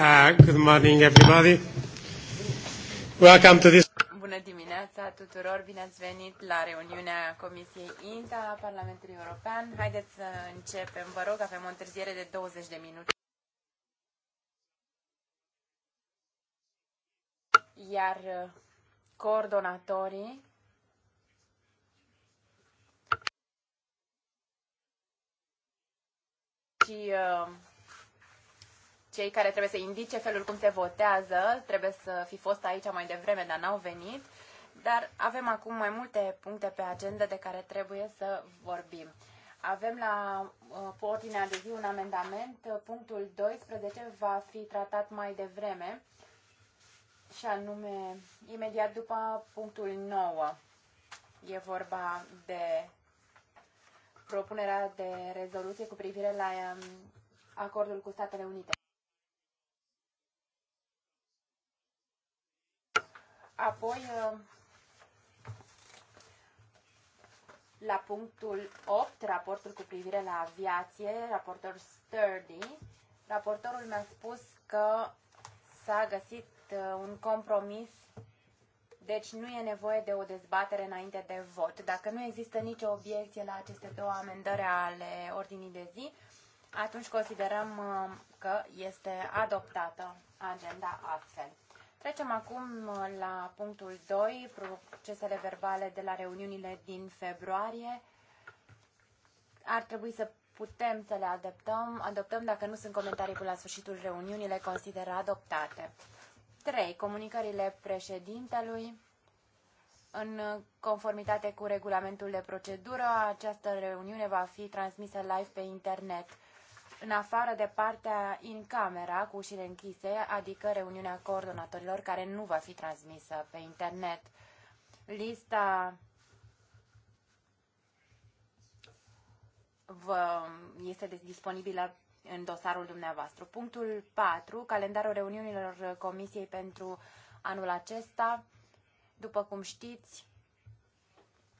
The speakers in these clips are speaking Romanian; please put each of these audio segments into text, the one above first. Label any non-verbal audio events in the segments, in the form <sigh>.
good morning, everybody. Welcome to this. Bună dimineața tuturor, bine ați venit la reuniunea Comisiei INTA a Parlamentului European. Haideți să începem, vă rog, avem o întârziere de 20 de minute. Iar uh, coordonatorii și uh, cei care trebuie să indice felul cum se votează, trebuie să fi fost aici mai devreme, dar n-au venit. Dar avem acum mai multe puncte pe agenda de care trebuie să vorbim. Avem la uh, ordinea de zi un amendament. Punctul 12 va fi tratat mai devreme și anume imediat după punctul 9. E vorba de propunerea de rezoluție cu privire la um, acordul cu Statele Unite. Apoi, uh, la punctul 8, raportul cu privire la aviație, raportor Sturdy, raportorul mi-a spus că s-a găsit uh, un compromis, deci nu e nevoie de o dezbatere înainte de vot. Dacă nu există nicio obiecție la aceste două amendări ale ordinii de zi, atunci considerăm uh, că este adoptată agenda astfel. Trecem acum uh, la punctul 2, procesele verbale de la reuniunile din februarie. Ar trebui să putem să le adoptăm, adoptăm dacă nu sunt comentarii până la sfârșitul reuniunii, le consideră adoptate. 3. Comunicările președintelui. În uh, conformitate cu regulamentul de procedură, această reuniune va fi transmisă live pe internet în afară de partea în camera, cu ușile închise, adică reuniunea coordonatorilor care nu va fi transmisă pe internet. Lista vă este disponibilă în dosarul dumneavoastră. Punctul 4, calendarul reuniunilor Comisiei pentru anul acesta. După cum știți,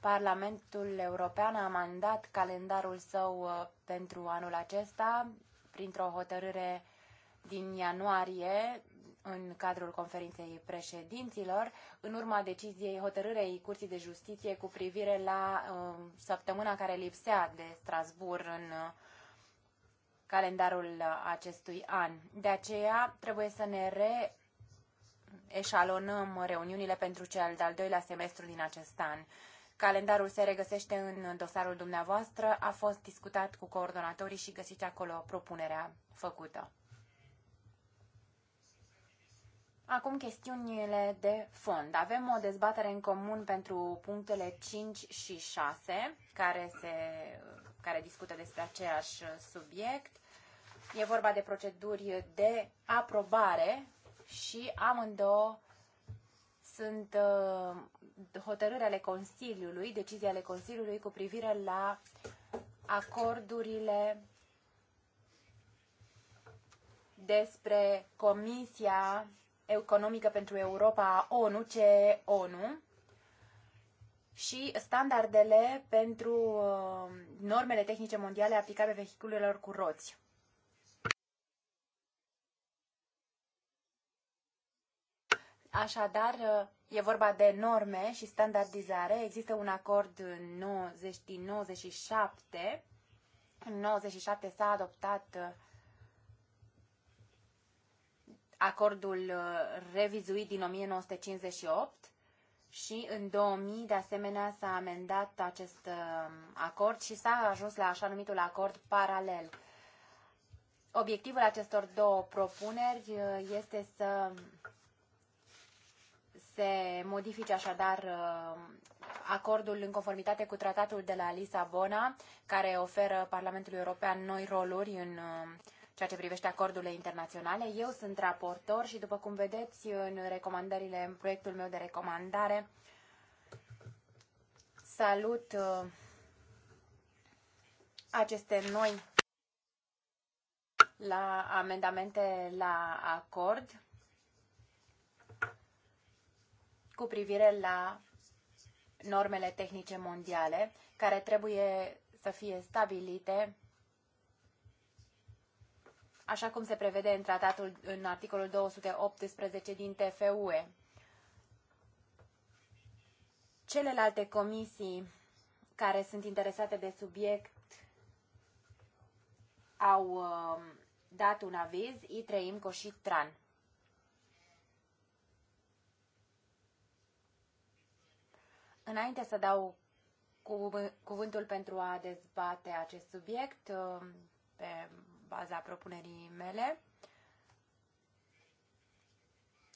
Parlamentul European a mandat calendarul său uh, pentru anul acesta printr-o hotărâre din ianuarie în cadrul conferinței președinților, în urma deciziei hotărârei Curții de Justiție cu privire la uh, săptămâna care lipsea de Strasbourg în uh, calendarul uh, acestui an. De aceea trebuie să ne reeșalonăm eșalonăm reuniunile pentru cel de-al doilea semestru din acest an. Calendarul se regăsește în dosarul dumneavoastră, a fost discutat cu coordonatorii și găsiți acolo propunerea făcută. Acum chestiunile de fond. Avem o dezbatere în comun pentru punctele 5 și 6, care, se, care discută despre același subiect. E vorba de proceduri de aprobare și amândouă sunt uh, hotărâri ale Consiliului, decizii ale Consiliului cu privire la acordurile despre Comisia Economică pentru Europa a ONU, ce ONU, și standardele pentru uh, normele tehnice mondiale aplicate vehiculelor cu roți. Așadar, uh, e vorba de norme și standardizare. Există un acord în 90, 97. În 97 s-a adoptat uh, acordul uh, revizuit din 1958 și în 2000, de asemenea, s-a amendat acest acord și s-a ajuns la așa numitul acord paralel. Obiectivul acestor două propuneri este să se modifice așadar uh, acordul în conformitate cu tratatul de la Lisabona, care oferă Parlamentului European noi roluri în uh, ceea ce privește acordurile internaționale. Eu sunt raportor și, după cum vedeți, în recomandările, în proiectul meu de recomandare, salut uh, aceste noi la amendamente la acord cu privire la normele tehnice mondiale, care trebuie să fie stabilite așa cum se prevede în tratatul în articolul 218 din TFUE. Celelalte comisii care sunt interesate de subiect au um, dat un aviz, ITRE, IMCO și TRAN. Înainte să dau cuvântul pentru a dezbate acest subiect uh, pe baza propunerii mele,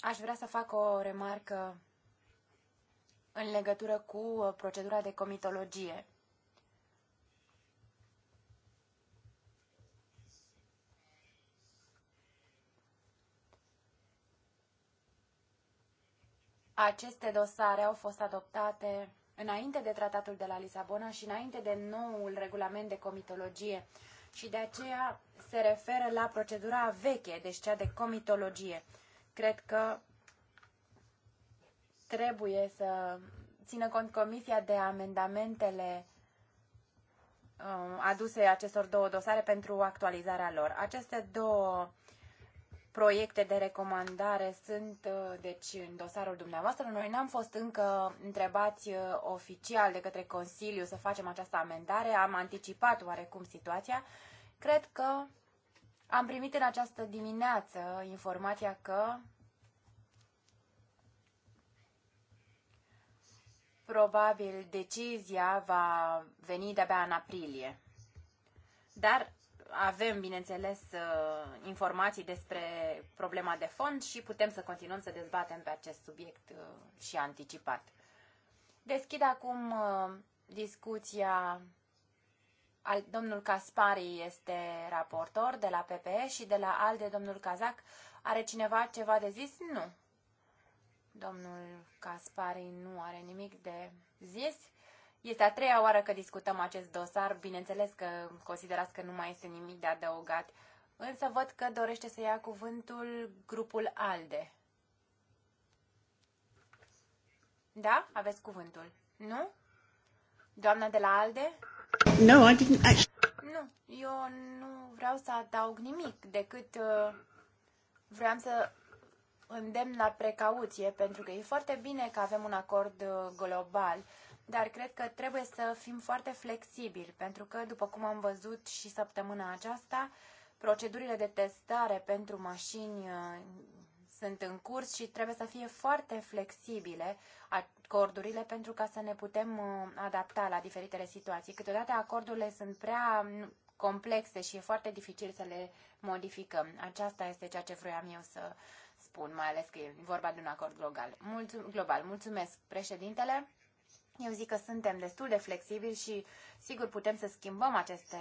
aș vrea să fac o remarcă în legătură cu uh, procedura de comitologie. Aceste dosare au fost adoptate înainte de tratatul de la Lisabona și înainte de noul regulament de comitologie și de aceea se referă la procedura veche, deci cea de comitologie. Cred că trebuie să țină cont Comisia de amendamentele um, aduse acestor două dosare pentru actualizarea lor. Aceste două proiecte de recomandare sunt, uh, deci, în dosarul dumneavoastră. Noi n-am fost încă întrebați uh, oficial de către Consiliu să facem această amendare. Am anticipat oarecum situația. Cred că am primit în această dimineață informația că probabil decizia va veni de-abia în aprilie. Dar avem, bineînțeles, uh, informații despre problema de fond și putem să continuăm să dezbatem pe acest subiect uh, și anticipat. Deschid acum uh, discuția. domnul Caspari este raportor de la PPE și de la ALDE, domnul Cazac. Are cineva ceva de zis? Nu. Domnul Caspari nu are nimic de zis. Este a treia oară că discutăm acest dosar. Bineînțeles că considerați că nu mai este nimic de adăugat, însă văd că dorește să ia cuvântul grupul ALDE. Da? Aveți cuvântul. Nu? Doamna de la ALDE? No, I didn't actually... Nu, eu nu vreau să adaug nimic, decât uh, vreau să îndemn la precauție, pentru că e foarte bine că avem un acord uh, global, dar cred că trebuie să fim foarte flexibili, pentru că, după cum am văzut și săptămâna aceasta, procedurile de testare pentru mașini uh, sunt în curs și trebuie să fie foarte flexibile acordurile pentru ca să ne putem uh, adapta la diferitele situații. Câteodată acordurile sunt prea complexe și e foarte dificil să le modificăm. Aceasta este ceea ce vroiam eu să spun, mai ales că e vorba de un acord global. Mulțum- global. Mulțumesc, președintele. Eu zic că suntem destul de flexibili și, sigur, putem să schimbăm aceste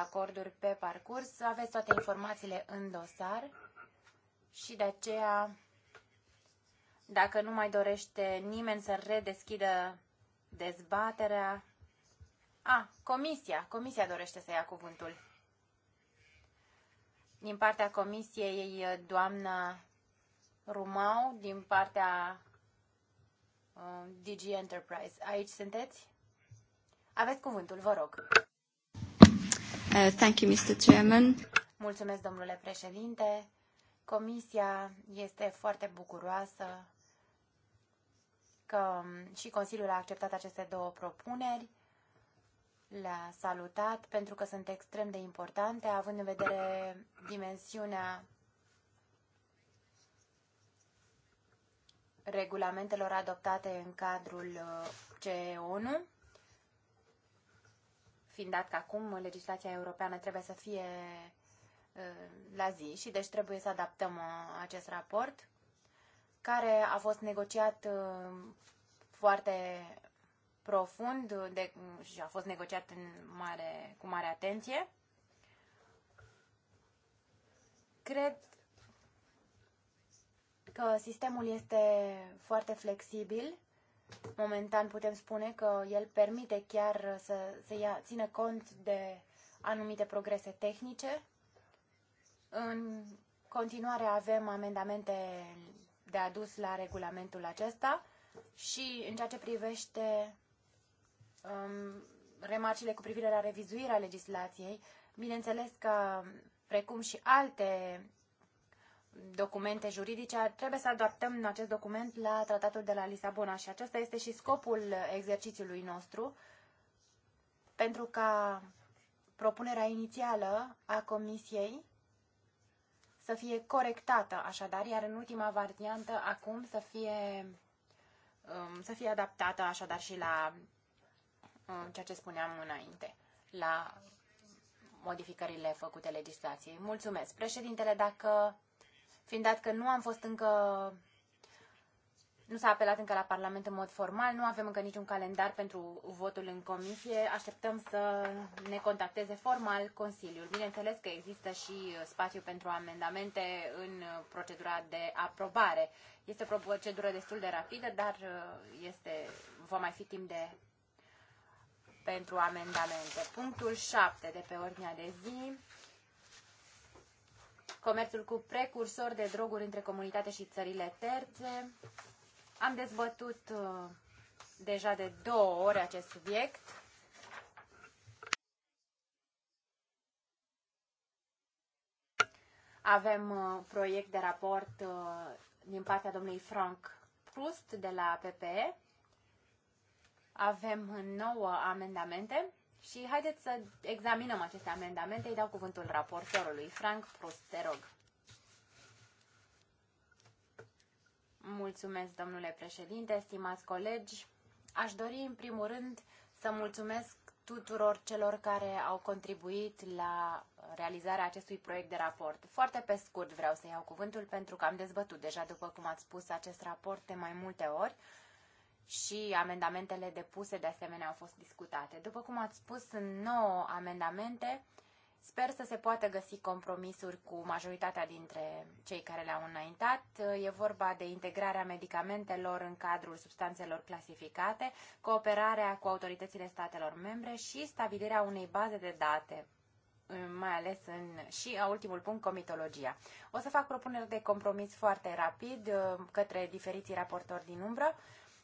acorduri pe parcurs. Aveți toate informațiile în dosar și de aceea, dacă nu mai dorește nimeni să redeschidă dezbaterea... A, comisia. Comisia dorește să ia cuvântul. Din partea comisiei, doamna Rumau, din partea Um, DG Enterprise. Aici sunteți? Aveți cuvântul, vă rog. Uh, thank you, Mr. Chairman. Mulțumesc, domnule președinte. Comisia este foarte bucuroasă că um, și Consiliul a acceptat aceste două propuneri, le-a salutat pentru că sunt extrem de importante, având în vedere dimensiunea regulamentelor adoptate în cadrul uh, CE1, fiind dat că acum legislația europeană trebuie să fie uh, la zi și deci trebuie să adaptăm uh, acest raport care a fost negociat foarte profund de, și a fost negociat în mare, cu mare atenție. Cred că sistemul este foarte flexibil. Momentan putem spune că el permite chiar să se ia, țină cont de anumite progrese tehnice. În continuare avem amendamente de adus la regulamentul acesta și în ceea ce privește um, remarcile cu privire la revizuirea legislației, bineînțeles că, precum și alte documente juridice, trebuie să adaptăm acest document la tratatul de la Lisabona și acesta este și scopul exercițiului nostru, pentru ca propunerea inițială a Comisiei să fie corectată, așadar, iar în ultima variantă acum să fie, um, să fie adaptată, așadar, și la um, ceea ce spuneam înainte, la modificările făcute legislației. Mulțumesc. Președintele, dacă Fiind dat că nu am fost încă nu s-a apelat încă la Parlament în mod formal, nu avem încă niciun calendar pentru votul în comisie, așteptăm să ne contacteze formal Consiliul. Bineînțeles că există și spațiu pentru amendamente în procedura de aprobare. Este o procedură destul de rapidă, dar uh, este, va mai fi timp de pentru amendamente. Punctul 7 de pe ordinea de zi comerțul cu precursori de droguri între comunitate și țările terțe. Am dezbătut uh, deja de două ori acest subiect. Avem uh, proiect de raport uh, din partea domnului Frank Proust de la PPE. Avem nouă amendamente și haideți să examinăm aceste amendamente. Îi dau cuvântul raportorului. Frank Prost, te rog. Mulțumesc, domnule președinte, stimați colegi. Aș dori, în primul rând, să mulțumesc tuturor celor care au contribuit la realizarea acestui proiect de raport. Foarte pe scurt vreau să iau cuvântul pentru că am dezbătut deja, după cum ați spus, acest raport de mai multe ori și amendamentele depuse de asemenea au fost discutate. După cum ați spus, sunt 9 amendamente. Sper să se poată găsi compromisuri cu majoritatea dintre cei care le-au înaintat. E vorba de integrarea medicamentelor în cadrul substanțelor clasificate, cooperarea cu autoritățile statelor membre și stabilirea unei baze de date mai ales în, și a ultimul punct, comitologia. O să fac propuneri de compromis foarte rapid către diferiții raportori din umbră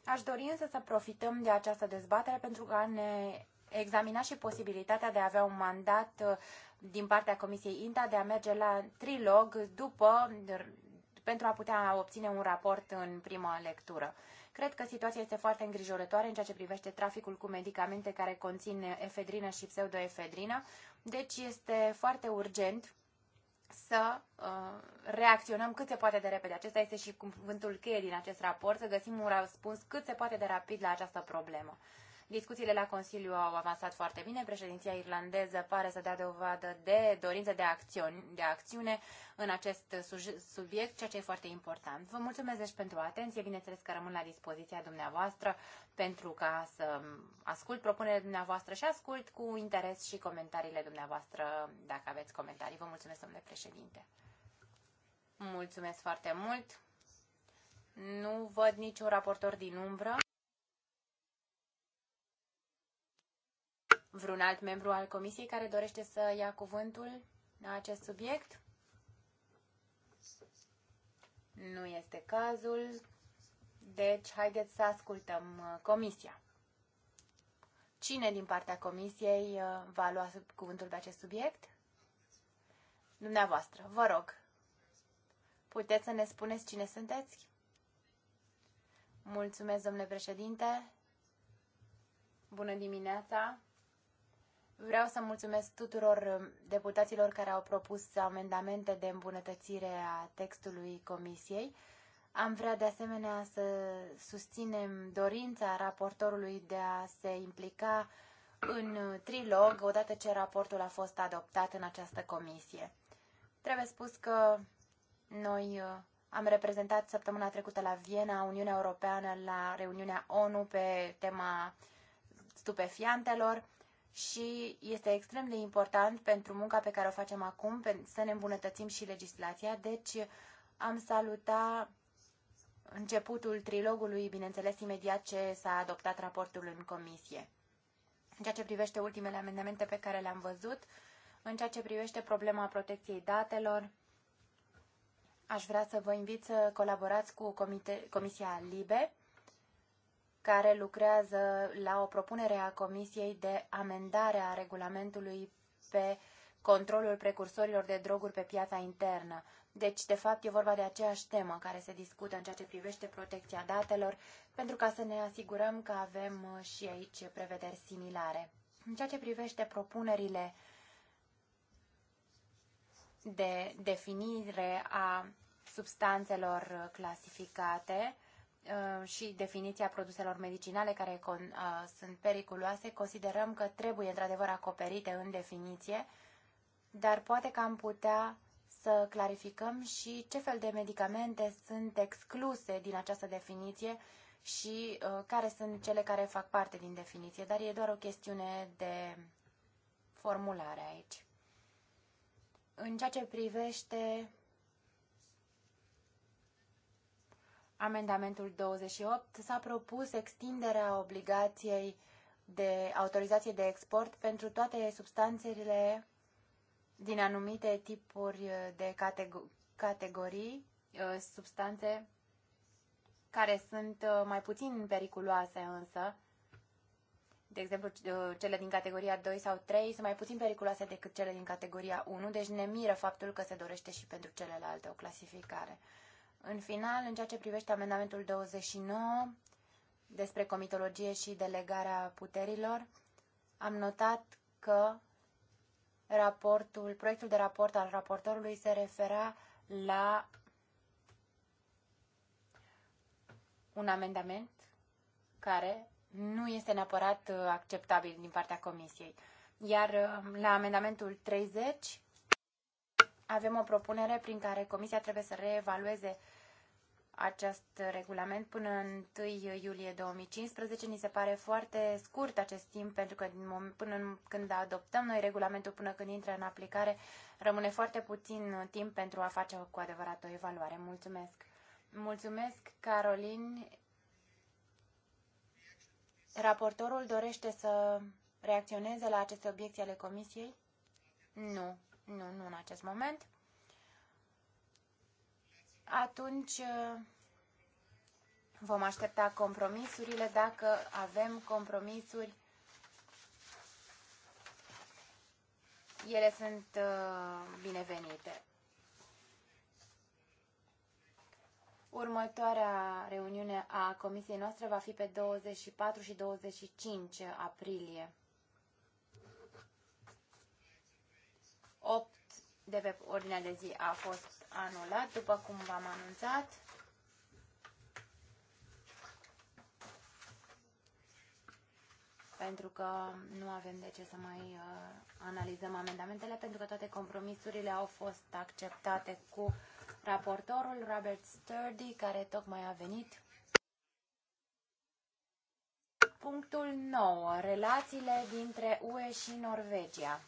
Aș dori însă să profităm de această dezbatere pentru a ne examina și posibilitatea de a avea un mandat uh, din partea Comisiei INTA de a merge la trilog după pentru a putea obține un raport în prima lectură. Cred că situația este foarte îngrijorătoare în ceea ce privește traficul cu medicamente care conțin efedrină și pseudoefedrină, deci este foarte urgent să uh, reacționăm cât se poate de repede. Acesta este și cuvântul cheie din acest raport, să găsim un răspuns cât se poate de rapid la această problemă. Discuțiile la Consiliu au avansat foarte bine. Președinția irlandeză pare să dea dovadă de dorință de, acțiuni, de acțiune în acest subiect, ceea ce e foarte important. Vă mulțumesc deci pentru atenție. Bineînțeles că rămân la dispoziția dumneavoastră pentru ca să ascult propunerile dumneavoastră și ascult cu interes și comentariile dumneavoastră dacă aveți comentarii. Vă mulțumesc, domnule președinte. Mulțumesc foarte mult. Nu văd niciun raportor din umbră. Vreun alt membru al comisiei care dorește să ia cuvântul la acest subiect? Nu este cazul, deci haideți să ascultăm uh, comisia. Cine din partea comisiei uh, va lua cuvântul pe acest subiect? Dumneavoastră, vă rog. Puteți să ne spuneți cine sunteți? Mulțumesc, domnule președinte. Bună dimineața. Vreau să mulțumesc tuturor um, deputaților care au propus amendamente de îmbunătățire a textului Comisiei. Am vrea de asemenea să susținem dorința raportorului de a se implica în uh, trilog odată ce raportul a fost adoptat în această comisie. Trebuie spus că noi uh, am reprezentat săptămâna trecută la Viena Uniunea Europeană la reuniunea ONU pe tema stupefiantelor și este extrem de important pentru munca pe care o facem acum să ne îmbunătățim și legislația. Deci am salutat începutul trilogului, bineînțeles, imediat ce s-a adoptat raportul în comisie. În ceea ce privește ultimele amendamente pe care le-am văzut, în ceea ce privește problema protecției datelor, aș vrea să vă invit să colaborați cu Comisia LIBE care lucrează la o propunere a Comisiei de amendare a regulamentului pe controlul precursorilor de droguri pe piața internă. Deci, de fapt, e vorba de aceeași temă care se discută în ceea ce privește protecția datelor, pentru ca să ne asigurăm că avem uh, și aici prevederi similare. În ceea ce privește propunerile de definire a substanțelor uh, clasificate, Uh, și definiția produselor medicinale care uh, sunt periculoase, considerăm că trebuie într-adevăr acoperite în definiție, dar poate că am putea să clarificăm și ce fel de medicamente sunt excluse din această definiție și uh, care sunt cele care fac parte din definiție, dar e doar o chestiune de formulare aici. În ceea ce privește amendamentul 28 s-a propus extinderea obligației de autorizație de export pentru toate substanțele din anumite tipuri de categorii, uh, substanțe care sunt uh, mai puțin periculoase însă, de exemplu, uh, cele din categoria 2 sau 3 sunt mai puțin periculoase decât cele din categoria 1, deci ne miră faptul că se dorește și pentru celelalte o clasificare. În final, în ceea ce privește amendamentul 29 despre comitologie și delegarea puterilor, am notat că raportul, proiectul de raport al raportorului se refera la un amendament care nu este neapărat uh, acceptabil din partea comisiei. Iar um, la amendamentul 30 avem o propunere prin care comisia trebuie să reevalueze acest regulament până în 1 iulie 2015. Ni se pare foarte scurt acest timp pentru că din până când adoptăm noi regulamentul, până când intră în aplicare, rămâne foarte puțin timp pentru a face cu adevărat o evaluare. Mulțumesc! Mulțumesc, Carolin. Raportorul dorește să reacționeze la aceste obiecții ale Comisiei? Nu, nu, nu în acest moment atunci uh, vom aștepta compromisurile. Dacă avem compromisuri, ele sunt uh, binevenite. Următoarea reuniune a comisiei noastre va fi pe 24 și 25 aprilie. de pe ordinea de zi a fost anulat, după cum v-am anunțat. Pentru că nu avem de ce să mai uh, analizăm amendamentele, pentru că toate compromisurile au fost acceptate cu raportorul Robert Sturdy, care tocmai a venit. Punctul 9. Relațiile dintre UE și Norvegia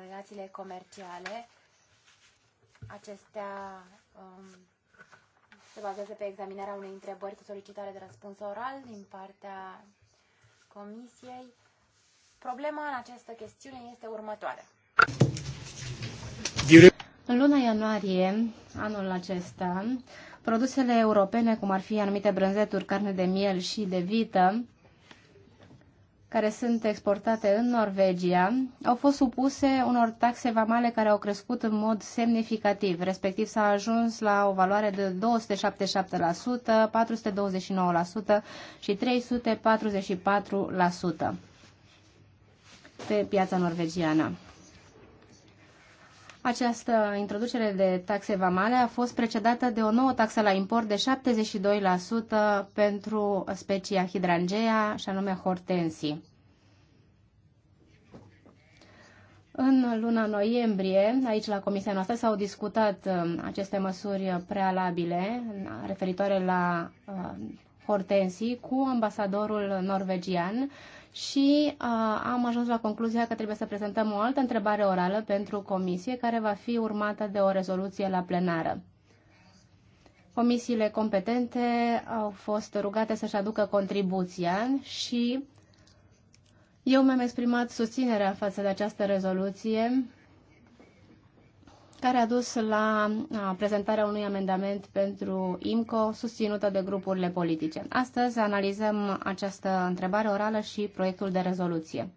relațiile comerciale Acestea um, se bazează pe examinarea unei întrebări cu solicitare de răspuns oral din partea Comisiei. Problema în această chestiune este următoarea. În luna ianuarie anul acesta, produsele europene, cum ar fi anumite brânzeturi, carne de miel și de vită, care sunt exportate în Norvegia au fost supuse unor taxe vamale care au crescut în mod semnificativ, respectiv s-a ajuns la o valoare de 277%, 429% și 344% pe piața norvegiană. Această introducere de taxe vamale a fost precedată de o nouă taxă la import de 72% pentru specia hidrangea și anume hortensii. În luna noiembrie, aici la Comisia noastră, s-au discutat um, aceste măsuri prealabile referitoare la uh, hortensii cu ambasadorul norvegian și uh, am ajuns la concluzia că trebuie să prezentăm o altă întrebare orală pentru comisie, care va fi urmată de o rezoluție la plenară. Comisiile competente au fost rugate să-și aducă contribuția și eu mi-am exprimat susținerea față de această rezoluție care a dus la prezentarea unui amendament pentru IMCO susținută de grupurile politice. Astăzi analizăm această întrebare orală și proiectul de rezoluție.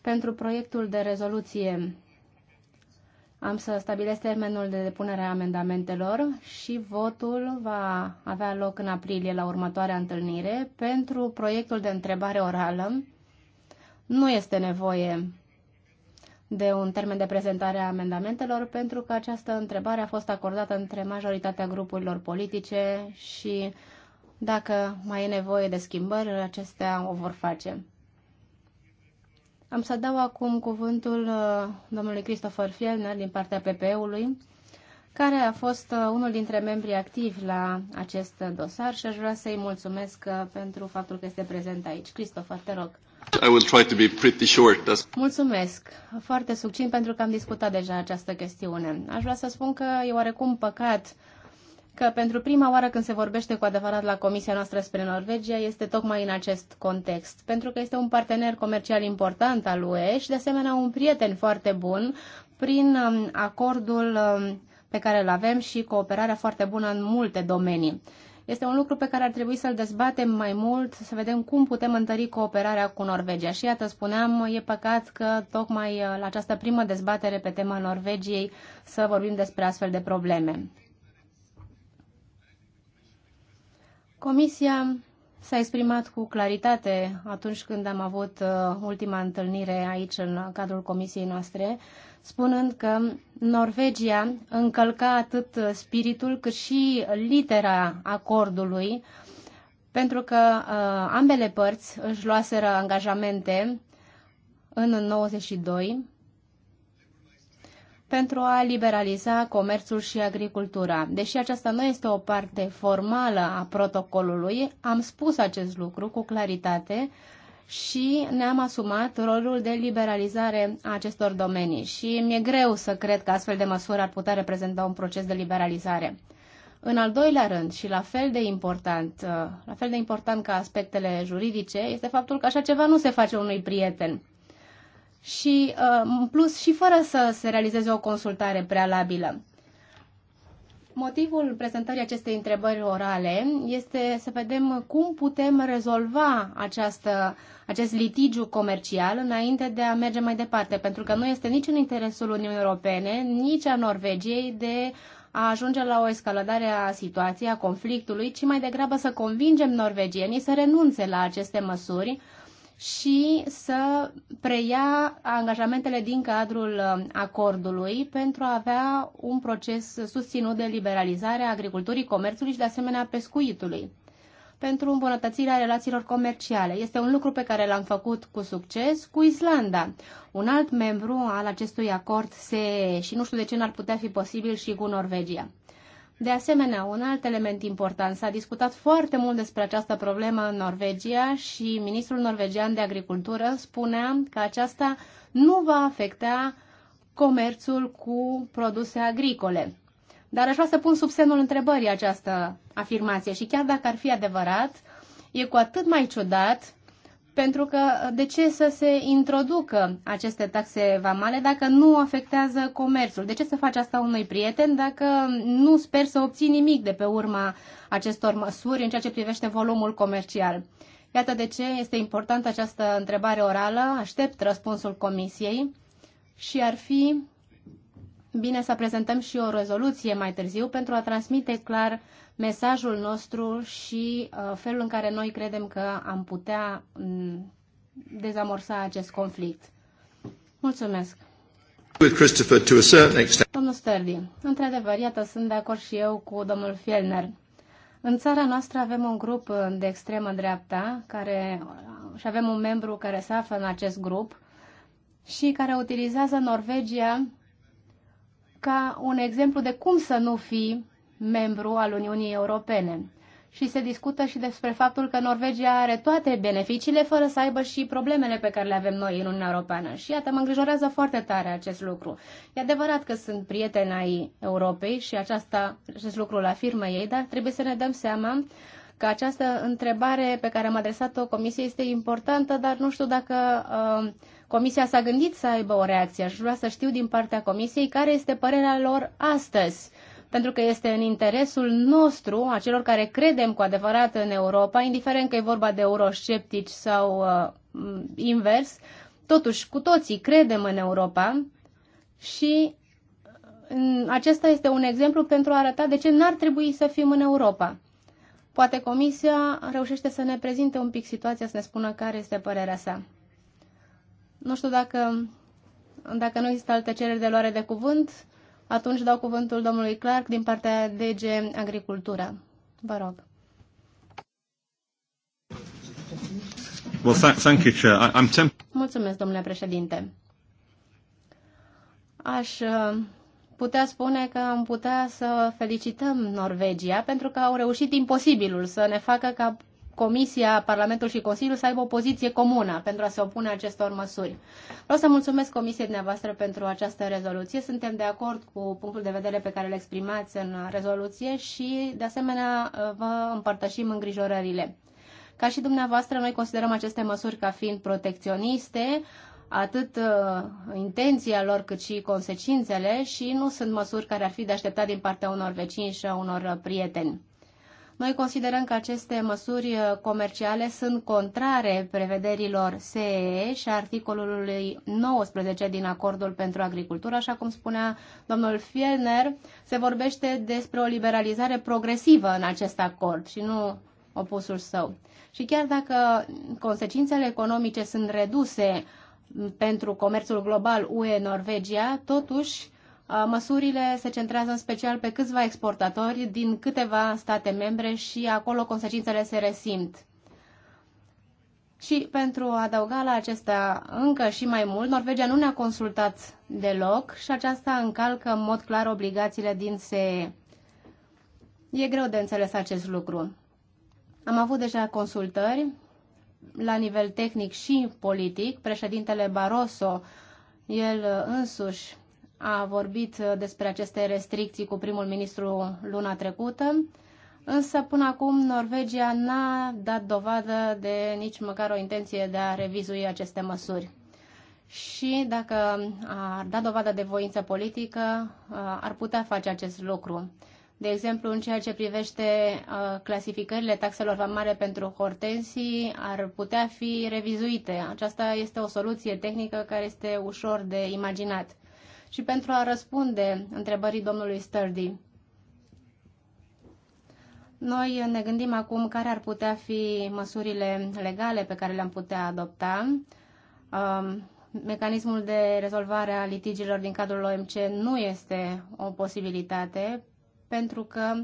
Pentru proiectul de rezoluție am să stabilesc termenul de depunere a amendamentelor și votul va avea loc în aprilie la următoarea întâlnire. Pentru proiectul de întrebare orală nu este nevoie de un termen de prezentare a amendamentelor, pentru că această întrebare a fost acordată între majoritatea grupurilor politice și dacă mai e nevoie de schimbări, acestea o vor face. Am să dau acum cuvântul uh, domnului Christopher Fielner din partea PPE-ului, care a fost uh, unul dintre membrii activi la acest dosar și aș vrea să-i mulțumesc uh, pentru faptul că este prezent aici. Christopher, te rog. I will try to be pretty short. That's... Mulțumesc. Foarte succint pentru că am discutat deja această chestiune. Aș vrea să spun că e oarecum păcat că pentru prima oară când se vorbește cu adevărat la Comisia noastră spre Norvegia este tocmai în acest context, pentru că este un partener comercial important al UE și de asemenea un prieten foarte bun prin um, acordul um, pe care îl avem și cooperarea foarte bună în multe domenii. Este un lucru pe care ar trebui să-l dezbatem mai mult, să vedem cum putem întări cooperarea cu Norvegia. Și iată, spuneam, e păcat că tocmai uh, la această primă dezbatere pe tema Norvegiei să vorbim despre astfel de probleme. Comisia s-a exprimat cu claritate atunci când am avut uh, ultima întâlnire aici în cadrul comisiei noastre spunând că Norvegia încălca atât spiritul cât și litera acordului, pentru că uh, ambele părți își luaseră angajamente în 92 pentru a liberaliza comerțul și agricultura. Deși aceasta nu este o parte formală a protocolului, am spus acest lucru cu claritate și ne-am asumat rolul de liberalizare a acestor domenii și mi-e greu să cred că astfel de măsuri ar putea reprezenta un proces de liberalizare. În al doilea rând și la fel de important, uh, la fel de important ca aspectele juridice, este faptul că așa ceva nu se face unui prieten. Și uh, în plus și fără să se realizeze o consultare prealabilă. Motivul prezentării acestei întrebări orale este să vedem cum putem rezolva această, acest litigiu comercial înainte de a merge mai departe, pentru că nu este nici în interesul Uniunii Europene, nici a Norvegiei de a ajunge la o escaladare a situației, a conflictului, ci mai degrabă să convingem norvegienii să renunțe la aceste măsuri și să preia angajamentele din cadrul um, acordului pentru a avea un proces susținut de liberalizare a agriculturii, comerțului și de asemenea pescuitului pentru îmbunătățirea relațiilor comerciale. Este un lucru pe care l-am făcut cu succes cu Islanda. Un alt membru al acestui acord se și nu știu de ce n-ar putea fi posibil și cu Norvegia. De asemenea, un alt element important, s-a discutat foarte mult despre această problemă în Norvegia și ministrul norvegian de agricultură spunea că aceasta nu va afecta comerțul cu produse agricole. Dar aș vrea să pun sub semnul întrebării această afirmație și chiar dacă ar fi adevărat, e cu atât mai ciudat pentru că de ce să se introducă aceste taxe vamale dacă nu afectează comerțul? De ce să faci asta unui prieten dacă nu sper să obții nimic de pe urma acestor măsuri în ceea ce privește volumul comercial? Iată de ce este importantă această întrebare orală. Aștept răspunsul comisiei și ar fi bine să prezentăm și o rezoluție mai târziu pentru a transmite clar mesajul nostru și uh, felul în care noi credem că am putea mm, dezamorsa acest conflict. Mulțumesc! Christopher, to a certain extent. Domnul Sterling, într-adevăr, iată, sunt de acord și eu cu domnul Fielner. În țara noastră avem un grup de extremă dreapta care, uh, și avem un membru care se află în acest grup și care utilizează Norvegia ca un exemplu de cum să nu fii membru al Uniunii Europene. Și se discută și despre faptul că Norvegia are toate beneficiile fără să aibă și problemele pe care le avem noi în Uniunea Europeană. Și iată, mă îngrijorează foarte tare acest lucru. E adevărat că sunt prieteni ai Europei și aceasta, acest lucru la firmă ei, dar trebuie să ne dăm seama că această întrebare pe care am adresat-o Comisiei este importantă, dar nu știu dacă uh, Comisia s-a gândit să aibă o reacție. Aș vrea să știu din partea Comisiei care este părerea lor astăzi pentru că este în interesul nostru, a celor care credem cu adevărat în Europa, indiferent că e vorba de eurosceptici sau uh, invers, totuși cu toții credem în Europa și acesta este un exemplu pentru a arăta de ce n-ar trebui să fim în Europa. Poate Comisia reușește să ne prezinte un pic situația, să ne spună care este părerea sa. Nu știu dacă, dacă nu există alte cereri de luare de cuvânt, atunci dau cuvântul domnului Clark din partea DG Agricultura. Vă rog. Well, thank you, Chair. I'm temp- Mulțumesc, domnule președinte. Aș uh, putea spune că am putea să felicităm Norvegia pentru că au reușit imposibilul să ne facă ca Comisia, Parlamentul și Consiliul să aibă o poziție comună pentru a se opune acestor măsuri. Vreau să mulțumesc Comisiei dumneavoastră pentru această rezoluție. Suntem de acord cu punctul de vedere pe care îl exprimați în rezoluție și, de asemenea, vă împărtășim îngrijorările. Ca și dumneavoastră, noi considerăm aceste măsuri ca fiind protecționiste, atât uh, intenția lor cât și consecințele și nu sunt măsuri care ar fi de așteptat din partea unor vecini și a unor prieteni. Noi considerăm că aceste măsuri uh, comerciale sunt contrare prevederilor SEE și articolului 19 din Acordul pentru Agricultură. Așa cum spunea domnul Fielner, se vorbește despre o liberalizare progresivă în acest acord și nu opusul său. Și chiar dacă consecințele economice sunt reduse pentru comerțul global UE-Norvegia, totuși Măsurile se centrează în special pe câțiva exportatori din câteva state membre și acolo consecințele se resimt. Și pentru a adăuga la acesta încă și mai mult, Norvegia nu ne-a consultat deloc și aceasta încalcă în mod clar obligațiile din SE. E greu de înțeles acest lucru. Am avut deja consultări la nivel tehnic și politic. Președintele Barroso, el însuși a vorbit despre aceste restricții cu primul ministru luna trecută, însă până acum Norvegia n-a dat dovadă de nici măcar o intenție de a revizui aceste măsuri. Și dacă ar da dovadă de voință politică, ar putea face acest lucru. De exemplu, în ceea ce privește uh, clasificările taxelor vamare pentru hortensii, ar putea fi revizuite. Aceasta este o soluție tehnică care este ușor de imaginat și pentru a răspunde întrebării domnului Sturdy. Noi ne gândim acum care ar putea fi măsurile legale pe care le-am putea adopta. Um, mecanismul de rezolvare a litigiilor din cadrul OMC nu este o posibilitate pentru că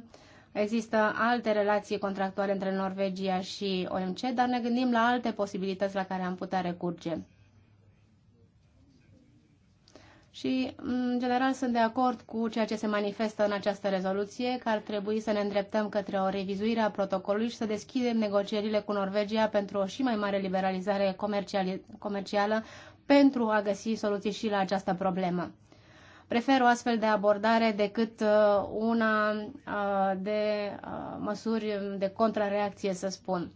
există alte relații contractuale între Norvegia și OMC, dar ne gândim la alte posibilități la care am putea recurge. Și, în general, sunt de acord cu ceea ce se manifestă în această rezoluție, că ar trebui să ne îndreptăm către o revizuire a protocolului și să deschidem negocierile cu Norvegia pentru o și mai mare liberalizare comercială pentru a găsi soluții și la această problemă. Prefer o astfel de abordare decât uh, una uh, de uh, măsuri de contrareacție, să spun.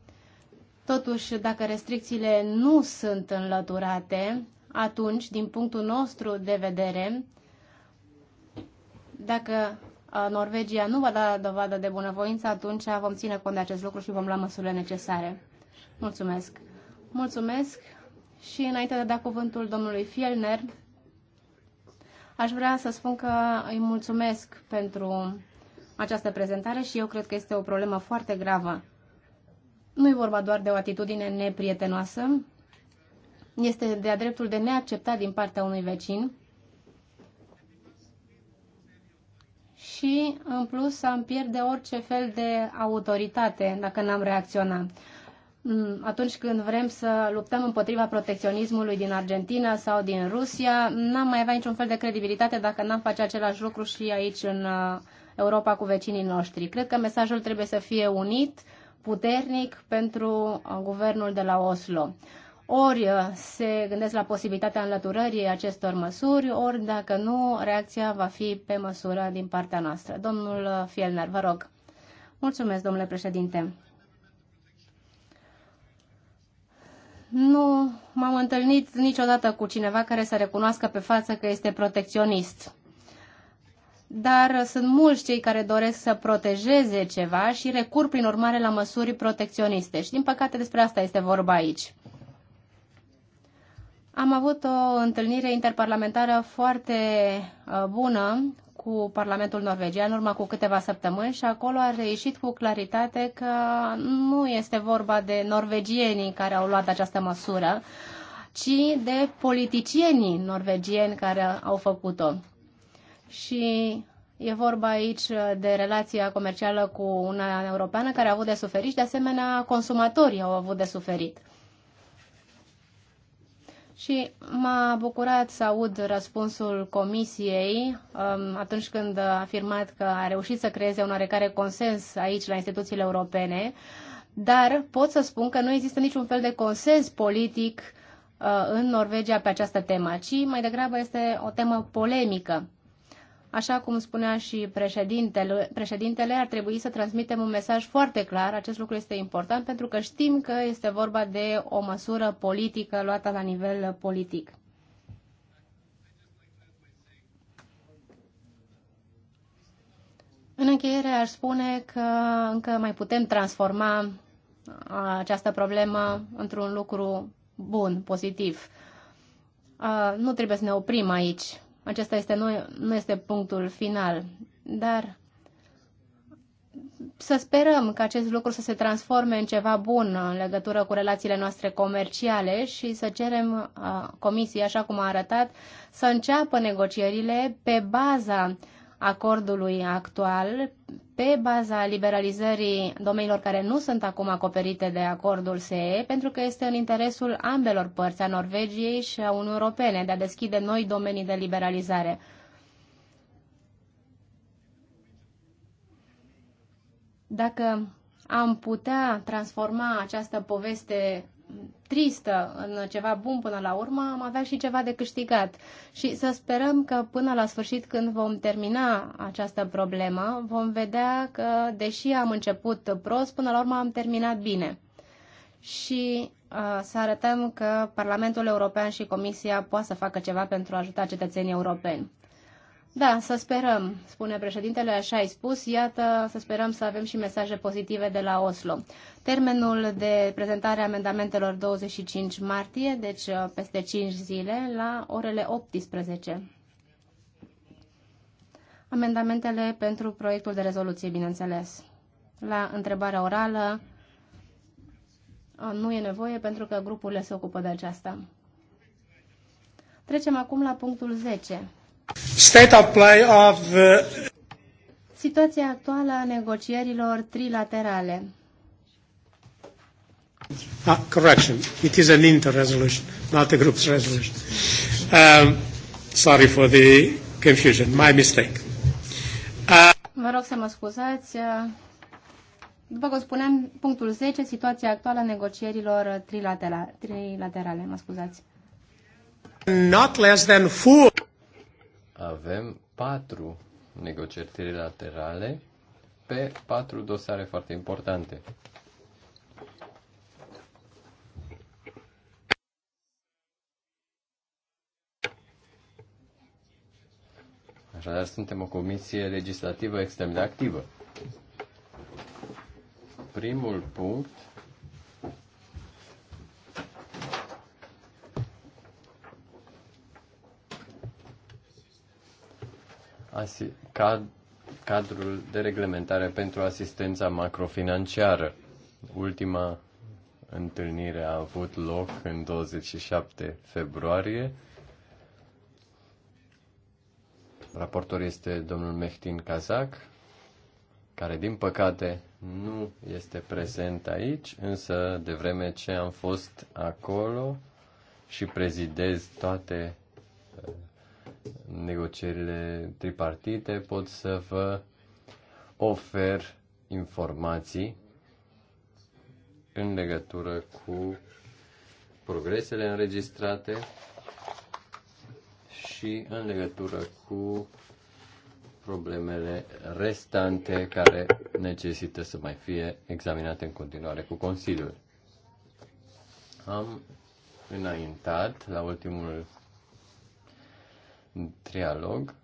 Totuși, dacă restricțiile nu sunt înlăturate, atunci, din punctul nostru de vedere, dacă uh, Norvegia nu va da dovadă de bunăvoință, atunci vom ține cont de acest lucru și vom lua măsurile necesare. Mulțumesc! Mulțumesc și înainte de a da cuvântul domnului Fielner, aș vrea să spun că îi mulțumesc pentru această prezentare și eu cred că este o problemă foarte gravă. Nu e vorba doar de o atitudine neprietenoasă, este de-a dreptul de neacceptat din partea unui vecin și, în plus, am pierde orice fel de autoritate dacă n-am reacționat. Mm, atunci când vrem să luptăm împotriva protecționismului din Argentina sau din Rusia, n-am mai avea niciun fel de credibilitate dacă n-am face același lucru și aici în uh, Europa cu vecinii noștri. Cred că mesajul trebuie să fie unit, puternic pentru uh, guvernul de la Oslo ori uh, se gândesc la posibilitatea înlăturării acestor măsuri, ori dacă nu, reacția va fi pe măsură din partea noastră. Domnul uh, Fielner, vă rog. Mulțumesc, domnule președinte. Nu m-am întâlnit niciodată cu cineva care să recunoască pe față că este protecționist. Dar uh, sunt mulți cei care doresc să protejeze ceva și recur prin urmare la măsuri protecționiste. Și din păcate despre asta este vorba aici. Am avut o întâlnire interparlamentară foarte uh, bună cu Parlamentul Norvegian în cu câteva săptămâni și acolo a reieșit cu claritate că nu este vorba de norvegienii care au luat această măsură, ci de politicienii norvegieni care au făcut-o. Și E vorba aici uh, de relația comercială cu Uniunea Europeană care a avut de suferit și, de asemenea, consumatorii au avut de suferit. Și m-a bucurat să aud răspunsul comisiei um, atunci când a afirmat că a reușit să creeze un oarecare consens aici la instituțiile europene, dar pot să spun că nu există niciun fel de consens politic uh, în Norvegia pe această temă, ci mai degrabă este o temă polemică. Așa cum spunea și președintele, președintele, ar trebui să transmitem un mesaj foarte clar. Acest lucru este important pentru că știm că este vorba de o măsură politică luată la nivel politic. În încheiere aș spune că încă mai putem transforma această problemă într-un lucru bun, pozitiv. Nu trebuie să ne oprim aici. Acesta este nu, nu este punctul final, dar să sperăm că acest lucru să se transforme în ceva bun în legătură cu relațiile noastre comerciale și să cerem uh, comisiei, așa cum a arătat, să înceapă negocierile pe baza acordului actual pe baza liberalizării domeniilor care nu sunt acum acoperite de acordul SE, pentru că este în interesul ambelor părți, a Norvegiei și a Uniunii Europene, de a deschide noi domenii de liberalizare. Dacă am putea transforma această poveste tristă în ceva bun până la urmă, am avea și ceva de câștigat. Și să sperăm că până la sfârșit, când vom termina această problemă, vom vedea că, deși am început prost, până la urmă am terminat bine. Și uh, să arătăm că Parlamentul European și Comisia poate să facă ceva pentru a ajuta cetățenii europeni. Da, să sperăm, spune președintele, așa ai spus. Iată, să sperăm să avem și mesaje pozitive de la Oslo. Termenul de prezentare a amendamentelor 25 martie, deci uh, peste 5 zile, la orele 18. Amendamentele pentru proiectul de rezoluție, bineînțeles. La întrebarea orală uh, nu e nevoie pentru că grupurile se ocupă de aceasta. Trecem acum la punctul 10. State of play of... Uh, situația actuală a negocierilor trilaterale. Ah, correction. It is an inter-resolution, not a group's resolution. Um, sorry for the confusion. My mistake. Uh... Vă rog să mă scuzați. Uh, după cum spuneam, punctul 10, situația actuală a negocierilor trilaterale. trilaterale mă scuzați. Not less than four avem patru negocieri trilaterale pe patru dosare foarte importante. Așadar, suntem o comisie legislativă extrem de activă. Primul punct Asi cad cadrul de reglementare pentru asistența macrofinanciară. Ultima întâlnire a avut loc în 27 februarie. Raportor este domnul Mehtin Kazak, care din păcate nu este prezent aici, însă de vreme ce am fost acolo și prezidez toate negocierile tripartite, pot să vă ofer informații în legătură cu progresele înregistrate și în legătură cu problemele restante care necesită să mai fie examinate în continuare cu Consiliul. Am înaintat la ultimul trialog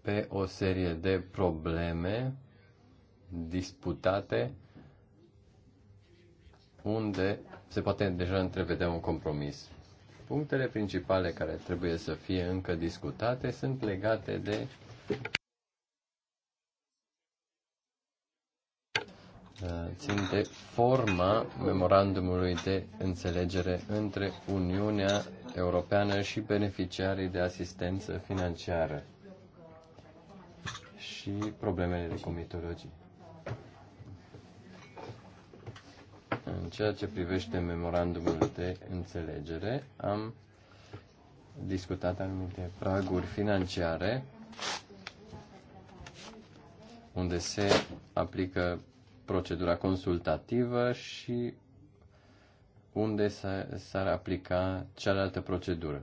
pe o serie de probleme disputate unde se poate deja întrevedea un compromis. Punctele principale care trebuie să fie încă discutate sunt legate de Uh, țin de forma memorandumului de înțelegere între Uniunea Europeană și beneficiarii de asistență financiară și problemele de comitologie. În ceea ce privește memorandumul de înțelegere, am discutat anumite praguri financiare unde se aplică procedura consultativă și unde s-ar aplica cealaltă procedură.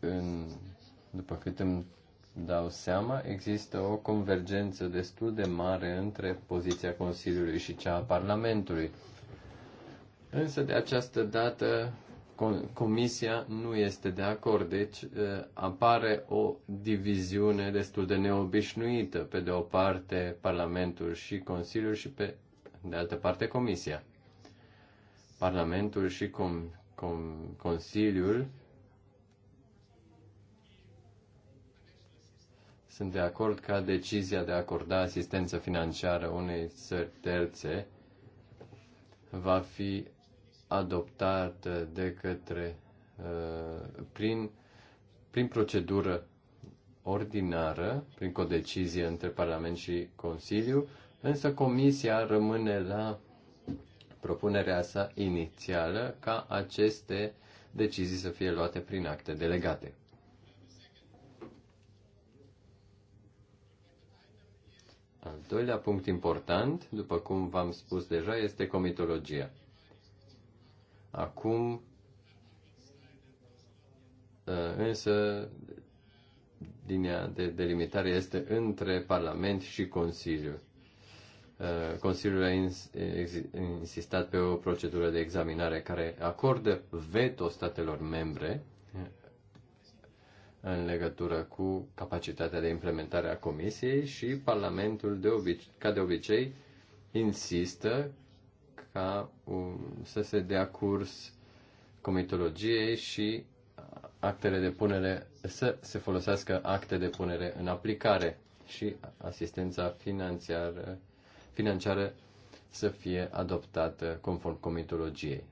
În, după cât îmi dau seama, există o convergență destul de mare între poziția Consiliului și cea a Parlamentului. Însă de această dată Comisia nu este de acord, deci eh, apare o diviziune destul de neobișnuită, pe de o parte Parlamentul și Consiliul și pe de altă parte Comisia. Parlamentul și com, com, Consiliul sunt de acord ca decizia de a acorda asistență financiară unei țări terțe va fi adoptată de către uh, prin, prin procedură ordinară, prin codecizie între Parlament și Consiliu, însă Comisia rămâne la propunerea sa inițială ca aceste decizii să fie luate prin acte delegate. Al doilea punct important, după cum v-am spus deja, este comitologia. Acum, uh, însă, linia de delimitare este între Parlament și Consiliu. Uh, Consiliul a insistat pe o procedură de examinare care acordă veto statelor membre uh, în legătură cu capacitatea de implementare a Comisiei și Parlamentul, de obicei, ca de obicei, insistă ca um, să se dea curs comitologiei și uh, actele de punere, să se folosească acte de punere în aplicare și asistența financiară, financiară să fie adoptată conform comitologiei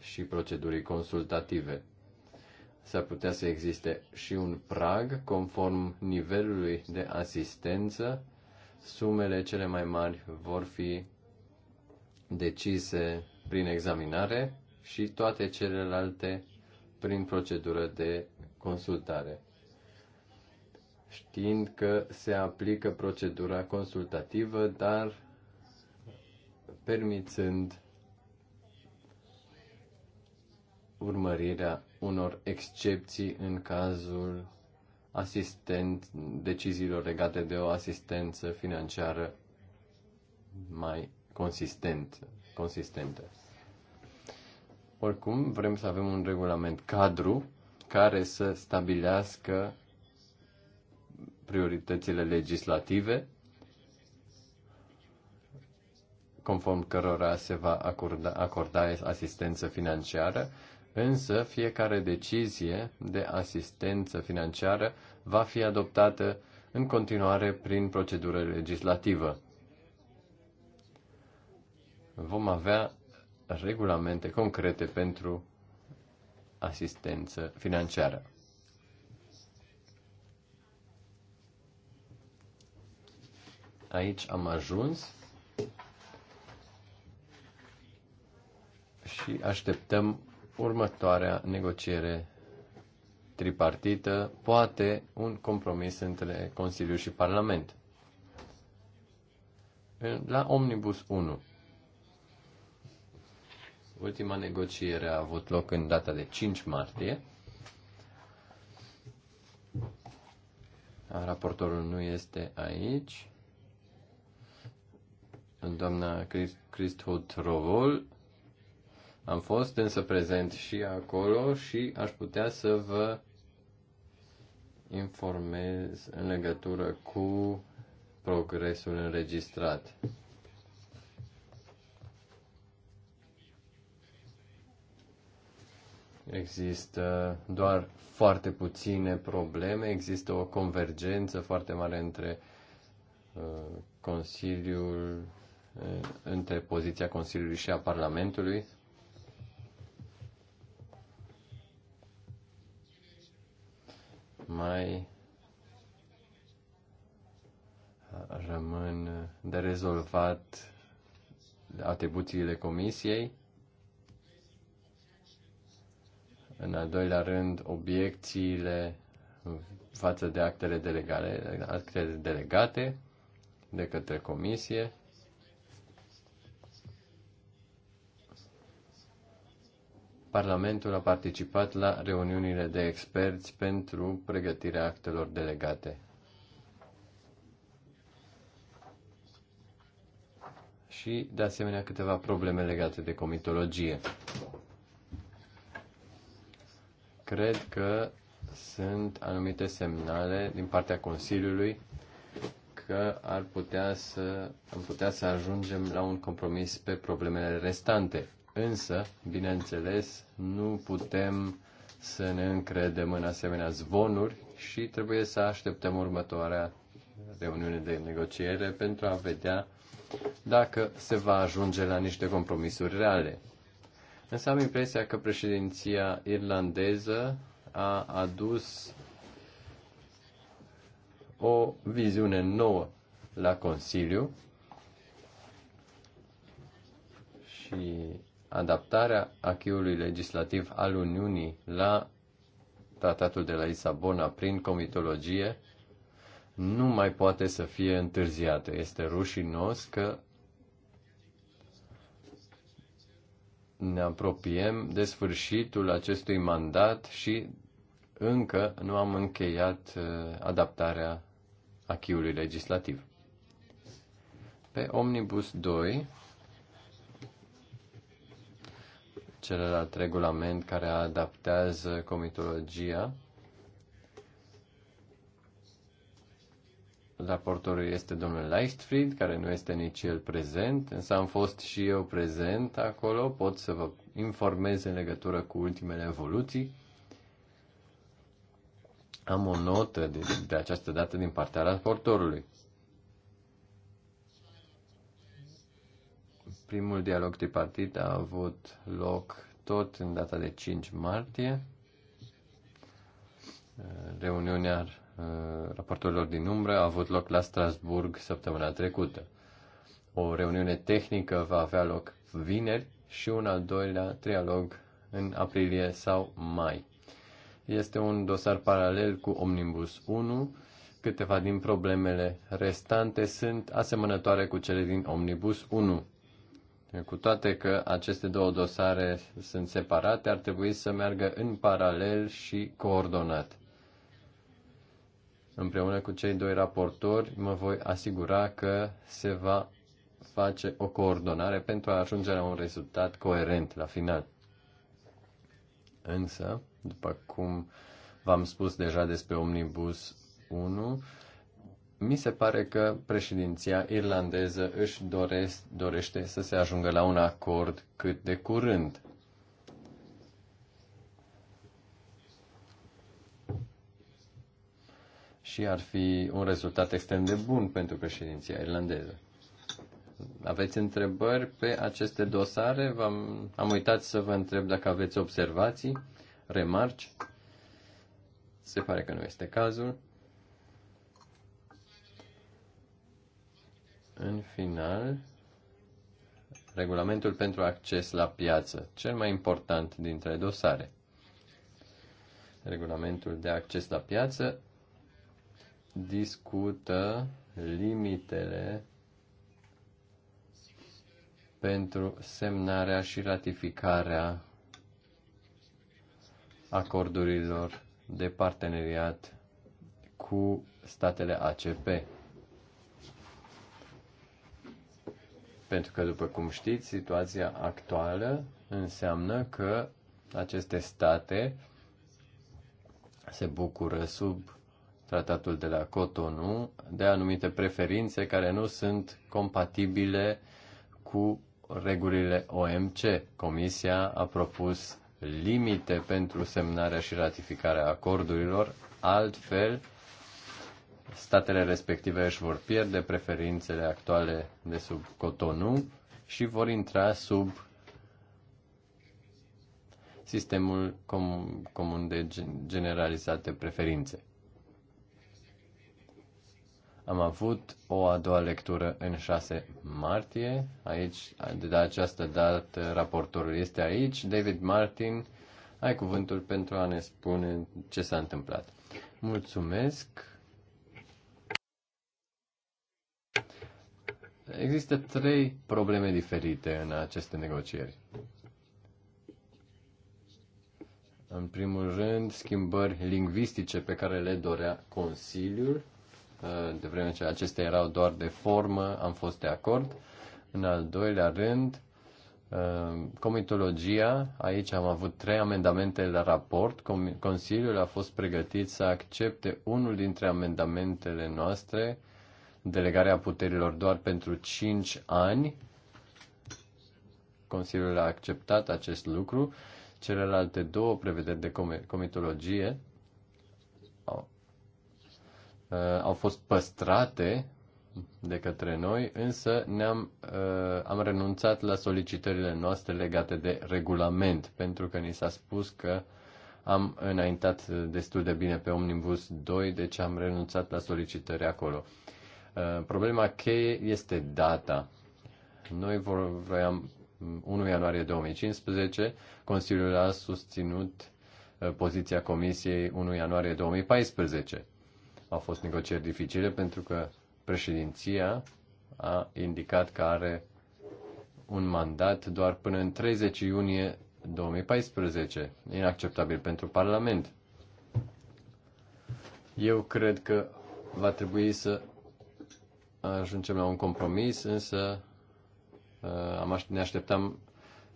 și procedurii consultative. S-ar putea să existe și un prag conform nivelului de asistență. Sumele cele mai mari vor fi decise prin examinare și toate celelalte prin procedură de consultare, știind că se aplică procedura consultativă, dar permițând urmărirea unor excepții în cazul asistent, deciziilor legate de o asistență financiară mai consistent, consistente. Oricum, vrem să avem un regulament cadru care să stabilească prioritățile legislative conform cărora se va acorda, acorda asistență financiară, însă fiecare decizie de asistență financiară va fi adoptată în continuare prin procedură legislativă vom avea regulamente concrete pentru asistență financiară. Aici am ajuns și așteptăm următoarea negociere tripartită, poate un compromis între Consiliu și Parlament. La Omnibus 1. Ultima negociere a avut loc în data de 5 martie. Raportorul nu este aici. Doamna Christhout Rovol. Am fost însă prezent și acolo și aș putea să vă informez în legătură cu progresul înregistrat. Există doar foarte puține probleme, există o convergență foarte mare între uh, Consiliul, uh, între poziția Consiliului și a Parlamentului. Mai rămân de rezolvat atribuțiile Comisiei În al doilea rând, obiecțiile față de actele delegale, actele delegate de către comisie. Parlamentul a participat la reuniunile de experți pentru pregătirea actelor delegate. Și, de asemenea, câteva probleme legate de comitologie cred că sunt anumite semnale din partea Consiliului că ar putea să, am putea să ajungem la un compromis pe problemele restante. Însă, bineînțeles, nu putem să ne încredem în asemenea zvonuri și trebuie să așteptăm următoarea reuniune de negociere pentru a vedea dacă se va ajunge la niște compromisuri reale. Însă am impresia că președinția irlandeză a adus o viziune nouă la Consiliu și adaptarea achiului legislativ al Uniunii la tratatul de la Lisabona prin comitologie nu mai poate să fie întârziată. Este rușinos că ne apropiem de sfârșitul acestui mandat și încă nu am încheiat uh, adaptarea achiului legislativ. Pe Omnibus 2, celălalt regulament care adaptează comitologia, Raportorul este domnul Leichtfried, care nu este nici el prezent, însă am fost și eu prezent acolo, pot să vă informez în legătură cu ultimele evoluții. Am o notă de, de această dată din partea raportorului. Primul dialog tripartit a avut loc tot în data de 5 martie. Reuniunea Uh, raportorilor din umbră a avut loc la Strasburg săptămâna trecută. O reuniune tehnică va avea loc vineri și un al doilea trialog în aprilie sau mai. Este un dosar paralel cu Omnibus 1. Câteva din problemele restante sunt asemănătoare cu cele din Omnibus 1. Cu toate că aceste două dosare sunt separate, ar trebui să meargă în paralel și coordonat. Împreună cu cei doi raportori mă voi asigura că se va face o coordonare pentru a ajunge la un rezultat coerent la final. Însă, după cum v-am spus deja despre Omnibus 1, mi se pare că președinția irlandeză își doresc, dorește să se ajungă la un acord cât de curând. și ar fi un rezultat extrem de bun pentru președinția irlandeză. Aveți întrebări pe aceste dosare? am am uitat să vă întreb dacă aveți observații, remarci. Se pare că nu este cazul. În final, regulamentul pentru acces la piață, cel mai important dintre dosare. Regulamentul de acces la piață discută limitele pentru semnarea și ratificarea acordurilor de parteneriat cu statele ACP. Pentru că, după cum știți, situația actuală înseamnă că aceste state se bucură sub tratatul de la Cotonou de anumite preferințe care nu sunt compatibile cu regulile OMC. Comisia a propus limite pentru semnarea și ratificarea acordurilor, altfel statele respective își vor pierde preferințele actuale de sub Cotonou și vor intra sub sistemul comun de generalizate preferințe. Am avut o a doua lectură în 6 martie. Aici, de această dată, raportorul este aici. David Martin, ai cuvântul pentru a ne spune ce s-a întâmplat. Mulțumesc. Există trei probleme diferite în aceste negocieri. În primul rând, schimbări lingvistice pe care le dorea Consiliul Uh, de vreme ce acestea erau doar de formă, am fost de acord. În al doilea rând, uh, comitologia, aici am avut trei amendamente la raport. Consiliul a fost pregătit să accepte unul dintre amendamentele noastre, delegarea puterilor doar pentru 5 ani. Consiliul a acceptat acest lucru. Celelalte două prevederi de comitologie uh, au fost păstrate de către noi, însă ne-am, uh, am renunțat la solicitările noastre legate de regulament, pentru că ni s-a spus că am înaintat destul de bine pe Omnibus 2, deci am renunțat la solicitări acolo. Uh, problema cheie este data. Noi vor, vroiam 1 mm, ianuarie 2015, Consiliul a susținut uh, poziția Comisiei 1 ianuarie 2014 a fost negocieri dificile pentru că președinția a indicat că are un mandat doar până în 30 iunie 2014. Inacceptabil pentru Parlament. Eu cred că va trebui să ajungem la un compromis, însă uh, am ne așteptam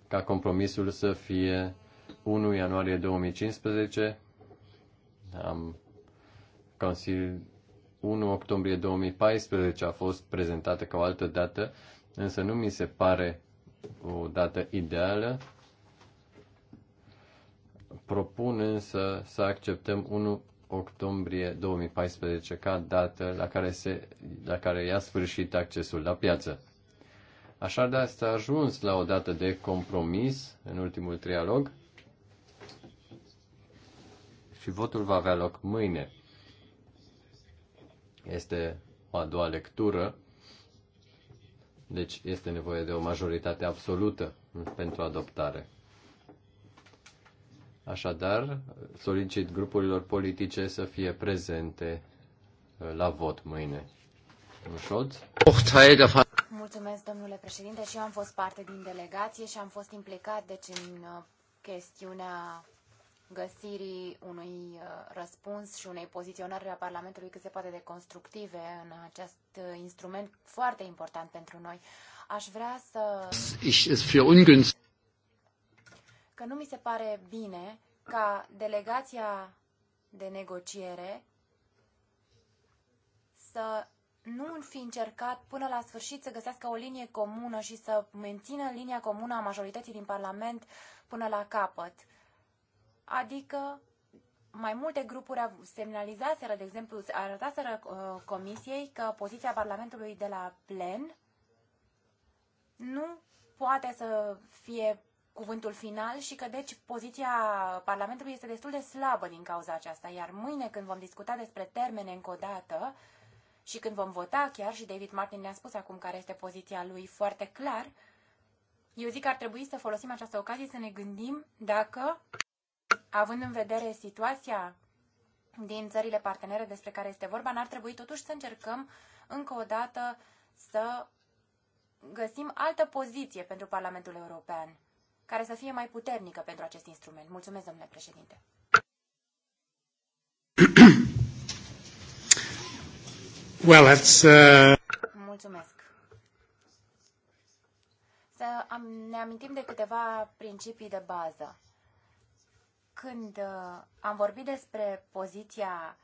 ca compromisul să fie 1 ianuarie 2015. Am Consiliul 1 octombrie 2014 a fost prezentată ca o altă dată, însă nu mi se pare o dată ideală. Propun însă să acceptăm 1 octombrie 2014 ca dată la care, se, la care ia sfârșit accesul la piață. Așadar, s-a ajuns la o dată de compromis în ultimul trialog și votul va avea loc mâine. Este o a doua lectură, deci este nevoie de o majoritate absolută pentru adoptare. Așadar, solicit grupurilor politice să fie prezente uh, la vot mâine. Mulțumesc, domnule președinte, și eu am fost parte din delegație și am fost implicat deci în uh, chestiunea găsirii unui uh, răspuns și unei poziționări a Parlamentului cât se poate de constructive în acest uh, instrument foarte important pentru noi. Aș vrea să... Că nu mi se pare bine ca delegația de negociere să nu fi încercat până la sfârșit să găsească o linie comună și să mențină linia comună a majorității din Parlament până la capăt adică mai multe grupuri semnalizaseră, de exemplu, arătaseră uh, comisiei că poziția Parlamentului de la plen nu poate să fie cuvântul final și că, deci, poziția Parlamentului este destul de slabă din cauza aceasta. Iar mâine, când vom discuta despre termene încă o dată și când vom vota chiar, și David Martin ne-a spus acum care este poziția lui foarte clar, eu zic că ar trebui să folosim această ocazie să ne gândim dacă având în vedere situația din țările partenere despre care este vorba, n-ar trebui totuși să încercăm încă o dată să găsim altă poziție pentru Parlamentul European, care să fie mai puternică pentru acest instrument. Mulțumesc, domnule președinte. <coughs> Well, that's, uh... Mulțumesc. Să am, ne amintim de câteva principii de bază. Când uh, am vorbit despre poziția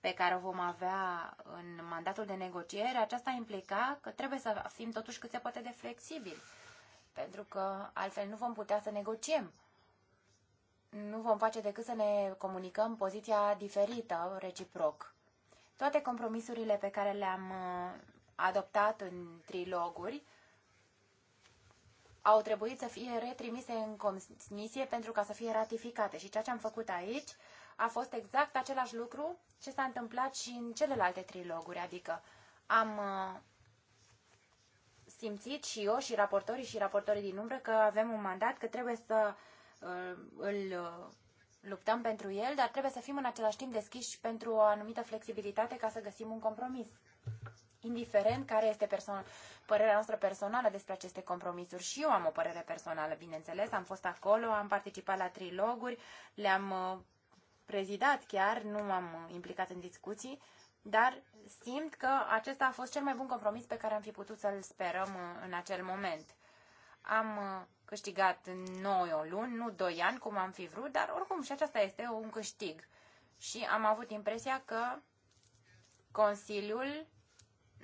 pe care o vom avea în mandatul de negociere, aceasta implica că trebuie să fim totuși cât se poate de flexibili, pentru că altfel nu vom putea să negociem. Nu vom face decât să ne comunicăm poziția diferită, reciproc. Toate compromisurile pe care le-am uh, adoptat în triloguri au trebuit să fie retrimise în comisie pentru ca să fie ratificate. Și ceea ce am făcut aici a fost exact același lucru ce s-a întâmplat și în celelalte triloguri, adică am uh, simțit și eu și raportorii și raportorii din umbră că avem un mandat, că trebuie să uh, îl uh, luptăm pentru el, dar trebuie să fim în același timp deschiși pentru o anumită flexibilitate ca să găsim un compromis indiferent care este perso- părerea noastră personală despre aceste compromisuri. Și eu am o părere personală, bineînțeles, am fost acolo, am participat la triloguri, le-am uh, prezidat chiar, nu m-am uh, implicat în discuții, dar simt că acesta a fost cel mai bun compromis pe care am fi putut să-l sperăm uh, în acel moment. Am câștigat 9 luni, nu 2 ani, cum am fi vrut, dar oricum și aceasta este un câștig. Și am avut impresia că Consiliul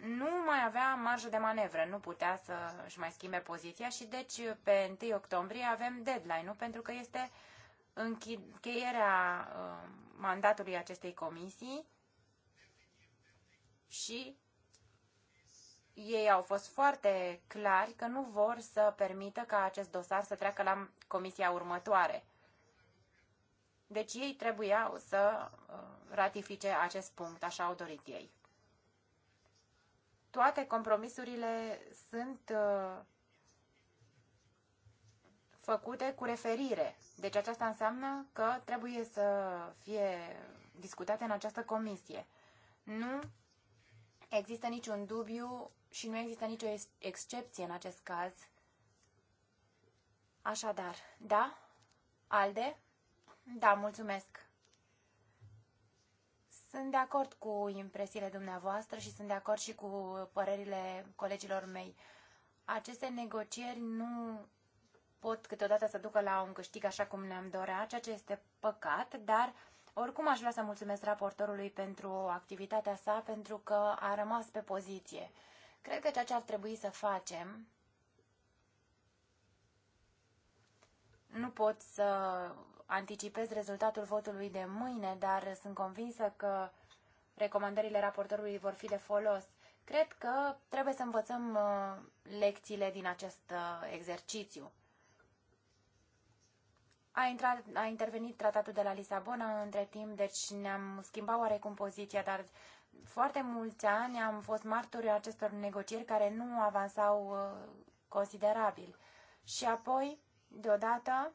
nu mai avea marjă de manevră, nu putea să își mai schimbe poziția și deci pe 1 octombrie avem deadline-ul pentru că este încheierea uh, mandatului acestei comisii și ei au fost foarte clari că nu vor să permită ca acest dosar să treacă la comisia următoare. Deci ei trebuiau să uh, ratifice acest punct, așa au dorit ei toate compromisurile sunt uh, făcute cu referire. Deci aceasta înseamnă că trebuie să fie discutate în această comisie. Nu există niciun dubiu și nu există nicio excepție în acest caz. Așadar, da? Alde? Da, mulțumesc. Sunt de acord cu impresiile dumneavoastră și sunt de acord și cu părerile colegilor mei. Aceste negocieri nu pot câteodată să ducă la un câștig așa cum ne-am dorea, ceea ce este păcat, dar oricum aș vrea să mulțumesc raportorului pentru activitatea sa, pentru că a rămas pe poziție. Cred că ceea ce ar trebui să facem, nu pot să anticipez rezultatul votului de mâine, dar sunt convinsă că recomandările raportorului vor fi de folos. Cred că trebuie să învățăm uh, lecțiile din acest uh, exercițiu. A, intrat, a intervenit tratatul de la Lisabona între timp, deci ne-am schimbat oarecum poziția, dar foarte mulți ani am fost martori acestor negocieri care nu avansau uh, considerabil. Și apoi, deodată,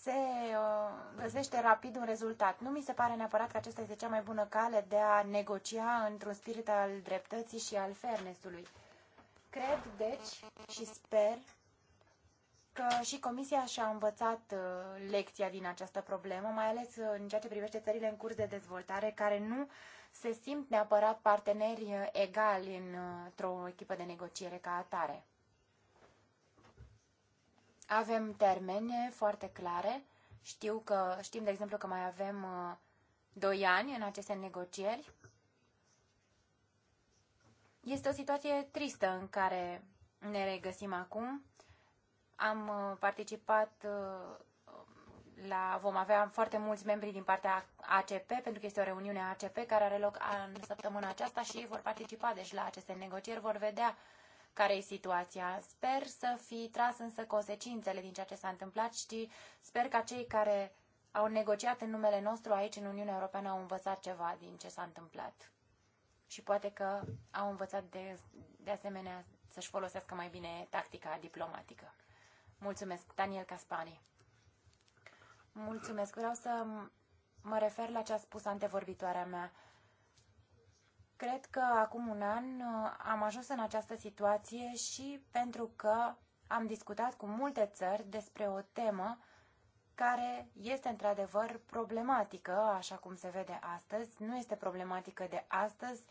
se uh, găsește rapid un rezultat. Nu mi se pare neapărat că acesta este cea mai bună cale de a negocia într-un spirit al dreptății și al fairness-ului. Cred, deci, și sper că și Comisia și-a învățat uh, lecția din această problemă, mai ales uh, în ceea ce privește țările în curs de dezvoltare, care nu se simt neapărat parteneri egali într-o echipă de negociere ca atare. Avem termene foarte clare. Știu că, știm, de exemplu, că mai avem uh, doi ani în aceste negocieri. Este o situație tristă în care ne regăsim acum. Am uh, participat uh, la, vom avea foarte mulți membri din partea ACP, pentru că este o reuniune ACP care are loc în săptămâna aceasta și vor participa deci la aceste negocieri, vor vedea uh, care e situația. Sper să fi tras însă consecințele din ceea ce s-a întâmplat și sper ca cei care au negociat în numele nostru aici în Uniunea Europeană au învățat ceva din ce s-a întâmplat. Și poate că au învățat de, de asemenea să-și folosească mai bine tactica diplomatică. Mulțumesc, Daniel Caspani. Mulțumesc. Vreau să mă refer la ce a spus antevorbitoarea mea. Cred că acum un an uh, am ajuns în această situație și pentru că am discutat cu multe țări despre o temă care este într-adevăr problematică, așa cum se vede astăzi. Nu este problematică de astăzi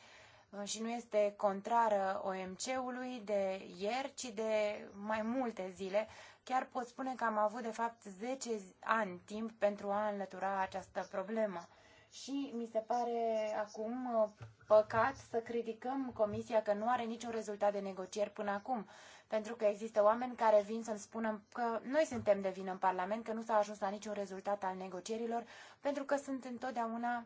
uh, și nu este contrară OMC-ului de ieri, ci de mai multe zile. Chiar pot spune că am avut, de fapt, 10 ani timp pentru a înlătura această problemă și mi se pare acum uh, păcat să criticăm Comisia că nu are niciun rezultat de negocieri până acum, pentru că există oameni care vin să-mi spună că noi suntem de vină în Parlament, că nu s-a ajuns la niciun rezultat al negocierilor, pentru că sunt întotdeauna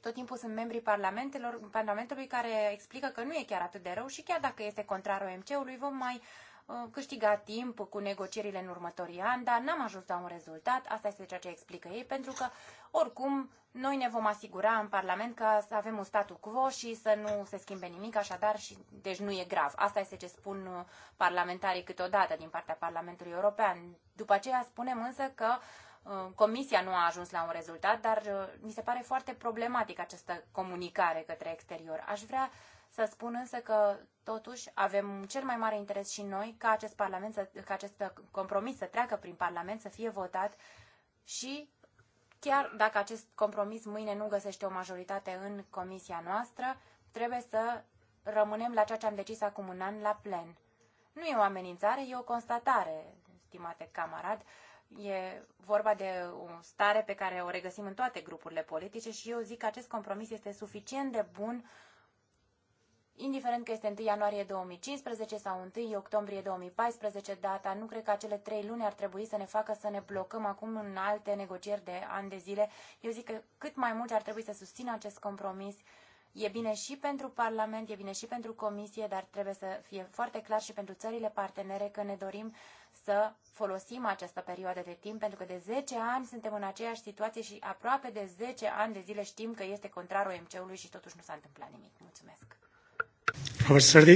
tot timpul sunt membrii parlamentelor, Parlamentului care explică că nu e chiar atât de rău și chiar dacă este contrar OMC-ului, vom mai Uh, câștiga timp cu negocierile în următorii ani, dar n-am ajuns la un rezultat, asta este ceea ce explică ei, pentru că oricum noi ne vom asigura în Parlament că să avem un statu quo și să nu se schimbe nimic, așadar, și, deci nu e grav. Asta este ce spun uh, parlamentarii câteodată din partea Parlamentului European. După aceea spunem însă că uh, Comisia nu a ajuns la un rezultat, dar mi se pare foarte problematic această comunicare către exterior. Aș vrea să spun însă că totuși avem cel mai mare interes și noi ca acest, parlament să, ca acest compromis să treacă prin Parlament, să fie votat și chiar dacă acest compromis mâine nu găsește o majoritate în comisia noastră, trebuie să rămânem la ceea ce am decis acum un an la plen. Nu e o amenințare, e o constatare, stimate camarad. E vorba de o stare pe care o regăsim în toate grupurile politice și eu zic că acest compromis este suficient de bun indiferent că este 1 ianuarie 2015 sau 1 octombrie 2014 data, nu cred că acele trei luni ar trebui să ne facă să ne blocăm acum în alte negocieri de ani de zile. Eu zic că cât mai mult ar trebui să susțină acest compromis. E bine și pentru Parlament, e bine și pentru Comisie, dar trebuie să fie foarte clar și pentru țările partenere că ne dorim să folosim această perioadă de timp, pentru că de 10 ani suntem în aceeași situație și aproape de 10 ani de zile știm că este contrar OMC-ului și totuși nu s-a întâmplat nimic. Mulțumesc! Robert Sturdy.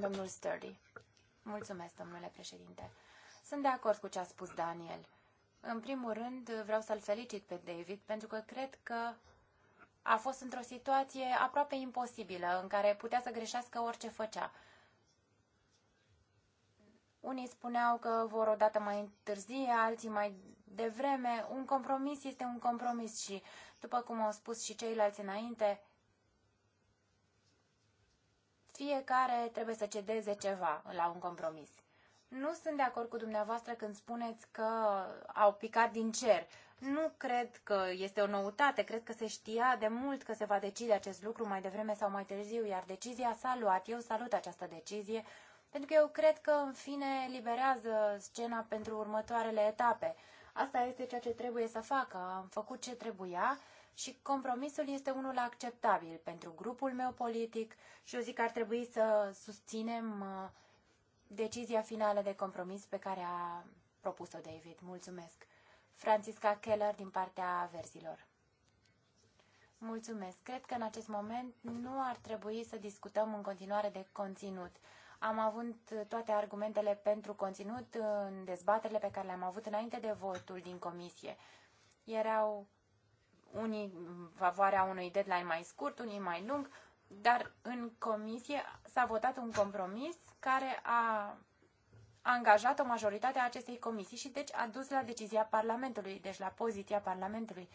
Domnul Sturdy. Mulțumesc, domnule președinte. Sunt de acord cu ce a spus Daniel. În primul rând, vreau să-l felicit pe David, pentru că cred că a fost într-o situație aproape imposibilă, în care putea să greșească orice făcea. Unii spuneau că vor o dată mai târzie, alții mai devreme. Un compromis este un compromis și, după cum au spus și ceilalți înainte, fiecare trebuie să cedeze ceva la un compromis. Nu sunt de acord cu dumneavoastră când spuneți că au picat din cer. Nu cred că este o noutate, cred că se știa de mult că se va decide acest lucru mai devreme sau mai târziu, iar decizia s-a luat. Eu salut această decizie, pentru că eu cred că, în fine, liberează scena pentru următoarele etape. Asta este ceea ce trebuie să facă. Am făcut ce trebuia și compromisul este unul acceptabil pentru grupul meu politic și eu zic că ar trebui să susținem uh, decizia finală de compromis pe care a propus-o David. Mulțumesc. Francisca Keller din partea verzilor. Mulțumesc. Cred că în acest moment nu ar trebui să discutăm în continuare de conținut. Am avut toate argumentele pentru conținut în dezbaterile pe care le-am avut înainte de votul din comisie. Erau unii în favoarea unui deadline mai scurt, unii mai lung, dar în comisie s-a votat un compromis care a angajat o majoritate a acestei comisii și deci a dus la decizia Parlamentului, deci la poziția Parlamentului,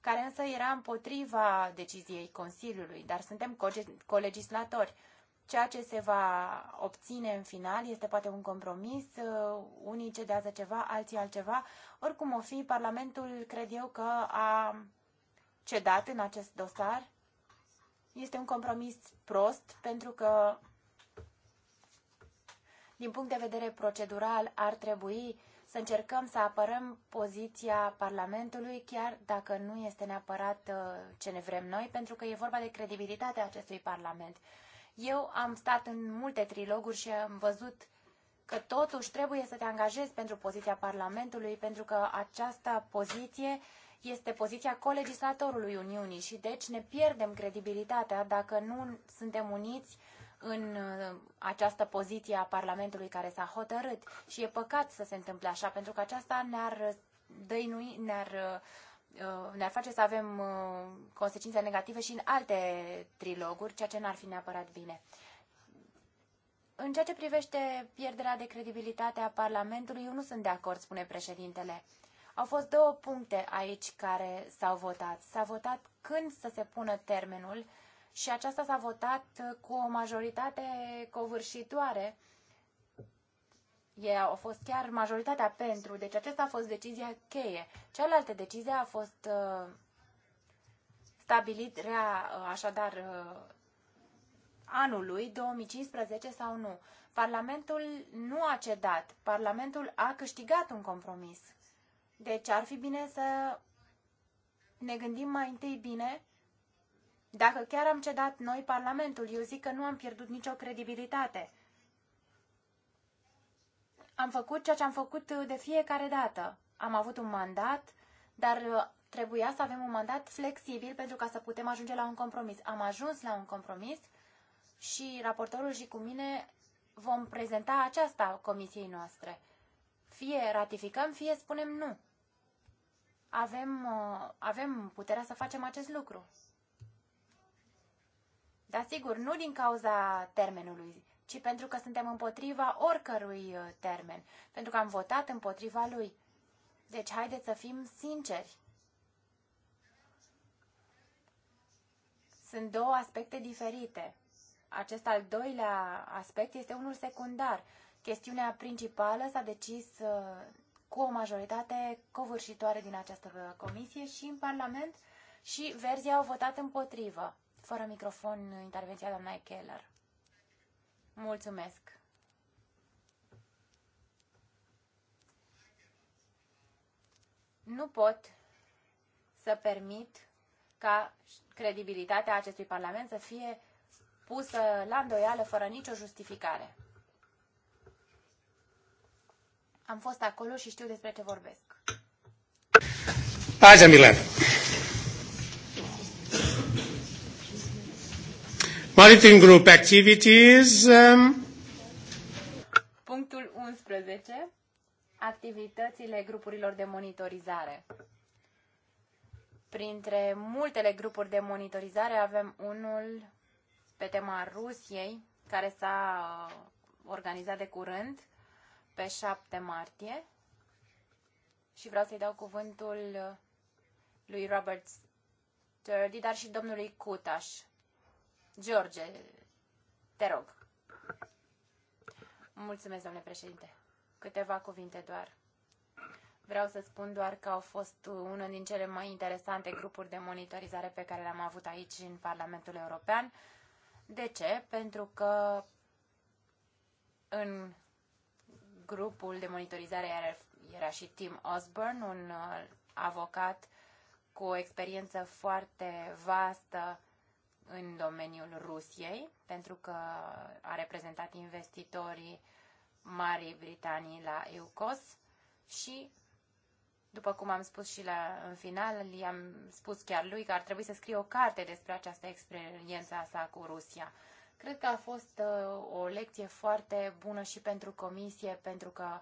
care însă era împotriva deciziei Consiliului, dar suntem colegislatori. Ceea ce se va obține în final este poate un compromis, uh, unii cedează ceva, alții altceva. Oricum o fi, Parlamentul cred eu că a cedat în acest dosar. Este un compromis prost pentru că, din punct de vedere procedural, ar trebui să încercăm să apărăm poziția Parlamentului, chiar dacă nu este neapărat uh, ce ne vrem noi, pentru că e vorba de credibilitatea acestui Parlament. Eu am stat în multe triloguri și am văzut că totuși trebuie să te angajezi pentru poziția Parlamentului, pentru că această poziție este poziția colegislatorului Uniunii și deci ne pierdem credibilitatea dacă nu suntem uniți în uh, această poziție a Parlamentului care s-a hotărât și e păcat să se întâmple așa, pentru că aceasta ne-ar uh, dăinui, ne-ar uh, ne-ar face să avem consecințe negative și în alte triloguri, ceea ce n-ar fi neapărat bine. În ceea ce privește pierderea de credibilitate a Parlamentului, eu nu sunt de acord, spune președintele. Au fost două puncte aici care s-au votat. S-a votat când să se pună termenul și aceasta s-a votat cu o majoritate covârșitoare. Ei au fost chiar majoritatea pentru, deci aceasta a fost decizia cheie. Cealaltă decizie a fost uh, stabilirea uh, așadar uh, anului 2015 sau nu. Parlamentul nu a cedat, Parlamentul a câștigat un compromis. Deci ar fi bine să ne gândim mai întâi bine dacă chiar am cedat noi Parlamentul, eu zic că nu am pierdut nicio credibilitate. Am făcut ceea ce am făcut de fiecare dată. Am avut un mandat, dar uh, trebuia să avem un mandat flexibil pentru ca să putem ajunge la un compromis. Am ajuns la un compromis și raportorul și cu mine vom prezenta aceasta comisiei noastre. Fie ratificăm, fie spunem nu avem, uh, avem puterea să facem acest lucru. Dar sigur, nu din cauza termenului, ci pentru că suntem împotriva oricărui uh, termen, pentru că am votat împotriva lui. Deci haideți să fim sinceri. Sunt două aspecte diferite. Acest al doilea aspect este unul secundar. Chestiunea principală s-a decis uh, cu o majoritate covârșitoare din această comisie și în Parlament și verzii au votat împotrivă. Fără microfon, intervenția doamnei Keller. Mulțumesc. Nu pot să permit ca credibilitatea acestui Parlament să fie pusă la îndoială fără nicio justificare. Am fost acolo și știu despre ce vorbesc. Hai, Milan. Monitoring group activities. Um... Punctul 11. Activitățile grupurilor de monitorizare. Printre multele grupuri de monitorizare avem unul pe tema Rusiei, care s-a organizat de curând pe 7 martie și vreau să-i dau cuvântul lui Robert Sturdy, dar și domnului Cutaș. George, te rog. Mulțumesc, domnule președinte. Câteva cuvinte doar. Vreau să spun doar că au fost unul din cele mai interesante grupuri de monitorizare pe care le-am avut aici în Parlamentul European. De ce? Pentru că în grupul de monitorizare era, era și Tim Osborne, un uh, avocat cu o experiență foarte vastă în domeniul Rusiei, pentru că a reprezentat investitorii Marii Britanii la EUCOS și, după cum am spus și la, în final, i-am spus chiar lui că ar trebui să scrie o carte despre această experiență a sa cu Rusia. Cred că a fost uh, o lecție foarte bună și pentru comisie, pentru că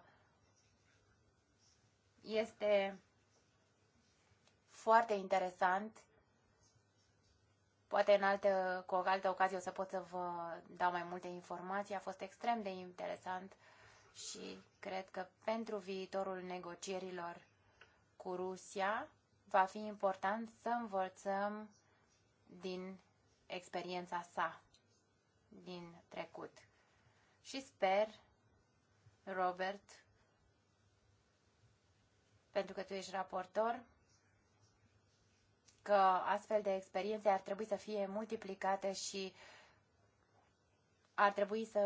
este foarte interesant. Poate în altă, cu o altă ocazie o să pot să vă dau mai multe informații. A fost extrem de interesant și cred că pentru viitorul negocierilor cu Rusia va fi important să învățăm din experiența sa din trecut. Și sper, Robert, pentru că tu ești raportor, că astfel de experiențe ar trebui să fie multiplicate și ar trebui să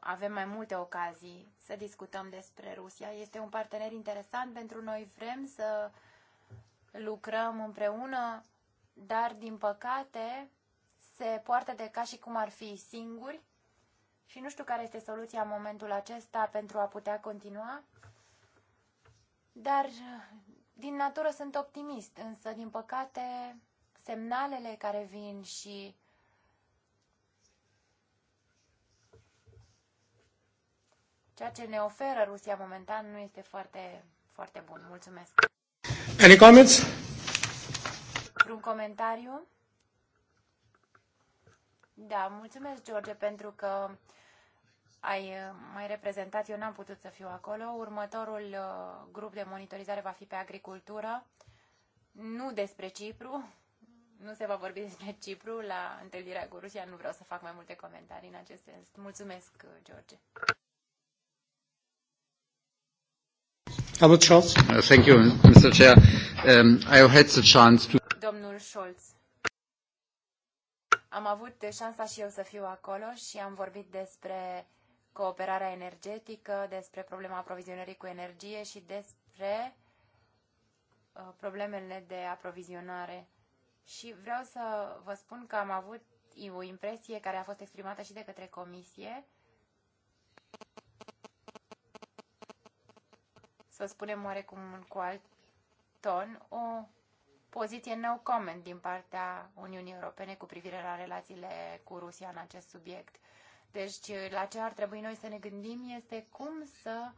avem mai multe ocazii să discutăm despre Rusia. Este un partener interesant pentru noi, vrem să lucrăm împreună, dar din păcate se poartă de ca și cum ar fi singuri și nu știu care este soluția în momentul acesta pentru a putea continua, dar din natură sunt optimist, însă din păcate semnalele care vin și ceea ce ne oferă Rusia momentan nu este foarte, foarte bun. Mulțumesc. Any comments? Un comentariu? Da, mulțumesc, George, pentru că ai uh, mai reprezentat. Eu n-am putut să fiu acolo. Următorul uh, grup de monitorizare va fi pe agricultură. Nu despre Cipru. Nu se va vorbi despre Cipru la întâlnirea cu Rusia. Nu vreau să fac mai multe comentarii în acest sens. Mulțumesc, uh, George. Scholz. Thank you, Mr. Chair. Um, I had the chance to... Domnul Scholz. Am avut șansa și eu să fiu acolo și am vorbit despre cooperarea energetică, despre problema aprovizionării cu energie și despre uh, problemele de aprovizionare. Și vreau să vă spun că am avut o impresie care a fost exprimată și de către comisie, să spunem oarecum cu alt ton, o poziție no comment din partea Uniunii Europene cu privire la relațiile cu Rusia în acest subiect. Deci, la ce ar trebui noi să ne gândim este cum să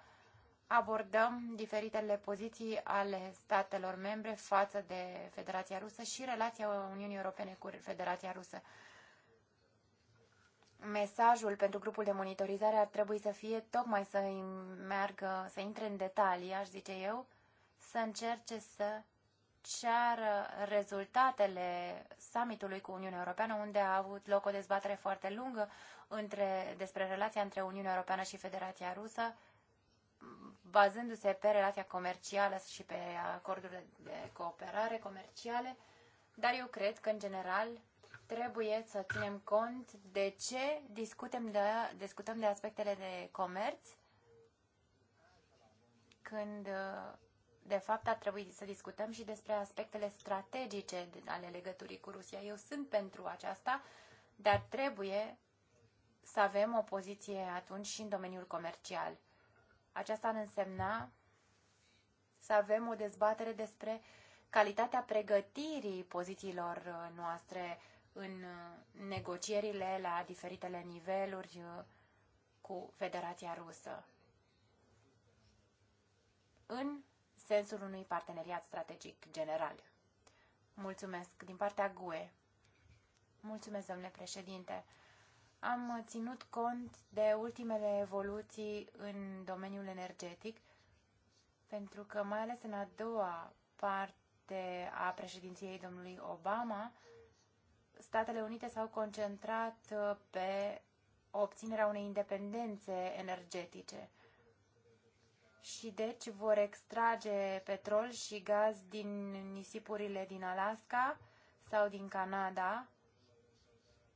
abordăm diferitele poziții ale statelor membre față de Federația Rusă și relația Uniunii Europene cu Federația Rusă. Mesajul pentru grupul de monitorizare ar trebui să fie tocmai să meargă, să intre în detalii, aș zice eu, să încerce să ceară rezultatele summitului cu Uniunea Europeană, unde a avut loc o dezbatere foarte lungă între, despre relația între Uniunea Europeană și Federația Rusă, bazându-se pe relația comercială și pe acordurile de cooperare comerciale, dar eu cred că, în general, trebuie să ținem cont de ce discutăm de, discutăm de aspectele de comerț când de fapt, ar trebui să discutăm și despre aspectele strategice ale legăturii cu Rusia. Eu sunt pentru aceasta, dar trebuie să avem o poziție atunci și în domeniul comercial. Aceasta ar însemna să avem o dezbatere despre calitatea pregătirii pozițiilor uh, noastre în uh, negocierile la diferitele niveluri uh, cu Federația Rusă. În sensul unui parteneriat strategic general. Mulțumesc. Din partea GUE. Mulțumesc, domnule președinte. Am ținut cont de ultimele evoluții în domeniul energetic, pentru că, mai ales în a doua parte a președinției domnului Obama, Statele Unite s-au concentrat uh, pe obținerea unei independențe energetice și deci vor extrage petrol și gaz din nisipurile din Alaska sau din Canada,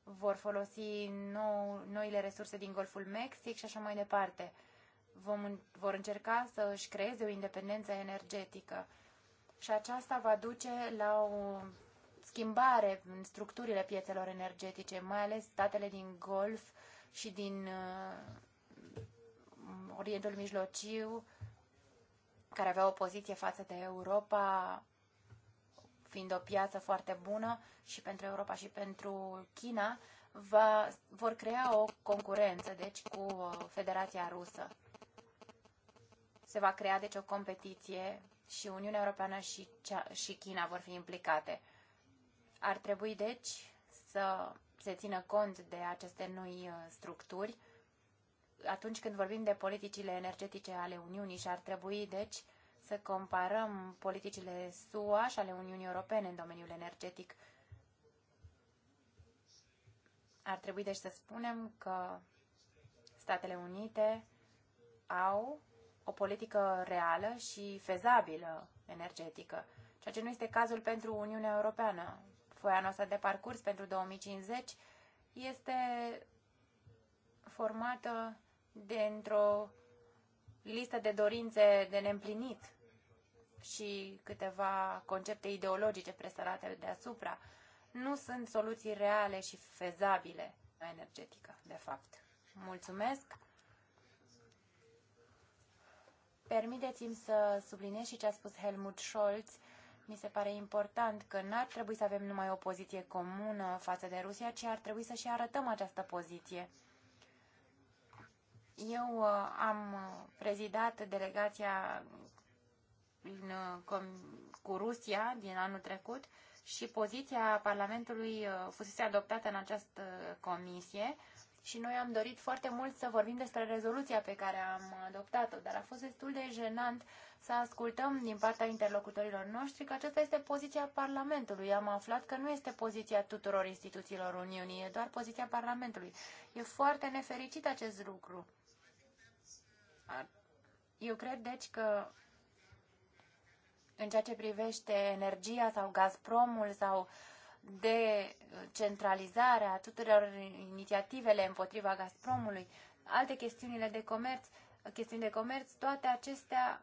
vor folosi nou, noile resurse din Golful Mexic și așa mai departe. Vom, vor încerca să își creeze o independență energetică și aceasta va duce la o schimbare în structurile piețelor energetice, mai ales statele din Golf și din uh, Orientul Mijlociu care avea o poziție față de Europa, fiind o piață foarte bună și pentru Europa și pentru China, va, vor crea o concurență, deci, cu uh, Federația Rusă. Se va crea, deci, o competiție și Uniunea Europeană și, cea, și China vor fi implicate. Ar trebui, deci, să se țină cont de aceste noi uh, structuri atunci când vorbim de politicile energetice ale Uniunii și ar trebui, deci, să comparăm politicile SUA și ale Uniunii Europene în domeniul energetic. Ar trebui, deci, să spunem că Statele Unite au o politică reală și fezabilă energetică, ceea ce nu este cazul pentru Uniunea Europeană. Foia noastră de parcurs pentru 2050 este formată dintr-o listă de dorințe de neîmplinit și câteva concepte ideologice presărate deasupra, nu sunt soluții reale și fezabile energetică, de fapt. Mulțumesc! Permiteți-mi să subliniez și ce a spus Helmut Scholz. Mi se pare important că n-ar trebui să avem numai o poziție comună față de Rusia, ci ar trebui să și arătăm această poziție eu uh, am uh, prezidat delegația uh, cu Rusia din anul trecut și poziția Parlamentului fusese adoptată în această comisie și noi am dorit foarte mult să vorbim despre rezoluția pe care am adoptat-o, dar a fost destul de jenant să ascultăm din partea interlocutorilor noștri că aceasta este poziția Parlamentului. Am aflat că nu este poziția tuturor instituțiilor Uniunii, e doar poziția Parlamentului. E foarte nefericit acest lucru. Eu cred, deci, că în ceea ce privește energia sau Gazpromul sau decentralizarea tuturor inițiativele împotriva Gazpromului, alte chestiunile de comerț, chestiuni de comerț, toate acestea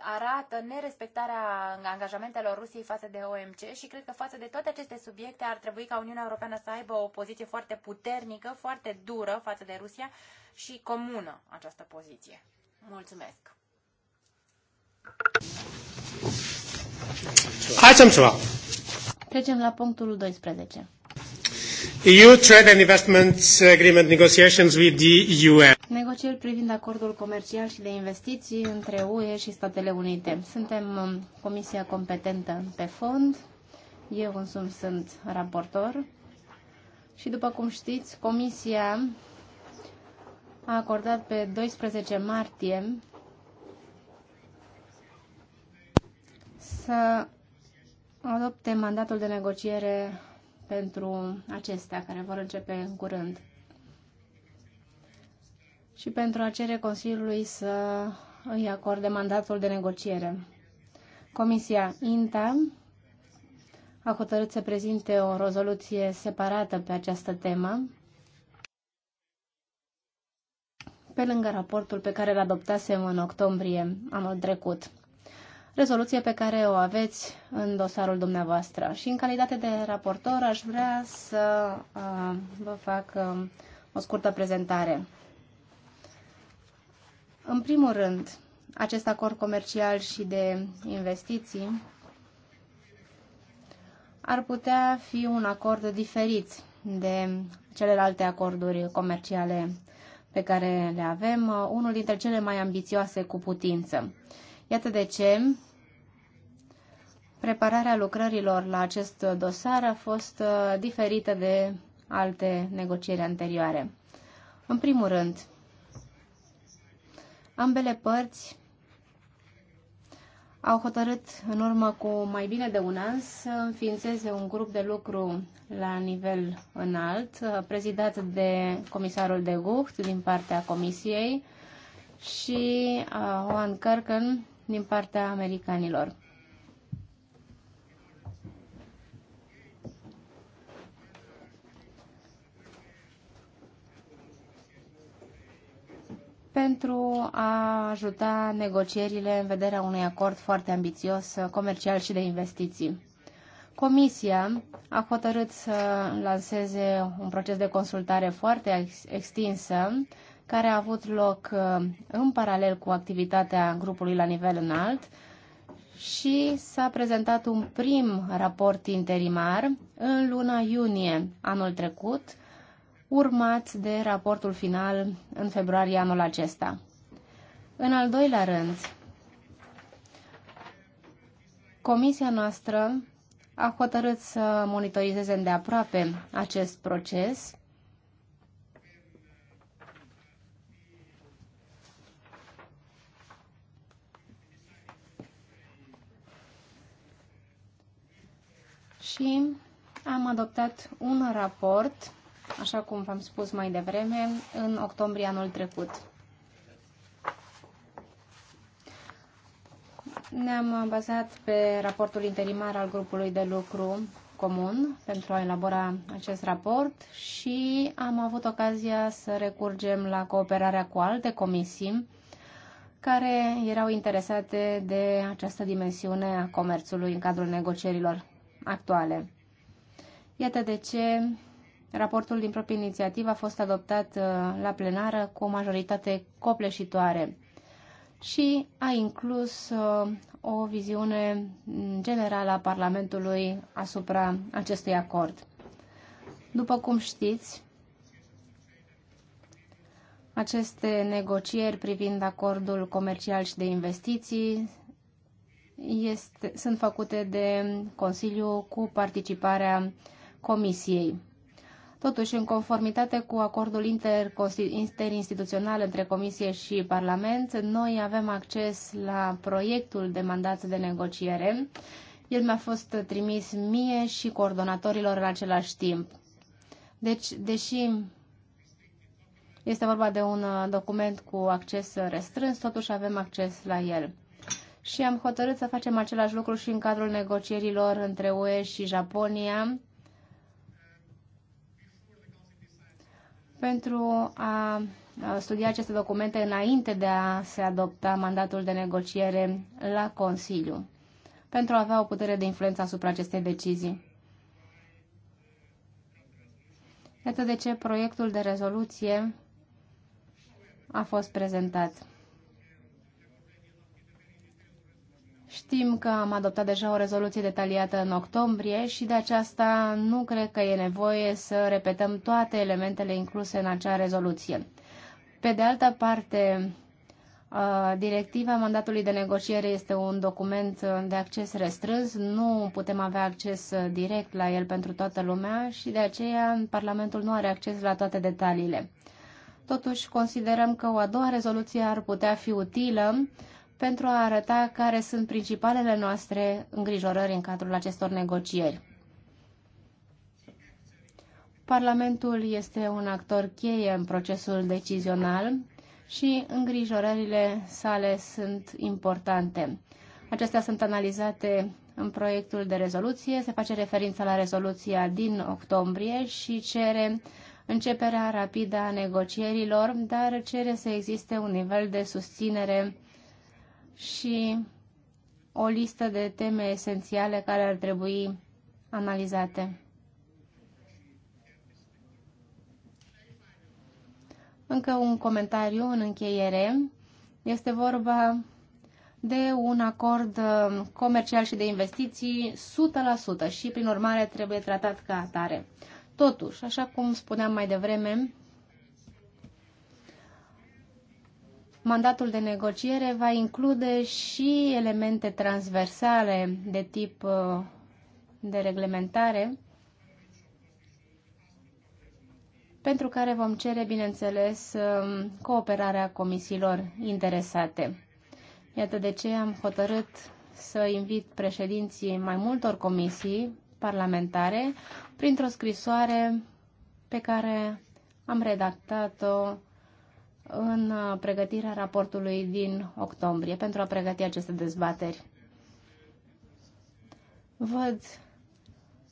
arată nerespectarea angajamentelor Rusiei față de OMC și cred că față de toate aceste subiecte ar trebui ca Uniunea Europeană să aibă o poziție foarte puternică, foarte dură față de Rusia și comună această poziție. Mulțumesc! Item 12. Trecem la punctul 12. EU trade and agreement negotiations with the UN. Negocieri privind acordul comercial și de investiții între UE și Statele Unite. Suntem um, comisia competentă pe fond. Eu însumi sunt raportor. Și după cum știți, comisia a acordat pe 12 martie să adopte mandatul de negociere pentru acestea, care vor începe în curând. Și pentru a cere Consiliului să îi acorde mandatul de negociere. Comisia INTA a hotărât să prezinte o rezoluție separată pe această temă, pe lângă raportul pe care îl adoptasem în octombrie anul trecut rezoluție pe care o aveți în dosarul dumneavoastră. Și în calitate de raportor aș vrea să uh, vă fac uh, o scurtă prezentare. În primul rând, acest acord comercial și de investiții ar putea fi un acord diferit de celelalte acorduri comerciale pe care le avem, unul dintre cele mai ambițioase cu putință. Iată de ce prepararea lucrărilor la acest dosar a fost uh, diferită de alte negocieri anterioare. În primul rând, ambele părți au hotărât în urmă cu mai bine de un an să înființeze un grup de lucru la nivel înalt, uh, prezidat de comisarul de Gucht din partea Comisiei și Juan uh, Kerken din partea americanilor. pentru a ajuta negocierile în vederea unui acord foarte ambițios uh, comercial și de investiții. Comisia a hotărât să lanseze un proces de consultare foarte extinsă care a avut loc uh, în paralel cu activitatea grupului la nivel înalt și s-a prezentat un prim raport interimar în luna iunie anul trecut, urmat de raportul final în februarie anul acesta. În al doilea rând, comisia noastră a hotărât să monitorizeze îndeaproape acest proces și am adoptat un raport, așa cum v-am spus mai devreme, în octombrie anul trecut. Ne-am bazat pe raportul interimar al grupului de lucru comun pentru a elabora acest raport și am avut ocazia să recurgem la cooperarea cu alte comisii care erau interesate de această dimensiune a comerțului în cadrul negocierilor actuale. Iată de ce raportul din proprie inițiativă a fost adoptat uh, la plenară cu o majoritate copleșitoare și a inclus uh, o viziune generală a Parlamentului asupra acestui acord. După cum știți, aceste negocieri privind acordul comercial și de investiții este, sunt făcute de Consiliu cu participarea Comisiei. Totuși, în conformitate cu acordul interinstituțional între Comisie și Parlament, noi avem acces la proiectul de mandat de negociere. El mi-a fost trimis mie și coordonatorilor în același timp. Deci, deși este vorba de un document cu acces restrâns, totuși avem acces la el și am hotărât să facem același lucru și în cadrul negocierilor între UE și Japonia pentru a studia aceste documente înainte de a se adopta mandatul de negociere la Consiliu, pentru a avea o putere de influență asupra acestei decizii. Iată de ce proiectul de rezoluție a fost prezentat. Știm că am adoptat deja o rezoluție detaliată în octombrie și de aceasta nu cred că e nevoie să repetăm toate elementele incluse în acea rezoluție. Pe de altă parte, Directiva mandatului de negociere este un document de acces restrâns, nu putem avea acces direct la el pentru toată lumea și de aceea Parlamentul nu are acces la toate detaliile. Totuși, considerăm că o a doua rezoluție ar putea fi utilă pentru a arăta care sunt principalele noastre îngrijorări în cadrul acestor negocieri. Parlamentul este un actor cheie în procesul decizional și îngrijorările sale sunt importante. Acestea sunt analizate în proiectul de rezoluție. Se face referință la rezoluția din octombrie și cere începerea rapidă a negocierilor, dar cere să existe un nivel de susținere și o listă de teme esențiale care ar trebui analizate. Încă un comentariu în încheiere. Este vorba de un acord uh, comercial și de investiții 100% și, prin urmare, trebuie tratat ca atare. Totuși, așa cum spuneam mai devreme, mandatul de negociere va include și elemente transversale de tip uh, de reglementare, pentru care vom cere, bineînțeles, um, cooperarea comisiilor interesate. Iată de ce am hotărât să invit președinții mai multor comisii parlamentare printr-o scrisoare pe care am redactat-o în uh, pregătirea raportului din octombrie pentru a pregăti aceste dezbateri. Văd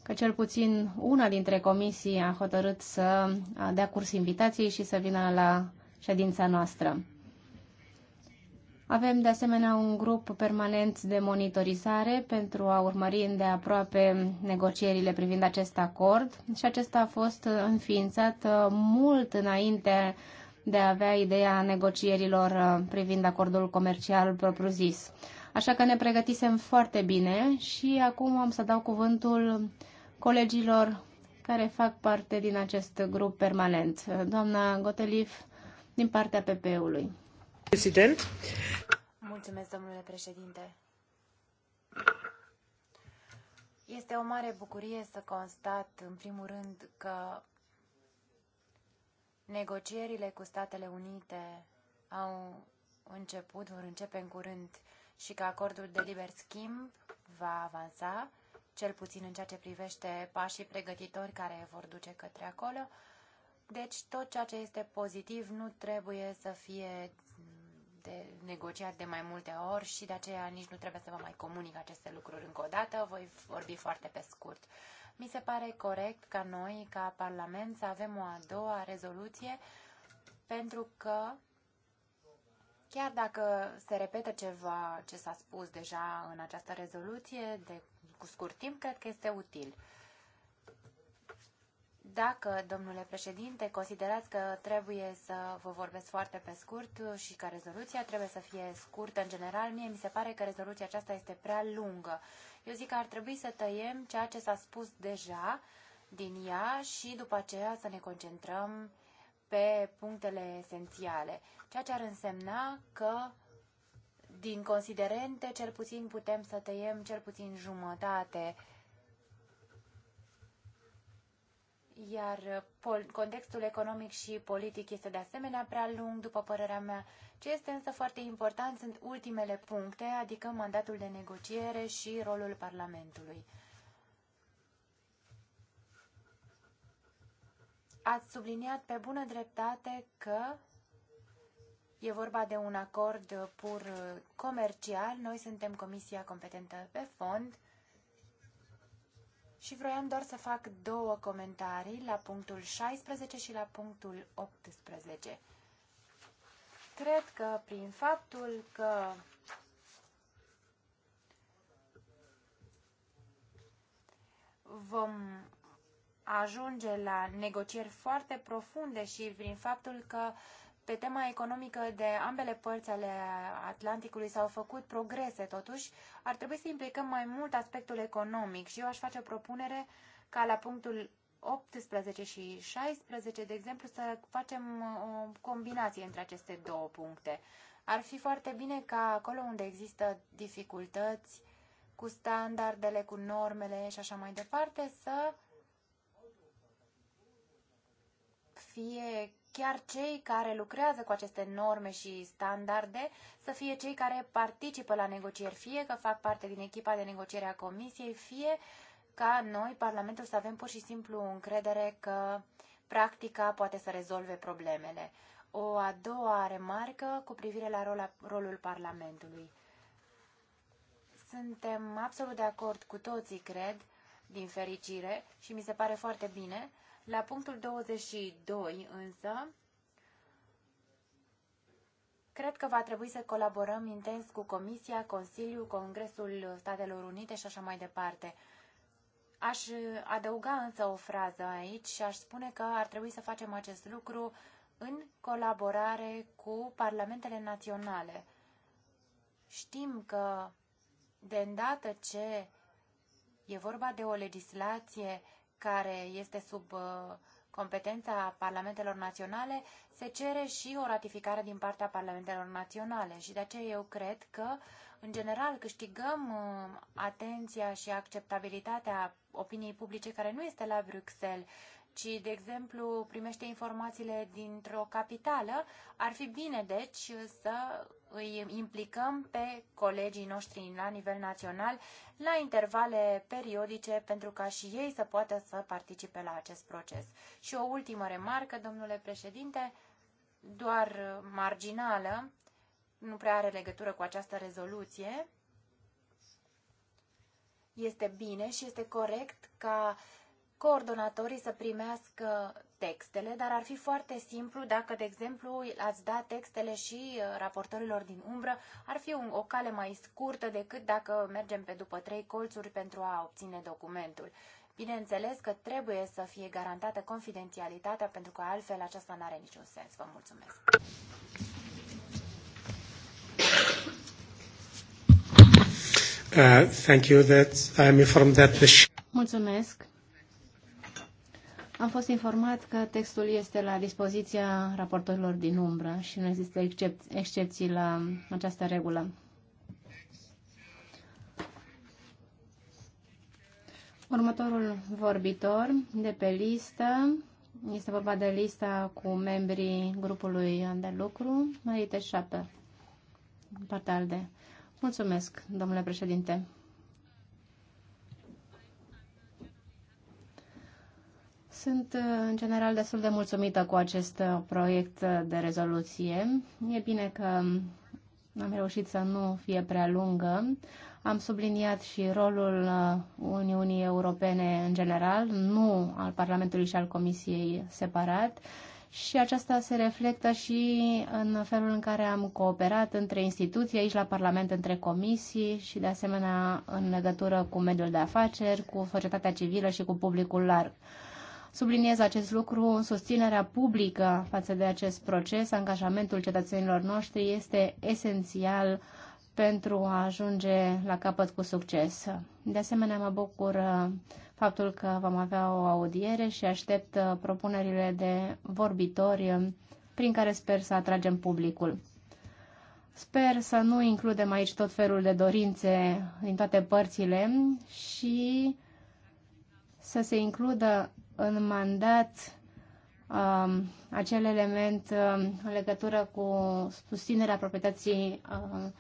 că cel puțin una dintre comisii a hotărât să uh, dea curs invitației și să vină la ședința noastră. Avem de asemenea un grup permanent de monitorizare pentru a urmări îndeaproape negocierile privind acest acord și acesta a fost uh, înființat mult înainte de a avea ideea negocierilor uh, privind acordul comercial propriu-zis. Așa că ne pregătisem foarte bine și acum am să dau cuvântul colegilor care fac parte din acest grup permanent. Doamna Gotelif, din partea PP-ului. President. Mulțumesc, domnule președinte. Este o mare bucurie să constat, în primul rând, că Negocierile cu Statele Unite au început, vor începe în curând și că acordul de liber schimb va avansa, cel puțin în ceea ce privește pașii pregătitori care vor duce către acolo. Deci tot ceea ce este pozitiv nu trebuie să fie de negociat de mai multe ori și de aceea nici nu trebuie să vă mai comunic aceste lucruri încă o dată. Voi vorbi foarte pe scurt. Mi se pare corect ca noi, ca Parlament, să avem o a doua rezoluție, pentru că chiar dacă se repetă ceva ce s-a spus deja în această rezoluție, de, cu scurt timp, cred că este util. Dacă, domnule președinte, considerați că trebuie să vă vorbesc foarte pe scurt și că rezoluția trebuie să fie scurtă în general, mie mi se pare că rezoluția aceasta este prea lungă eu zic că ar trebui să tăiem ceea ce s-a spus deja din ea și după aceea să ne concentrăm pe punctele esențiale, ceea ce ar însemna că din considerente cel puțin putem să tăiem cel puțin jumătate iar contextul economic și politic este de asemenea prea lung, după părerea mea. Ce este însă foarte important sunt ultimele puncte, adică mandatul de negociere și rolul Parlamentului. Ați subliniat pe bună dreptate că e vorba de un acord pur comercial. Noi suntem comisia competentă pe fond și vroiam doar să fac două comentarii la punctul 16 și la punctul 18. Cred că prin faptul că vom ajunge la negocieri foarte profunde și prin faptul că pe tema economică de ambele părți ale Atlanticului s-au făcut progrese, totuși ar trebui să implicăm mai mult aspectul economic și eu aș face o propunere ca la punctul 18 și 16, de exemplu, să facem o combinație între aceste două puncte. Ar fi foarte bine ca acolo unde există dificultăți cu standardele, cu normele și așa mai departe, să fie chiar cei care lucrează cu aceste norme și standarde să fie cei care participă la negocieri, fie că fac parte din echipa de negociere a Comisiei, fie ca noi, Parlamentul, să avem pur și simplu încredere că practica poate să rezolve problemele. O a doua remarcă cu privire la rola, rolul Parlamentului. Suntem absolut de acord cu toții, cred, din fericire, și mi se pare foarte bine la punctul 22 însă, cred că va trebui să colaborăm intens cu Comisia, Consiliul, Congresul Statelor Unite și așa mai departe. Aș adăuga însă o frază aici și aș spune că ar trebui să facem acest lucru în colaborare cu parlamentele naționale. Știm că de îndată ce e vorba de o legislație care este sub uh, competența parlamentelor naționale, se cere și o ratificare din partea parlamentelor naționale. Și de aceea eu cred că, în general, câștigăm uh, atenția și acceptabilitatea opiniei publice care nu este la Bruxelles, ci, de exemplu, primește informațiile dintr-o capitală, ar fi bine, deci, să îi implicăm pe colegii noștri la nivel național la intervale periodice pentru ca și ei să poată să participe la acest proces. Și o ultimă remarcă, domnule președinte, doar marginală, nu prea are legătură cu această rezoluție. Este bine și este corect ca uh, coordonatorii să primească textele, dar ar fi foarte simplu dacă, de exemplu, ați da textele și uh, raportorilor din umbră, ar fi o cale mai scurtă decât dacă mergem pe după trei colțuri pentru a obține documentul. Bineînțeles că trebuie să fie garantată confidențialitatea, pentru că altfel aceasta nu are niciun sens. Vă mulțumesc! Uh, thank you that I'm informed that the Mulțumesc. Am fost informat că textul este la dispoziția raportorilor din umbră și nu există excep- excepții la această regulă. Următorul vorbitor de pe listă este vorba de lista cu membrii grupului de lucru, Marite Șapă, partea de. Mulțumesc, domnule președinte. Sunt uh, în general destul de mulțumită cu acest uh, proiect uh, de rezoluție. E bine că am reușit să nu fie prea lungă. Am subliniat și rolul Uniunii Europene în general, nu al Parlamentului și al Comisiei separat. Și aceasta se reflectă și în felul în care am cooperat între instituții, aici la Parlament, între comisii și, de asemenea, în legătură cu mediul de afaceri, cu societatea civilă și cu publicul larg. Subliniez acest lucru, susținerea publică față de acest proces, angajamentul cetățenilor noștri este esențial pentru a ajunge la capăt cu succes. De asemenea, mă bucur uh, faptul că vom avea o audiere și aștept uh, propunerile de vorbitori um, prin care sper să atragem publicul. Sper să nu includem aici tot felul de dorințe din toate părțile și să se includă în mandat um, acel element um, în legătură cu susținerea proprietății um,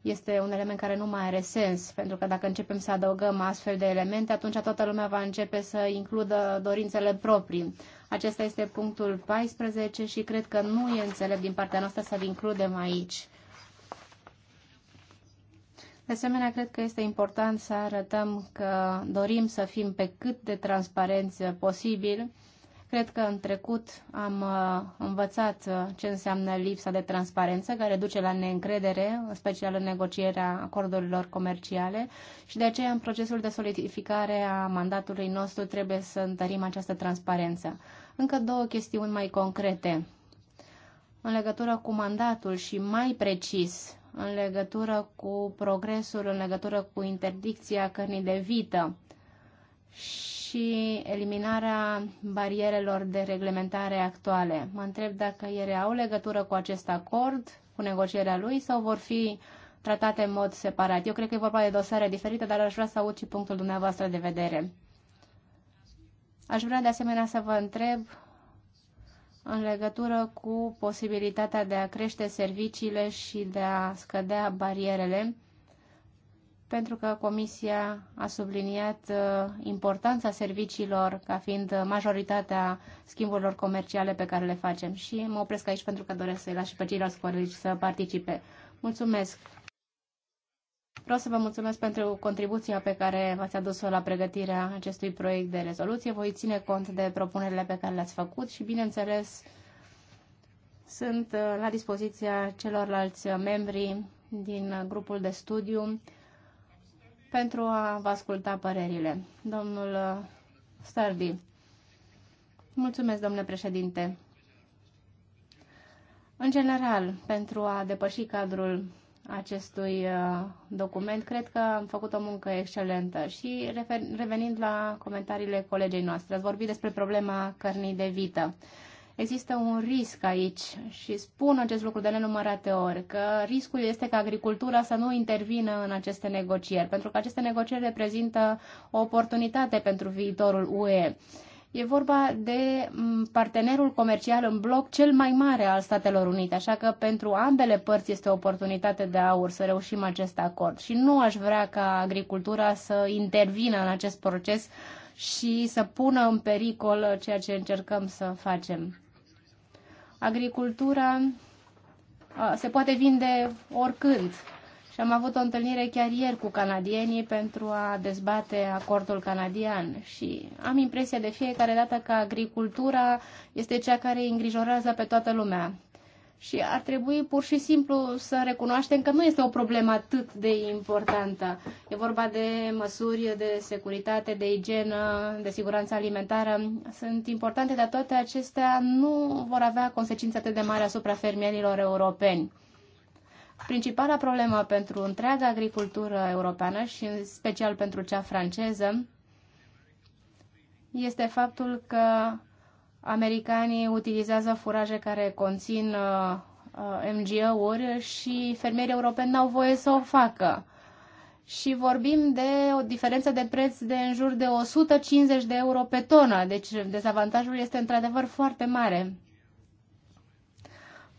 este un element care nu mai are sens, pentru că dacă începem să adăugăm astfel de elemente, atunci toată lumea va începe să includă dorințele proprii. Acesta este punctul 14 și cred că nu e înțelept din partea noastră să-l includem aici. De asemenea, cred că este important să arătăm că dorim să fim pe cât de transparenți posibil. Cred că în trecut am uh, învățat uh, ce înseamnă lipsa de transparență, care duce la neîncredere, în special în negocierea acordurilor comerciale și de aceea în procesul de solidificare a mandatului nostru trebuie să întărim această transparență. Încă două chestiuni mai concrete. În legătură cu mandatul și mai precis în legătură cu progresul, în legătură cu interdicția cărnii de vită și eliminarea barierelor de reglementare actuale. Mă întreb dacă ele au legătură cu acest acord, cu negocierea lui, sau vor fi tratate în mod separat. Eu cred că e vorba de dosare diferite, dar aș vrea să aud și punctul dumneavoastră de vedere. Aș vrea de asemenea să vă întreb în legătură cu posibilitatea de a crește serviciile și de a scădea barierele, pentru că Comisia a subliniat uh, importanța serviciilor ca fiind majoritatea schimburilor comerciale pe care le facem. Și mă opresc aici pentru că doresc să-i las și pe ceilalți colegi să participe. Mulțumesc! Vreau să vă mulțumesc pentru contribuția pe care v-ați adus-o la pregătirea acestui proiect de rezoluție. Voi ține cont de propunerile pe care le-ați făcut și, bineînțeles, sunt uh, la dispoziția celorlalți membri din grupul de studiu pentru a vă asculta părerile. Domnul uh, Stardi. Mulțumesc, domnule președinte. În general, pentru a depăși cadrul acestui uh, document. Cred că am făcut o muncă excelentă și revenind la comentariile colegei noastre, ați vorbit despre problema cărnii de vită. Există un risc aici și spun acest lucru de nenumărate ori, că riscul este ca agricultura să nu intervină în aceste negocieri, pentru că aceste negocieri reprezintă o oportunitate pentru viitorul UE. E vorba de partenerul comercial în bloc cel mai mare al Statelor Unite, așa că pentru ambele părți este o oportunitate de aur să reușim acest acord. Și nu aș vrea ca agricultura să intervină în acest proces și să pună în pericol ceea ce încercăm să facem. Agricultura se poate vinde oricând și am avut o întâlnire chiar ieri cu canadienii pentru a dezbate acordul canadian și am impresia de fiecare dată că agricultura este cea care îi îngrijorează pe toată lumea. Și ar trebui pur și simplu să recunoaștem că nu este o problemă atât de importantă. E vorba de măsuri de securitate, de igienă, de siguranță alimentară. Sunt importante, dar toate acestea nu vor avea consecințe atât de mari asupra fermierilor europeni. Principala problemă pentru întreaga agricultură europeană și în special pentru cea franceză este faptul că americanii utilizează furaje care conțin uh, uh, MGO-uri și fermierii europeni n-au voie să o facă. Și vorbim de o diferență de preț de în jur de 150 de euro pe tonă, deci dezavantajul este într-adevăr foarte mare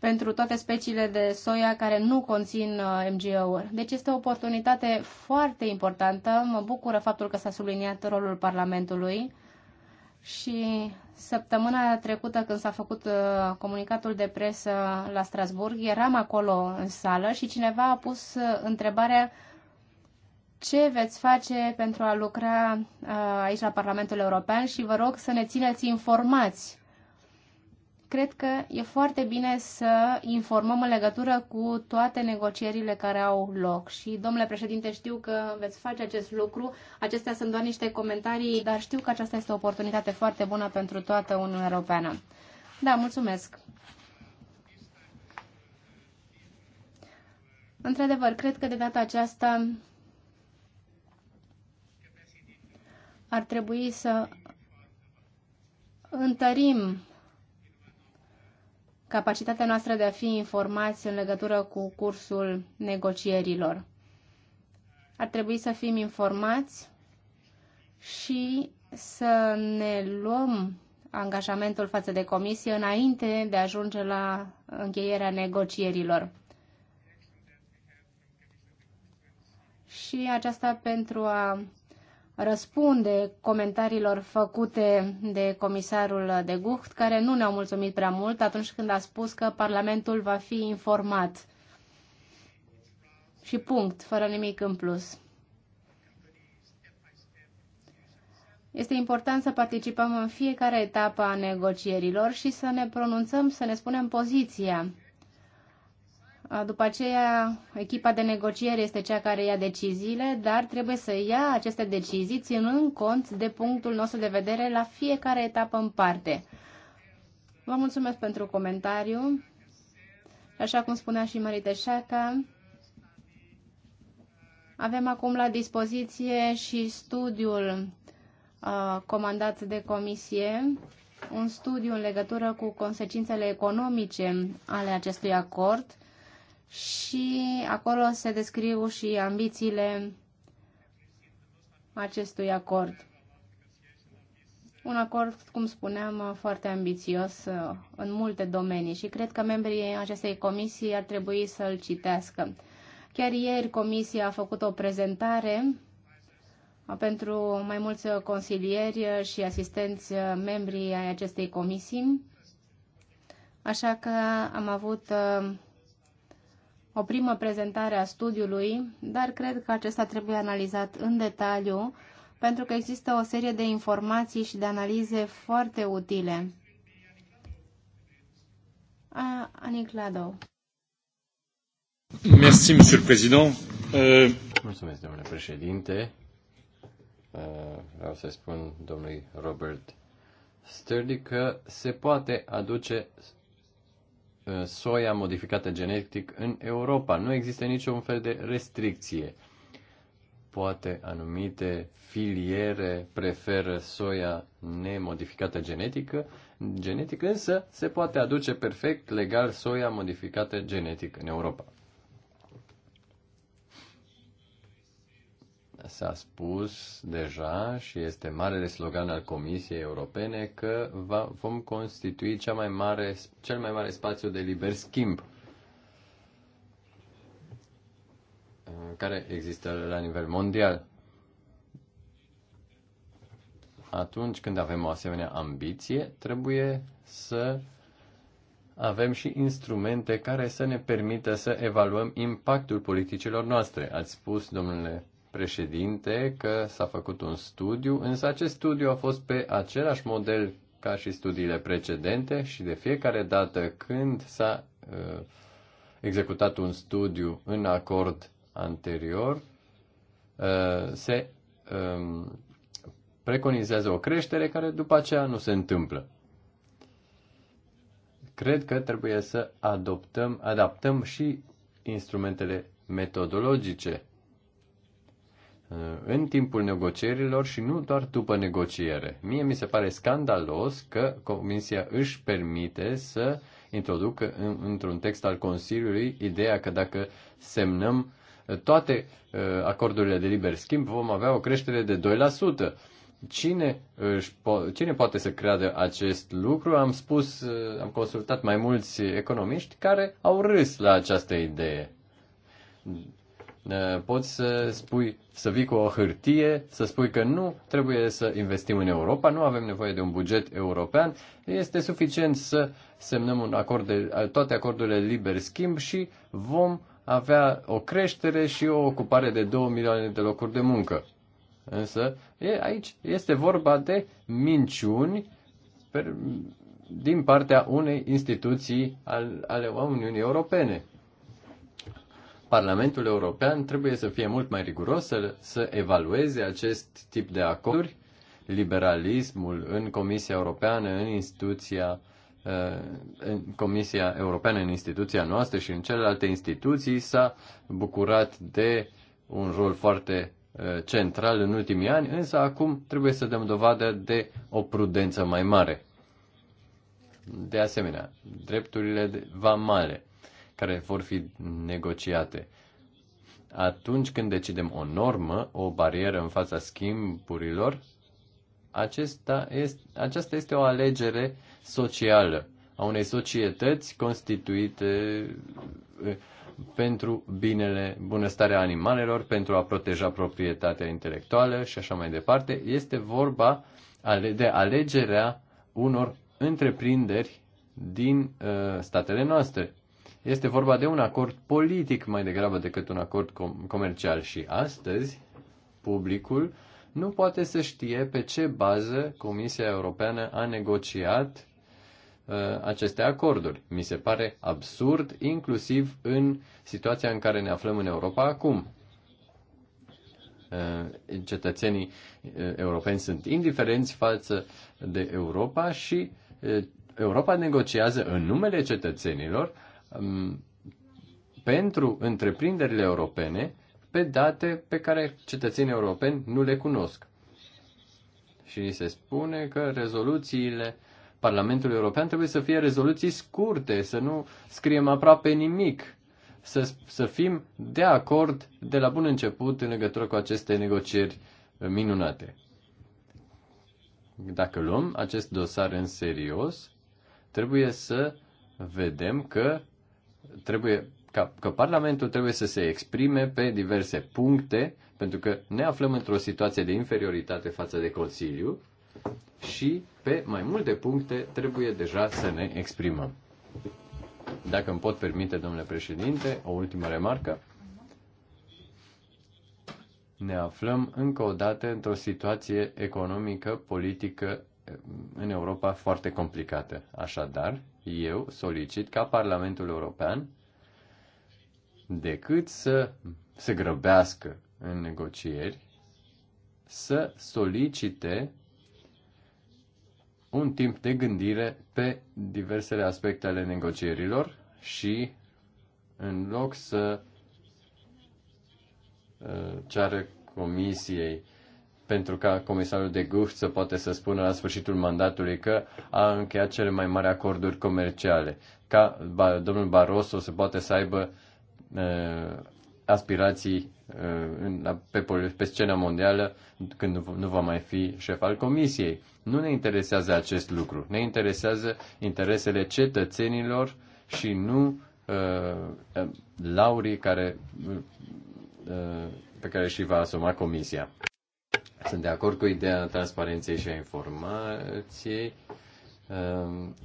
pentru toate speciile de soia care nu conțin uh, MGO-uri. Deci este o oportunitate foarte importantă. Mă bucură faptul că s-a subliniat rolul Parlamentului și săptămâna trecută când s-a făcut uh, comunicatul de presă la Strasburg, eram acolo în sală și cineva a pus uh, întrebarea ce veți face pentru a lucra aici la Parlamentul European și vă rog să ne țineți informați cred că e foarte bine să informăm în legătură cu toate negocierile care au loc. Și, domnule președinte, știu că veți face acest lucru. Acestea sunt doar niște comentarii, dar știu că aceasta este o oportunitate foarte bună pentru toată Uniunea Europeană. Da, mulțumesc. Într-adevăr, cred că de data aceasta ar trebui să întărim capacitatea noastră de a fi informați în legătură cu cursul negocierilor. Ar trebui să fim informați și să ne luăm angajamentul față de comisie înainte de a ajunge la încheierea negocierilor. Și aceasta pentru a răspunde comentariilor făcute de comisarul de Gucht, care nu ne-au mulțumit prea mult atunci când a spus că Parlamentul va fi informat. Și punct, fără nimic în plus. Este important să participăm în fiecare etapă a negocierilor și să ne pronunțăm, să ne spunem poziția după aceea, echipa de negociere este cea care ia deciziile, dar trebuie să ia aceste decizii ținând cont de punctul nostru de vedere la fiecare etapă în parte. Vă mulțumesc pentru comentariu. Așa cum spunea și Marita Șaca, avem acum la dispoziție și studiul uh, comandat de comisie, un studiu în legătură cu consecințele economice ale acestui acord și acolo se descriu și ambițiile acestui acord. Un acord, cum spuneam, foarte ambițios uh, în multe domenii și cred că membrii acestei comisii ar trebui să-l citească. Chiar ieri comisia a făcut o prezentare uh, pentru mai mulți consilieri și asistenți uh, membrii ai acestei comisii, așa că am avut o primă prezentare a studiului, dar cred că acesta trebuie analizat în detaliu, pentru că există o serie de informații și de analize foarte utile. Anic Merci, Monsieur le Président. Uh... Mulțumesc, domnule președinte. Uh, vreau să spun domnului Robert Sturdy că se poate aduce Uh, soia modificată genetic în Europa. Nu există niciun fel de restricție. Poate anumite filiere preferă soia nemodificată genetică, genetic, însă se poate aduce perfect legal soia modificată genetic în Europa. s-a spus deja și este marele slogan al Comisiei Europene că va, vom constitui cea mai mare, cel mai mare spațiu de liber schimb uh, care există la nivel mondial. Atunci când avem o asemenea ambiție, trebuie să avem și instrumente care să ne permită să evaluăm impactul politicilor noastre. Ați spus, domnule președinte că s-a făcut un studiu, însă acest studiu a fost pe același model ca și studiile precedente și de fiecare dată când s-a uh, executat un studiu în acord anterior, uh, se um, preconizează o creștere care după aceea nu se întâmplă. Cred că trebuie să adoptăm, adaptăm și instrumentele metodologice în timpul negocierilor și nu doar după negociere. Mie mi se pare scandalos că Comisia își permite să introducă în, într-un text al Consiliului ideea că dacă semnăm uh, toate uh, acordurile de liber schimb, vom avea o creștere de 2%. Cine, își po- cine poate să creadă acest lucru? Am spus, uh, am consultat mai mulți economiști care au râs la această idee Eh, poți să spui, să vii cu o hârtie, să spui că nu trebuie să investim în Europa, nu avem nevoie de un buget european, este suficient să semnăm un acord de, eh, toate acordurile liber schimb și vom avea o creștere și o ocupare de 2 milioane de locuri de muncă. Însă, e, aici este vorba de minciuni per, din partea unei instituții al, ale Uniunii Europene Parlamentul European trebuie să fie mult mai riguros să, să evalueze acest tip de acorduri, liberalismul în Comisia Europeană, în instituția uh, în Comisia Europeană, în instituția noastră și în celelalte instituții s-a bucurat de un rol foarte uh, central în ultimii ani, însă acum trebuie să dăm dovadă de o prudență mai mare. De asemenea, drepturile vamale care vor fi negociate. Atunci când decidem o normă, o barieră în fața schimburilor, acesta este, aceasta este o alegere socială a unei societăți constituite pentru binele, bunăstarea animalelor, pentru a proteja proprietatea intelectuală și așa mai departe. Este vorba de alegerea unor întreprinderi din uh, statele noastre. Este vorba de un acord politic mai degrabă decât un acord com- comercial și astăzi publicul nu poate să știe pe ce bază Comisia Europeană a negociat uh, aceste acorduri. Mi se pare absurd, inclusiv în situația în care ne aflăm în Europa acum. Uh, cetățenii uh, europeni sunt indiferenți față de Europa și uh, Europa negociază în numele cetățenilor Um, pentru întreprinderile europene pe date pe care cetățenii europeni nu le cunosc. Și se spune că rezoluțiile Parlamentului European trebuie să fie rezoluții scurte, să nu scriem aproape nimic, să, să fim de acord de la bun început în legătură cu aceste negocieri uh, minunate. Dacă luăm acest dosar în serios, trebuie să vedem că trebuie ca, că Parlamentul trebuie să se exprime pe diverse puncte, pentru că ne aflăm într-o situație de inferioritate față de Consiliu și pe mai multe puncte trebuie deja să ne exprimăm. Dacă îmi pot permite, domnule președinte, o ultimă remarcă. Ne aflăm încă o dată într-o situație economică, politică în Europa foarte complicată. Așadar, eu solicit ca Parlamentul European decât să se grăbească în negocieri, să solicite un timp de gândire pe diversele aspecte ale negocierilor și în loc să uh, ceară comisiei pentru ca comisarul de Gucht să poate să spună la sfârșitul mandatului că a încheiat cele mai mari acorduri comerciale, ca domnul Barroso să poate să aibă uh, aspirații uh, pe, pe scena mondială când nu va mai fi șef al comisiei. Nu ne interesează acest lucru. Ne interesează interesele cetățenilor și nu uh, laurii care, uh, pe care și va asuma comisia. Sunt de acord cu ideea transparenței și a informației. Ehm,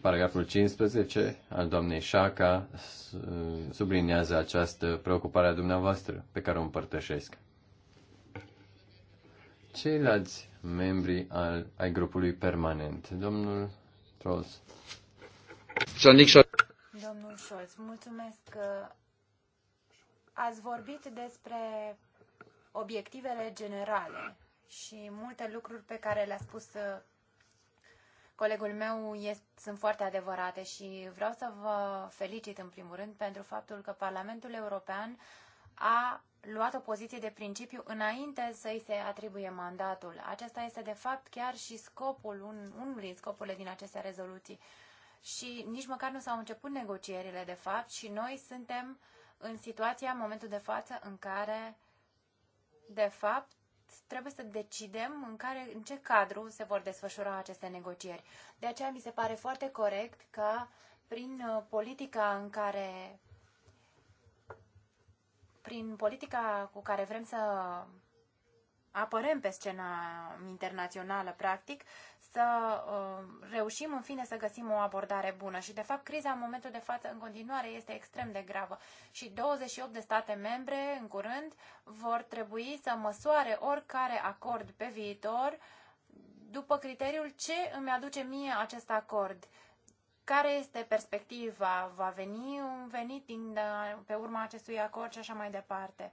paragraful 15 al doamnei Șaca sublinează această preocupare a dumneavoastră pe care o împărtășesc. Ceilalți membri al, ai grupului permanent, domnul Trolls. Domnul Scholz, mulțumesc că ați vorbit despre obiectivele generale și multe lucruri pe care le-a spus uh, colegul meu sunt foarte adevărate și vreau să vă felicit în primul rând pentru faptul că Parlamentul European a luat o poziție de principiu înainte să-i se atribuie mandatul. Acesta este de fapt chiar și scopul, un, unul din scopurile din aceste rezoluții. Și nici măcar nu s-au început negocierile de fapt și noi suntem în situația, în momentul de față, în care de fapt, trebuie să decidem în, care, în ce cadru se vor desfășura aceste negocieri. De aceea mi se pare foarte corect ca prin uh, politica în care prin politica cu care vrem să apărăm pe scena internațională, practic, să uh, reușim în fine să găsim o abordare bună. Și de fapt criza în momentul de față în continuare este extrem de gravă și 28 de state membre în curând vor trebui să măsoare oricare acord pe viitor după criteriul ce îmi aduce mie acest acord care este perspectiva? Va veni un venit din, da, pe urma acestui acord și așa mai departe?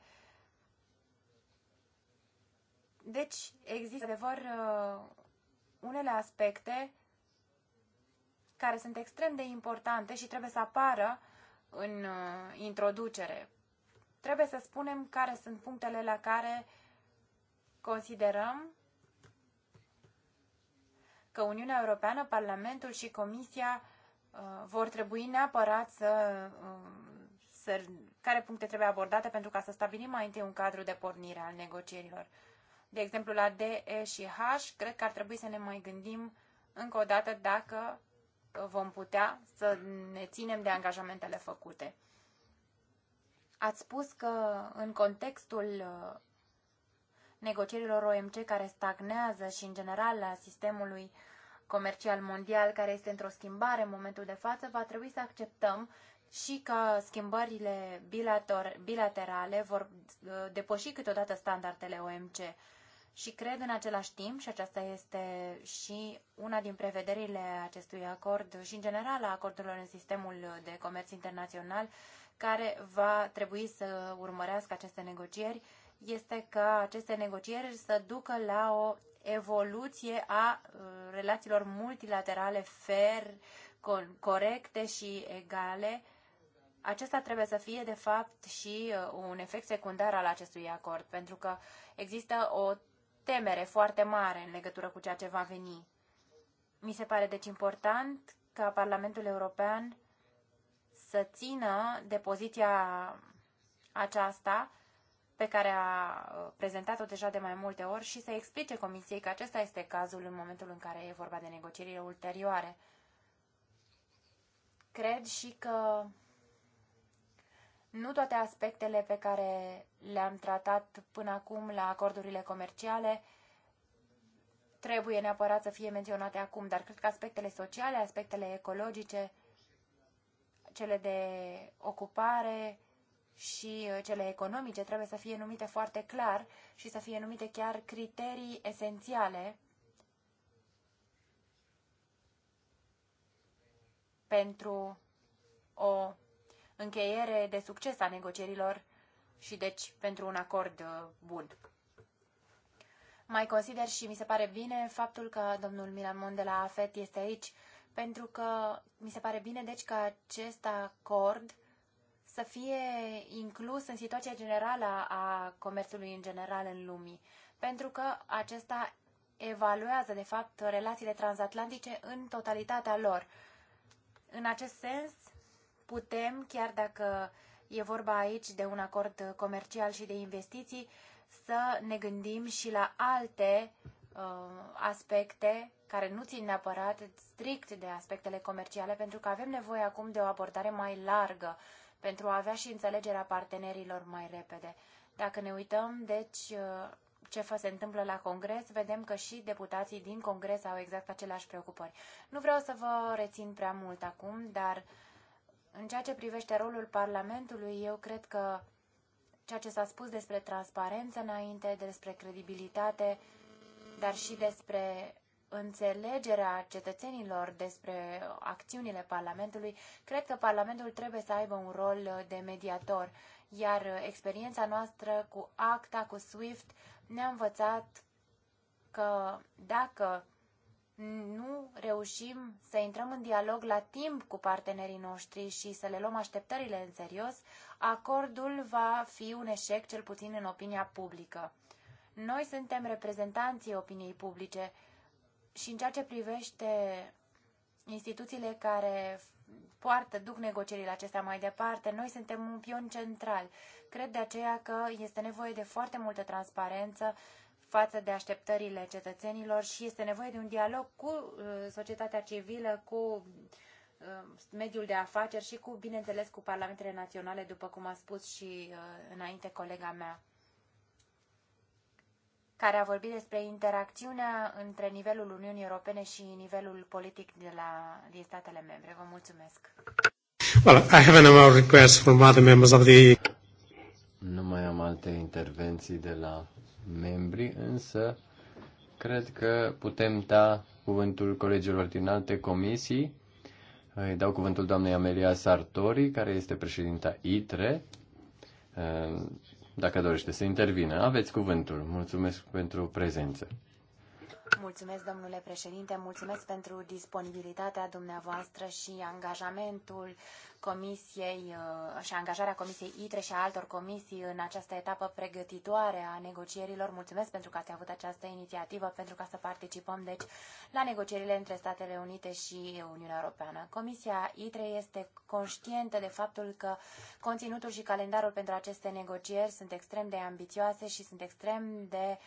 Deci, există, adevăr, uh, unele aspecte care sunt extrem de importante și trebuie să apară în uh, introducere. Trebuie să spunem care sunt punctele la care considerăm că Uniunea Europeană, Parlamentul și Comisia uh, vor trebui neapărat să, uh, să. care puncte trebuie abordate pentru ca să stabilim mai întâi un cadru de pornire al negocierilor de exemplu la D, E și H, cred că ar trebui să ne mai gândim încă o dată dacă vom putea să ne ținem de angajamentele făcute. Ați spus că în contextul uh, negocierilor OMC care stagnează și în general la sistemului comercial mondial care este într-o schimbare în momentul de față, va trebui să acceptăm și că schimbările bilaterale vor uh, depăși câteodată standardele OMC și cred în același timp, și aceasta este și una din prevederile acestui acord și în general a acordurilor în sistemul de comerț internațional, care va trebui să urmărească aceste negocieri, este ca aceste negocieri să ducă la o evoluție a uh, relațiilor multilaterale fer, corecte și egale. Acesta trebuie să fie, de fapt, și uh, un efect secundar al acestui acord, pentru că există o temere foarte mare în legătură cu ceea ce va veni. Mi se pare deci important ca Parlamentul European să țină de poziția aceasta pe care a uh, prezentat-o deja de mai multe ori și să explice Comisiei că acesta este cazul în momentul în care e vorba de negocierile ulterioare. Cred și că nu toate aspectele pe care le-am tratat până acum la acordurile comerciale trebuie neapărat să fie menționate acum, dar cred că aspectele sociale, aspectele ecologice, cele de ocupare și uh, cele economice trebuie să fie numite foarte clar și să fie numite chiar criterii esențiale pentru o încheiere de succes a negocierilor și deci pentru un acord uh, bun. Mai consider și mi se pare bine faptul că domnul Milamon de la AFET este aici, pentru că mi se pare bine deci că acest acord să fie inclus în situația generală a comerțului în general în lumii, pentru că acesta evaluează, de fapt, relațiile transatlantice în totalitatea lor. În acest sens, putem, chiar dacă e vorba aici de un acord comercial și de investiții, să ne gândim și la alte uh, aspecte care nu țin neapărat strict de aspectele comerciale, pentru că avem nevoie acum de o abordare mai largă pentru a avea și înțelegerea partenerilor mai repede. Dacă ne uităm, deci, uh, ce se întâmplă la Congres, vedem că și deputații din Congres au exact aceleași preocupări. Nu vreau să vă rețin prea mult acum, dar uh, în ceea ce privește rolul Parlamentului, eu cred că ceea ce s-a spus despre transparență înainte, despre credibilitate, dar și despre înțelegerea cetățenilor despre acțiunile Parlamentului, cred că Parlamentul trebuie să aibă un rol de mediator, iar experiența noastră cu ACTA, cu SWIFT, ne-a învățat că dacă nu reușim să intrăm în dialog la timp cu partenerii noștri și să le luăm așteptările în serios, acordul va fi un eșec, cel puțin în opinia publică. Noi suntem reprezentanții opiniei publice și în ceea ce privește instituțiile care poartă, duc negocierile acestea mai departe, noi suntem un pion central. Cred de aceea că este nevoie de foarte multă transparență față de așteptările cetățenilor și este nevoie de un dialog cu uh, societatea civilă, cu uh, mediul de afaceri și cu, bineînțeles, cu parlamentele naționale, după cum a spus și uh, înainte colega mea care a vorbit despre interacțiunea între nivelul Uniunii Europene și nivelul politic de la, din statele membre. Vă mulțumesc. Well, I have a number from other members of the... Nu mai am alte intervenții de la membri, însă cred că putem da cuvântul colegilor din alte comisii. Îi dau cuvântul doamnei Amelia Sartori, care este președinta ITRE. Dacă dorește să intervină, aveți cuvântul. Mulțumesc pentru prezență. Mulțumesc, domnule președinte, mulțumesc pentru disponibilitatea dumneavoastră și angajamentul comisiei uh, și angajarea comisiei ITRE și a altor comisii în această etapă pregătitoare a negocierilor. Mulțumesc pentru că ați avut această inițiativă, pentru ca să participăm, deci, la negocierile între Statele Unite și Uniunea Europeană. Comisia ITRE este conștientă de faptul că conținutul și calendarul pentru aceste negocieri sunt extrem de ambițioase și sunt extrem de uh,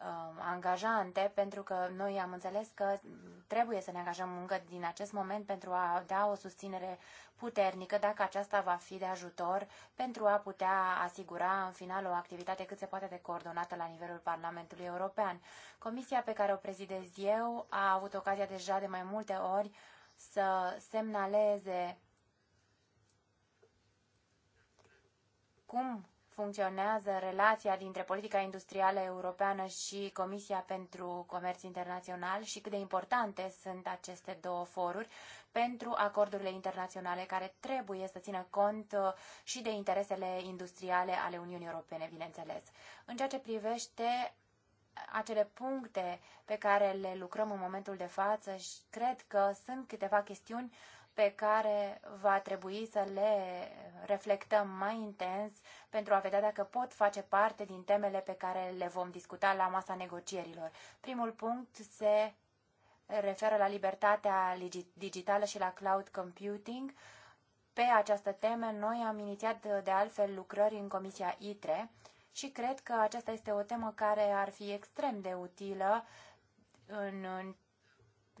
Um, angajante, pentru că noi am înțeles că trebuie să ne angajăm încă din acest moment pentru a da o susținere puternică, dacă aceasta va fi de ajutor, pentru a putea asigura în final o activitate cât se poate de coordonată la nivelul Parlamentului European. Comisia pe care o prezidez eu a avut ocazia deja de mai multe ori să semnaleze cum funcționează relația dintre politica industrială europeană și Comisia pentru Comerț Internațional și cât de importante sunt aceste două foruri pentru acordurile internaționale care trebuie să țină cont uh, și de interesele industriale ale Uniunii Europene, bineînțeles. În ceea ce privește acele puncte pe care le lucrăm în momentul de față și cred că sunt câteva chestiuni uh, pe care va trebui să le reflectăm mai intens pentru a vedea dacă pot face parte din temele pe care le vom discuta la masa negocierilor. Primul punct se referă la libertatea digitală și la cloud computing. Pe această temă noi am inițiat de altfel lucrări în Comisia ITRE și cred că aceasta este o temă care ar fi extrem de utilă în,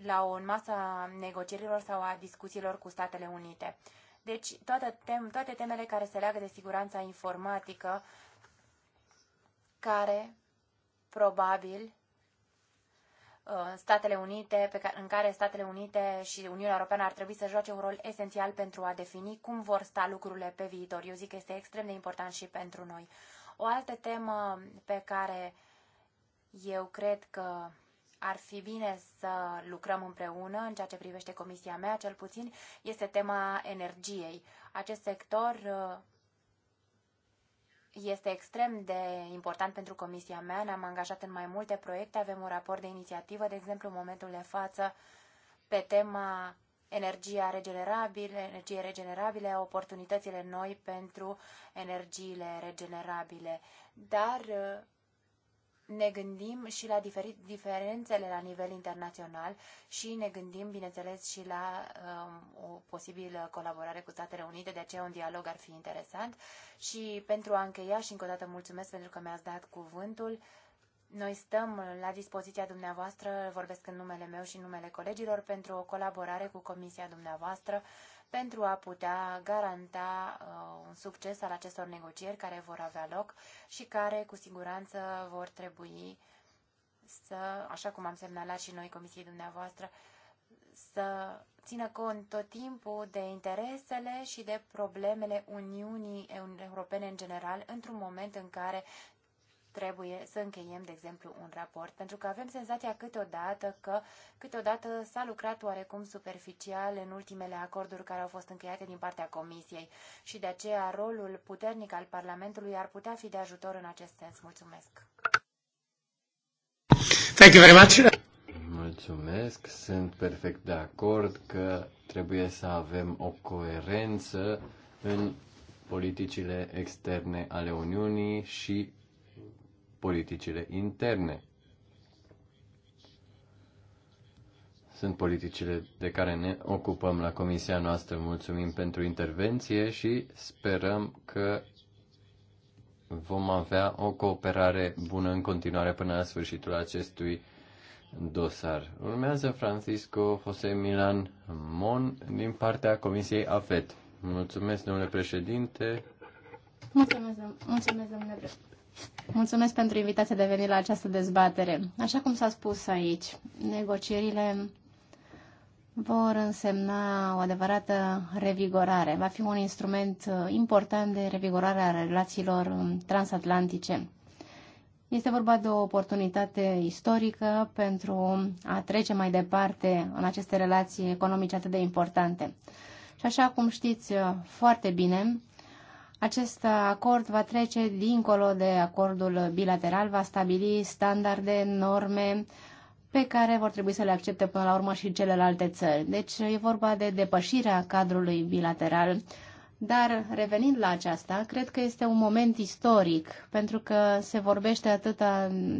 la o masă a negocierilor sau a discuțiilor cu Statele Unite. Deci toate, tem- toate temele care se leagă de siguranța informatică, care probabil uh, Statele Unite, pe care, în care Statele Unite și Uniunea Europeană ar trebui să joace un rol esențial pentru a defini cum vor sta lucrurile pe viitor. Eu zic că este extrem de important și pentru noi. O altă temă pe care eu cred că ar fi bine să lucrăm împreună în ceea ce privește comisia mea, cel puțin, este tema energiei. Acest sector uh, este extrem de important pentru comisia mea. Ne-am angajat în mai multe proiecte, avem un raport de inițiativă, de exemplu, în momentul de față, pe tema energia regenerabilă, energie regenerabile, oportunitățile noi pentru energiile regenerabile. Dar uh, ne gândim și la diferit, diferențele la nivel internațional și ne gândim, bineînțeles, și la um, o posibilă colaborare cu Statele Unite, de aceea un dialog ar fi interesant. Și pentru a încheia, și încă o dată mulțumesc pentru că mi-ați dat cuvântul, noi stăm la dispoziția dumneavoastră, vorbesc în numele meu și în numele colegilor, pentru o colaborare cu comisia dumneavoastră pentru a putea garanta uh, un succes al acestor negocieri care vor avea loc și care cu siguranță vor trebui să, așa cum am semnalat și noi Comisiei dumneavoastră, să țină cont tot timpul de interesele și de problemele Uniunii Europene în general, într-un moment în care trebuie să încheiem, de exemplu, un raport, pentru că avem senzația câteodată că câteodată s-a lucrat oarecum superficial în ultimele acorduri care au fost încheiate din partea Comisiei și de aceea rolul puternic al Parlamentului ar putea fi de ajutor în acest sens. Mulțumesc! Thank you very much. Mulțumesc, sunt perfect de acord că trebuie să avem o coerență în politicile externe ale Uniunii și politicile interne. Sunt politicile de care ne ocupăm la comisia noastră. Mulțumim pentru intervenție și sperăm că vom avea o cooperare bună în continuare până la sfârșitul acestui dosar. Urmează Francisco José Milan Mon din partea Comisiei AFET. Mulțumesc, domnule președinte. Mulțumesc, mulțumesc domnule președinte. Mulțumesc pentru invitația de a veni la această dezbatere. Așa cum s-a spus aici, negocierile vor însemna o adevărată revigorare. Va fi un instrument uh, important de revigorare a relațiilor um, transatlantice. Este vorba de o oportunitate istorică pentru a trece mai departe în aceste relații economice atât de importante. Și așa cum știți uh, foarte bine, acest acord va trece dincolo de acordul bilateral, va stabili standarde, norme pe care vor trebui să le accepte până la urmă și celelalte țări. Deci e vorba de depășirea cadrului bilateral dar revenind la aceasta, cred că este un moment istoric, pentru că se vorbește atât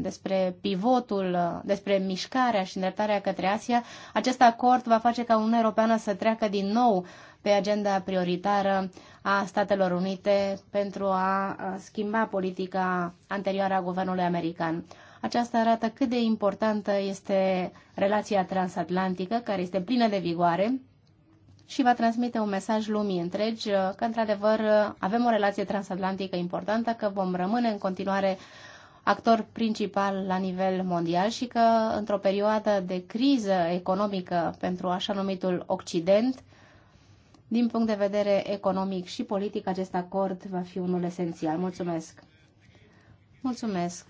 despre pivotul, despre mișcarea și îndreptarea către Asia. Acest acord va face ca Uniunea Europeană să treacă din nou pe agenda prioritară a Statelor Unite pentru a schimba politica anterioară a guvernului american. Aceasta arată cât de importantă este relația transatlantică, care este plină de vigoare și va transmite un mesaj lumii întregi uh, că, într-adevăr, uh, avem o relație transatlantică importantă, că vom rămâne în continuare actor principal la nivel mondial și că, într-o perioadă de criză economică pentru așa numitul Occident, din punct de vedere economic și politic, acest acord va fi unul esențial. Mulțumesc! Mulțumesc!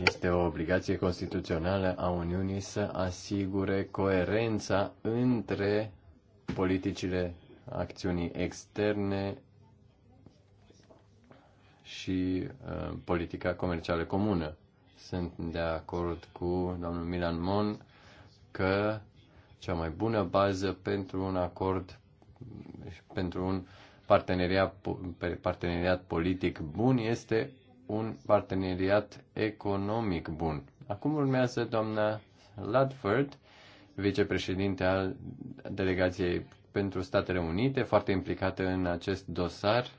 Este o obligație constituțională a Uniunii să asigure coerența între politicile acțiunii externe și uh, politica comercială comună. Sunt de acord cu domnul Milan Mon că cea mai bună bază pentru un acord, pentru un parteneriat, parteneriat politic bun este un parteneriat economic bun. Acum urmează doamna Ludford, vicepreședinte al delegației pentru Statele Unite, foarte implicată în acest dosar.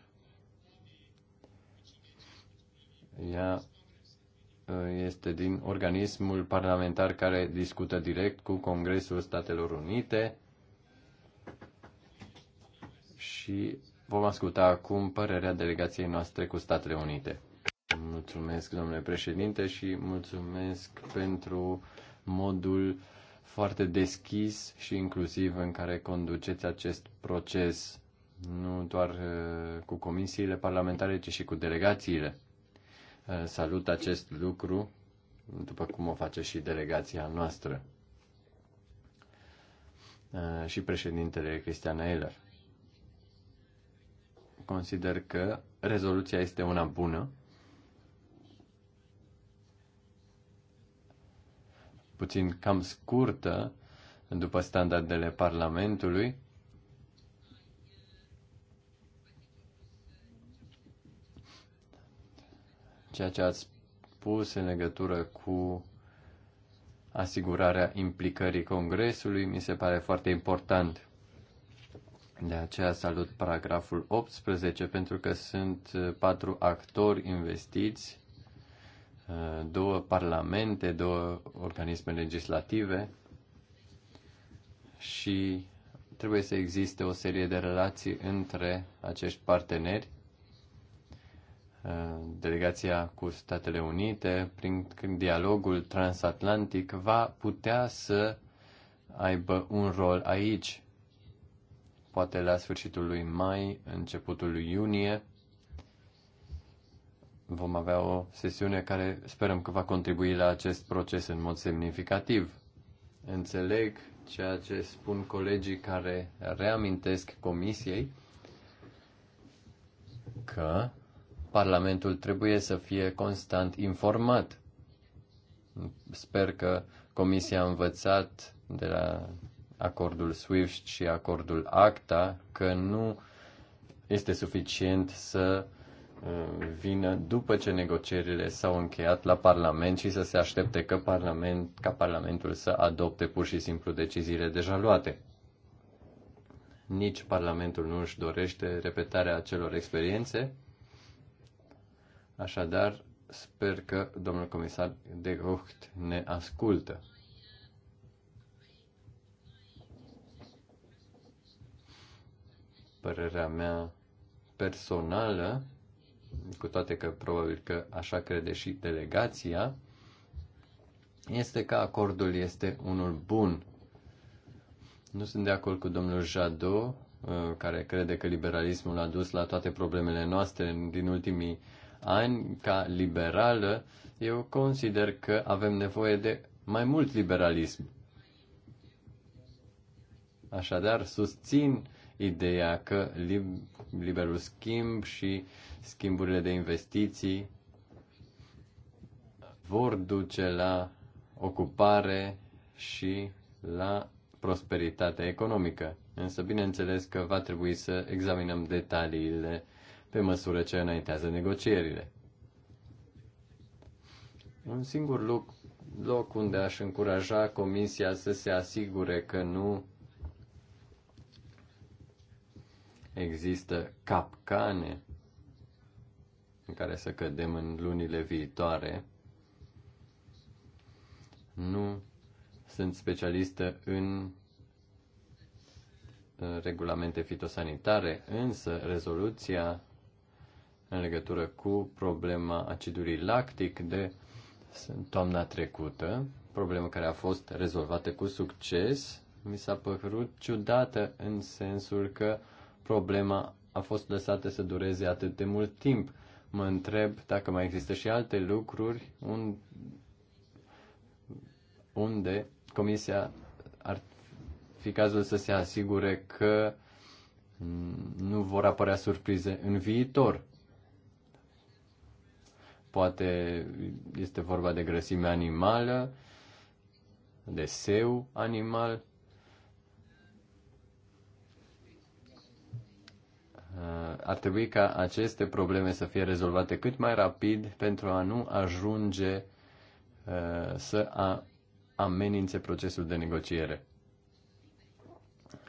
Ea Uh, este din organismul parlamentar care discută direct cu Congresul Statelor Unite și vom asculta acum părerea delegației noastre cu Statele Unite. Mulțumesc, domnule președinte, și mulțumesc pentru modul foarte deschis și inclusiv în care conduceți acest proces, nu doar uh, cu comisiile parlamentare, ci și cu delegațiile. Eh, salut acest lucru, după cum o face și delegația noastră eh, și președintele Cristiana Eller. Consider că rezoluția este una bună. puțin cam scurtă după standardele Parlamentului, ceea ce ați spus în legătură cu asigurarea implicării Congresului mi se pare foarte important. De aceea salut paragraful 18 pentru că sunt uh, patru actori investiți, uh, două parlamente, două organisme legislative și trebuie să existe o serie de relații între acești parteneri Uh, delegația cu Statele Unite, prin dialogul transatlantic, va putea să aibă un rol aici. Poate la sfârșitul lui mai, începutul lui iunie, vom avea o sesiune care sperăm că va contribui la acest proces în mod semnificativ. Înțeleg ceea ce spun colegii care reamintesc comisiei că Parlamentul trebuie să fie constant informat. Sper că Comisia a învățat de la acordul SWIFT și acordul ACTA că nu este suficient să uh, vină după ce negocierile s-au încheiat la Parlament și să se aștepte că Parlament, ca Parlamentul să adopte pur și simplu deciziile deja luate. Nici Parlamentul nu își dorește repetarea acelor experiențe Așadar, sper că domnul comisar de Gucht ne ascultă. Părerea mea personală, cu toate că probabil că așa crede și delegația, este că acordul este unul bun. Nu sunt de acord cu domnul Jadot, uh, care crede că liberalismul a dus la toate problemele noastre din ultimii ani ca liberală, eu consider că avem nevoie de mai mult liberalism. Așadar, susțin ideea că liberul schimb și schimburile de investiții vor duce la ocupare și la prosperitatea economică. Însă, bineînțeles că va trebui să examinăm detaliile pe măsură ce înaintează negocierile. Un singur loc, loc unde aș încuraja Comisia să se asigure că nu există capcane în care să cădem în lunile viitoare. Nu sunt specialistă în regulamente fitosanitare, însă rezoluția în legătură cu problema acidului lactic de toamna trecută, problemă care a fost rezolvată cu succes, mi s-a părut ciudată în sensul că problema a fost lăsată să dureze atât de mult timp. Mă întreb dacă mai există și alte lucruri unde Comisia ar fi cazul să se asigure că nu vor apărea surprize în viitor. Poate este vorba de grăsime animală, de seu animal. Ar trebui ca aceste probleme să fie rezolvate cât mai rapid pentru a nu ajunge uh, să amenințe procesul de negociere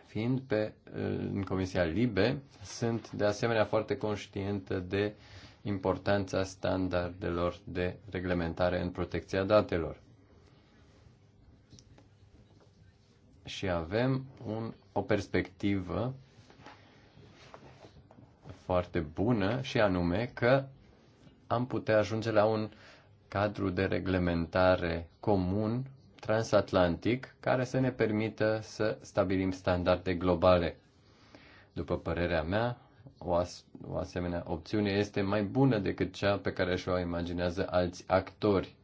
fiind pe, uh, în Comisia Libe, sunt de asemenea foarte conștientă de importanța standardelor de reglementare în protecția datelor. Și avem un, o perspectivă foarte bună și anume că am putea ajunge la un cadru de reglementare comun transatlantic care să ne permită să stabilim standarde globale. După părerea mea, o, as- o asemenea opțiune este mai bună decât cea pe care și-o imaginează alți actori.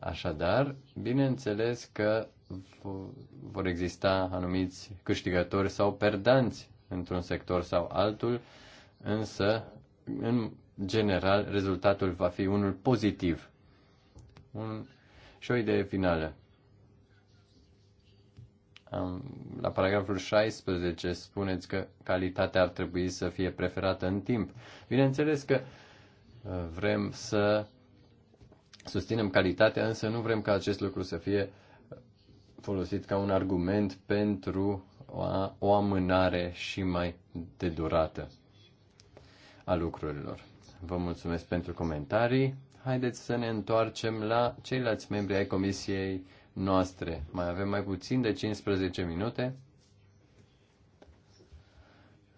Așadar, bineînțeles că vor exista anumiți câștigători sau perdanți într-un sector sau altul, însă, în general, rezultatul va fi unul pozitiv. Un... Și o idee finală la paragraful 16 spuneți că calitatea ar trebui să fie preferată în timp. Bineînțeles că uh, vrem să susținem calitatea, însă nu vrem ca acest lucru să fie folosit ca un argument pentru o amânare și mai de durată a lucrurilor. Vă mulțumesc pentru comentarii. Haideți să ne întoarcem la ceilalți membri ai Comisiei noastre. Mai avem mai puțin de 15 minute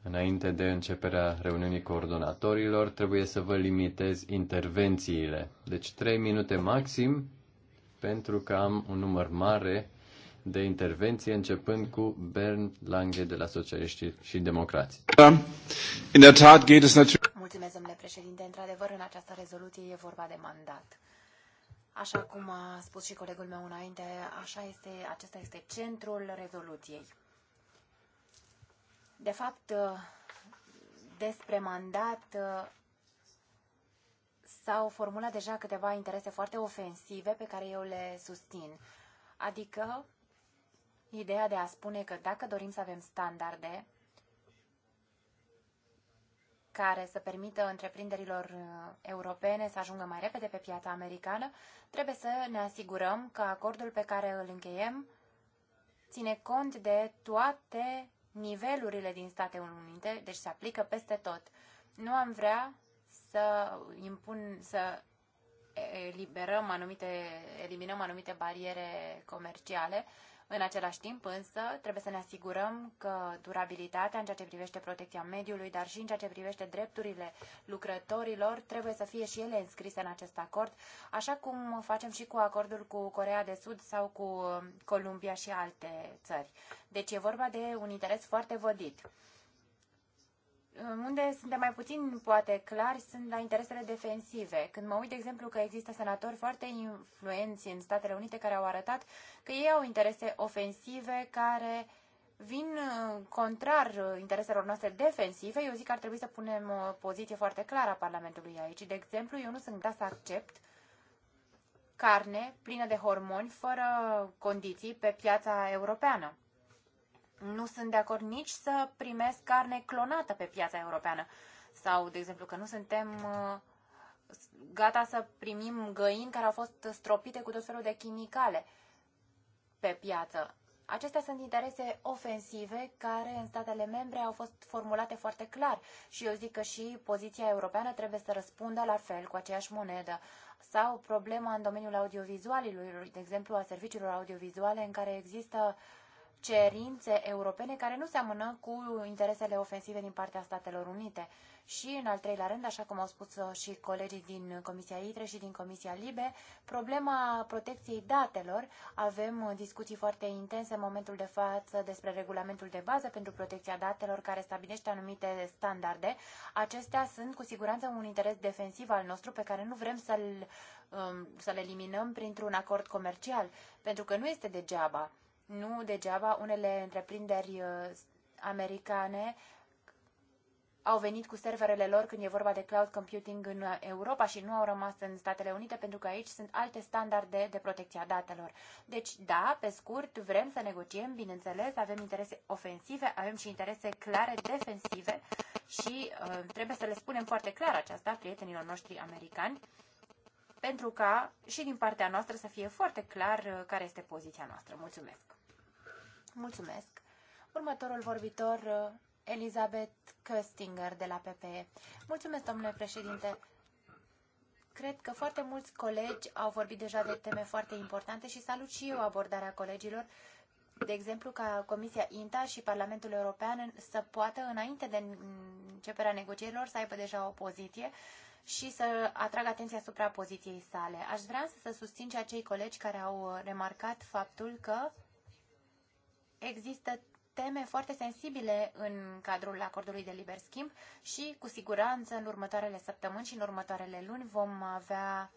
înainte de începerea reuniunii coordonatorilor, trebuie să vă limitez intervențiile. Deci 3 minute maxim, pentru că am un număr mare de intervenții, începând cu Bernd Lange de la Socialiștii și Democrați. Mulțumesc, domnule președinte. Într-adevăr, în această rezoluție e vorba de mandat. Așa cum a spus și colegul meu înainte, așa este, acesta este centrul rezoluției. De fapt, despre mandat s-au formulat deja câteva interese foarte ofensive pe care eu le susțin. Adică, ideea de a spune că dacă dorim să avem standarde, care să permită întreprinderilor uh, europene să ajungă mai repede pe piața americană, trebuie să ne asigurăm că acordul pe care îl încheiem ține cont de toate nivelurile din Statele Unite, deci se aplică peste tot. Nu am vrea să impun, să eliberăm anumite, eliminăm anumite bariere comerciale, în același timp, însă, trebuie să ne asigurăm că durabilitatea în ceea ce privește protecția mediului, dar și în ceea ce privește drepturile lucrătorilor, trebuie să fie și ele înscrise în acest acord, așa cum facem și cu acordul cu Corea de Sud sau cu Columbia și alte țări. Deci e vorba de un interes foarte vădit unde suntem mai puțin, poate, clar, sunt la interesele defensive. Când mă uit, de exemplu, că există senatori foarte influenți în Statele Unite care au arătat că ei au interese ofensive care vin uh, contrar uh, intereselor noastre defensive, eu zic că ar trebui să punem o uh, poziție foarte clară a Parlamentului aici. De exemplu, eu nu sunt gata să accept carne plină de hormoni, fără condiții, pe piața europeană nu sunt de acord nici să primesc carne clonată pe piața europeană. Sau, de exemplu, că nu suntem uh, gata să primim găini care au fost stropite cu tot felul de chimicale pe piață. Acestea sunt interese ofensive care în statele membre au fost formulate foarte clar și eu zic că și poziția europeană trebuie să răspundă la fel cu aceeași monedă. Sau problema în domeniul audiovizualului, de exemplu a serviciilor audiovizuale în care există uh, cerințe europene care nu seamănă cu interesele ofensive din partea Statelor Unite. Și, în al treilea rând, așa cum au spus și colegii din Comisia ITRE și din Comisia LIBE, problema protecției datelor. Avem discuții foarte intense în momentul de față despre regulamentul de bază pentru protecția datelor care stabilește anumite standarde. Acestea sunt cu siguranță un interes defensiv al nostru pe care nu vrem să-l um, să eliminăm printr-un acord comercial, pentru că nu este degeaba. Nu degeaba unele întreprinderi uh, americane au venit cu serverele lor când e vorba de cloud computing în uh, Europa și nu au rămas în Statele Unite pentru că aici sunt alte standarde de protecție a datelor. Deci, da, pe scurt, vrem să negociem, bineînțeles, avem interese ofensive, avem și interese clare defensive și uh, trebuie să le spunem foarte clar aceasta prietenilor noștri americani pentru ca și din partea noastră să fie foarte clar uh, care este poziția noastră. Mulțumesc! Mulțumesc. Următorul vorbitor, Elizabeth Köstinger de la PPE. Mulțumesc, domnule președinte. Cred că foarte mulți colegi au vorbit deja de teme foarte importante și salut și eu abordarea colegilor de exemplu, ca Comisia INTA și Parlamentul European să poată, înainte de începerea negocierilor, să aibă deja o poziție și să atragă atenția asupra poziției sale. Aș vrea să susțin ceea cei colegi care au remarcat faptul că există teme foarte sensibile în cadrul acordului de liber schimb și, cu siguranță, în următoarele săptămâni și în următoarele luni vom avea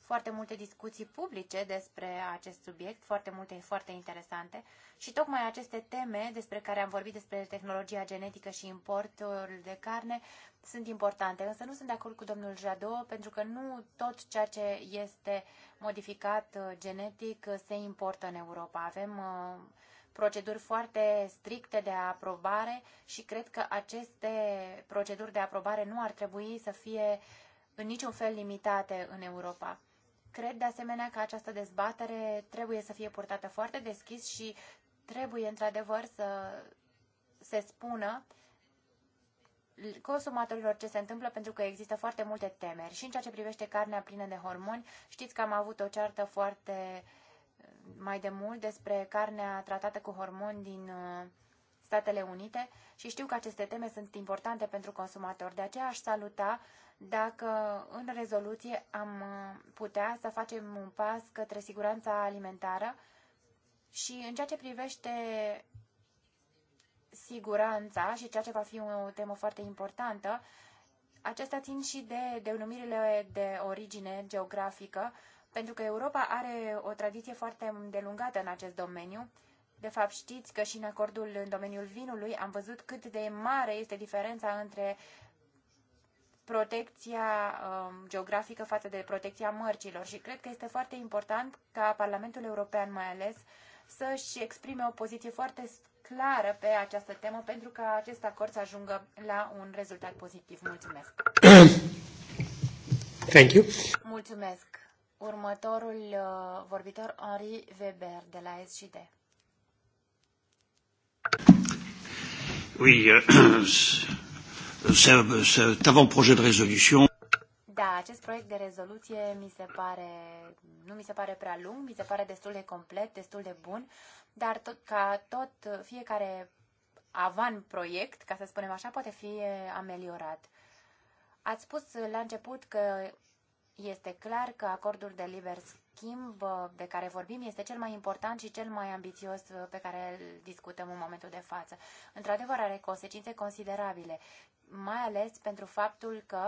foarte multe discuții publice despre acest subiect, foarte multe foarte interesante și tocmai aceste teme despre care am vorbit despre tehnologia genetică și importul de carne sunt importante, însă nu sunt de acord cu domnul Jadot pentru că nu tot ceea ce este modificat uh, genetic uh, se importă în Europa. Avem uh, proceduri foarte stricte de aprobare și cred că aceste proceduri de aprobare nu ar trebui să fie în niciun fel limitate în Europa. Cred de asemenea că această dezbatere trebuie să fie purtată foarte deschis și trebuie într-adevăr să se spună consumatorilor ce se întâmplă pentru că există foarte multe temeri. Și în ceea ce privește carnea plină de hormoni, știți că am avut o ceartă foarte uh, mai de mult despre carnea tratată cu hormoni din uh, Statele Unite și știu că aceste teme sunt importante pentru consumatori. De aceea aș saluta dacă în rezoluție am uh, putea să facem un pas către siguranța alimentară și în ceea ce privește siguranța și ceea ce va fi o temă foarte importantă, acesta țin și de denumirile de origine geografică pentru că Europa are o tradiție foarte îndelungată în acest domeniu. De fapt, știți că și în acordul în domeniul vinului am văzut cât de mare este diferența între protecția um, geografică față de protecția mărcilor și cred că este foarte important ca Parlamentul European mai ales să-și exprime o poziție foarte clară pe această temă pentru ca acest acord să ajungă la un rezultat pozitiv. Mulțumesc! Thank you. Mulțumesc! Următorul uh, vorbitor, Henri Weber, de la SJD. Oui, euh, <clears throat> cet avant-projet de résolution. Da, acest proiect de rezoluție mi se pare, nu mi se pare prea lung, mi se pare destul de complet, destul de bun, dar tot, ca tot fiecare avan proiect, ca să spunem așa, poate fi ameliorat. Ați spus la început că este clar că acordul de liber schimb uh, de care vorbim este cel mai important și cel mai ambițios uh, pe care îl discutăm în momentul de față. Într-adevăr, are consecințe considerabile, mai ales pentru faptul că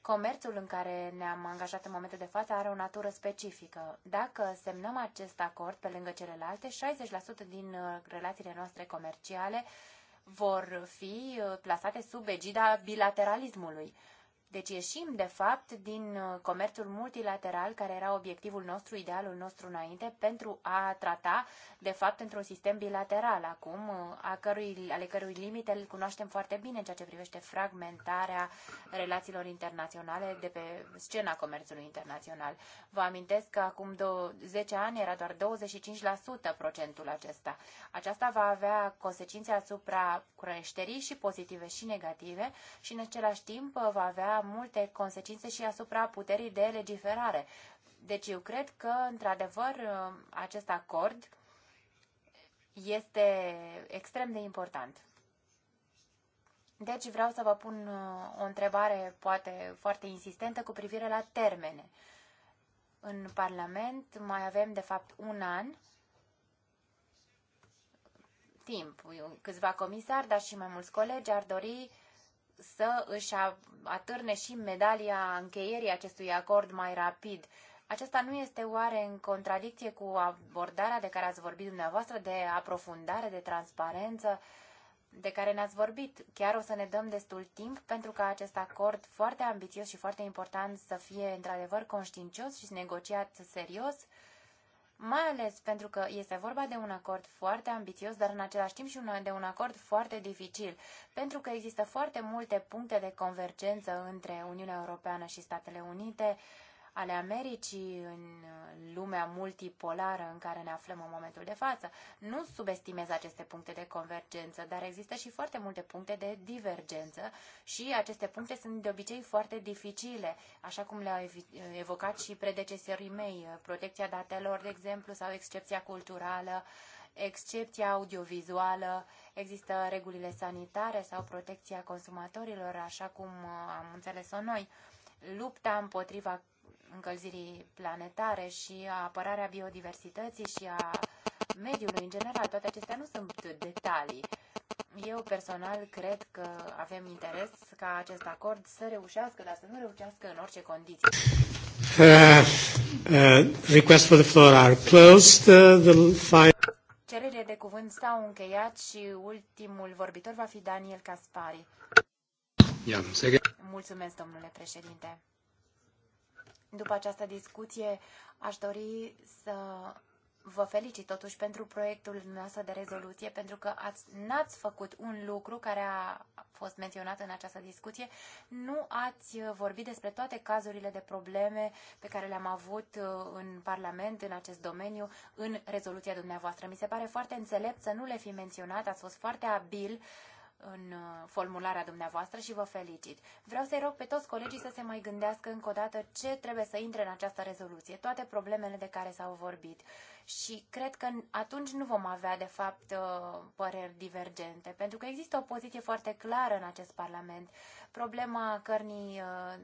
comerțul în care ne-am angajat în momentul de față are o natură specifică. Dacă semnăm acest acord pe lângă celelalte, 60% din uh, relațiile noastre comerciale vor fi plasate sub egida bilateralismului. Deci ieșim, de fapt, din uh, comerțul multilateral, care era obiectivul nostru, idealul nostru înainte, pentru a trata, de fapt, într-un sistem bilateral acum, uh, a cărui, ale cărui limite îl cunoaștem foarte bine în ceea ce privește fragmentarea relațiilor internaționale de pe scena comerțului internațional. Vă amintesc că acum 10 ani era doar 25% procentul acesta. Aceasta va avea consecințe asupra creșterii și pozitive și negative și, în același timp, uh, va avea multe consecințe și asupra puterii de legiferare. Deci eu cred că, într-adevăr, acest acord este extrem de important. Deci vreau să vă pun uh, o întrebare poate foarte insistentă cu privire la termene. În Parlament mai avem de fapt un an timp. Câțiva comisari, dar și mai mulți colegi ar dori să își atârne și medalia încheierii acestui acord mai rapid. Aceasta nu este oare în contradicție cu abordarea de care ați vorbit dumneavoastră, de aprofundare, de transparență, de care ne-ați vorbit? Chiar o să ne dăm destul timp pentru ca acest acord foarte ambițios și foarte important să fie într-adevăr conștiincios și negociat serios? mai ales pentru că este vorba de un acord foarte ambițios, dar în același timp și un, de un acord foarte dificil, pentru că există foarte multe puncte de convergență între Uniunea Europeană și Statele Unite, uh, ale Americii în lumea multipolară în care ne aflăm în momentul de față. Nu subestimez aceste puncte de convergență, dar există și foarte multe puncte de divergență și aceste puncte sunt de obicei foarte dificile, așa cum le-au evocat și predecesorii mei, protecția datelor, de exemplu, sau excepția culturală, excepția audiovizuală, există regulile sanitare sau protecția consumatorilor, așa cum am înțeles-o noi, lupta împotriva încălzirii planetare și a apărarea biodiversității și a mediului în general. Toate acestea nu sunt detalii. Eu personal cred că avem interes ca acest acord să reușească, dar să nu reușească în orice condiții. Uh, uh, request for the floor are closed. Uh, the five... Cererile de cuvânt s-au încheiat și ultimul vorbitor va fi Daniel Caspari. Yeah, Mulțumesc, domnule președinte. După această discuție, aș dori să vă felicit totuși pentru proiectul dumneavoastră de rezoluție, pentru că ați, n-ați făcut un lucru care a fost menționat în această discuție. Nu ați vorbit despre toate cazurile de probleme pe care le-am avut uh, în Parlament, în acest domeniu, în rezoluția dumneavoastră. Mi se pare foarte înțelept să nu le fi menționat, ați fost foarte abil uh, în uh, formularea dumneavoastră și vă felicit. Vreau să-i rog pe toți colegii să se mai gândească încă o dată ce trebuie să intre în această rezoluție, toate problemele de care s-au vorbit. Și cred că atunci nu vom avea, de fapt, uh, păreri divergente, pentru că există o poziție foarte clară în acest Parlament. Problema cărnii uh,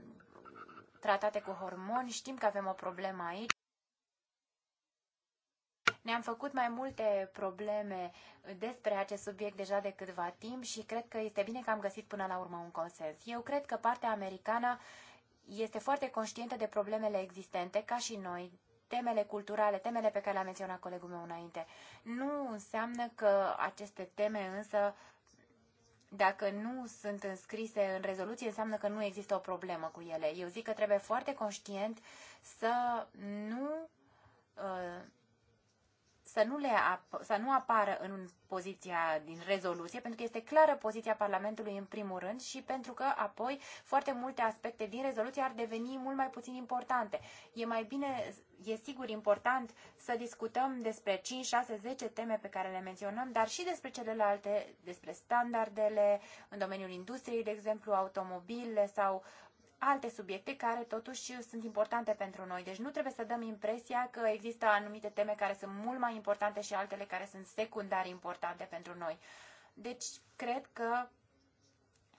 tratate cu hormoni, știm că avem o problemă aici. Ne-am făcut mai multe probleme despre acest subiect deja de câtva timp și cred că este bine că am găsit până la urmă un consens. Eu cred că partea americană este foarte conștientă de problemele existente, ca și noi, temele culturale, temele pe care le-a menționat colegul meu înainte. Nu înseamnă că aceste teme însă dacă nu sunt înscrise în rezoluție, înseamnă că nu există o problemă cu ele. Eu zic că trebuie foarte conștient să nu uh, să nu, le ap- să nu apară în poziția din rezoluție, pentru că este clară poziția Parlamentului în primul rând și pentru că apoi foarte multe aspecte din rezoluție ar deveni mult mai puțin importante. E mai bine, e sigur important să discutăm despre 5, 6, 10 teme pe care le menționăm, dar și despre celelalte, despre standardele în domeniul industriei, de exemplu, automobile sau alte subiecte care totuși sunt importante pentru noi. Deci nu trebuie să dăm impresia că există anumite teme care sunt mult mai importante și altele care sunt secundar importante pentru noi. Deci cred că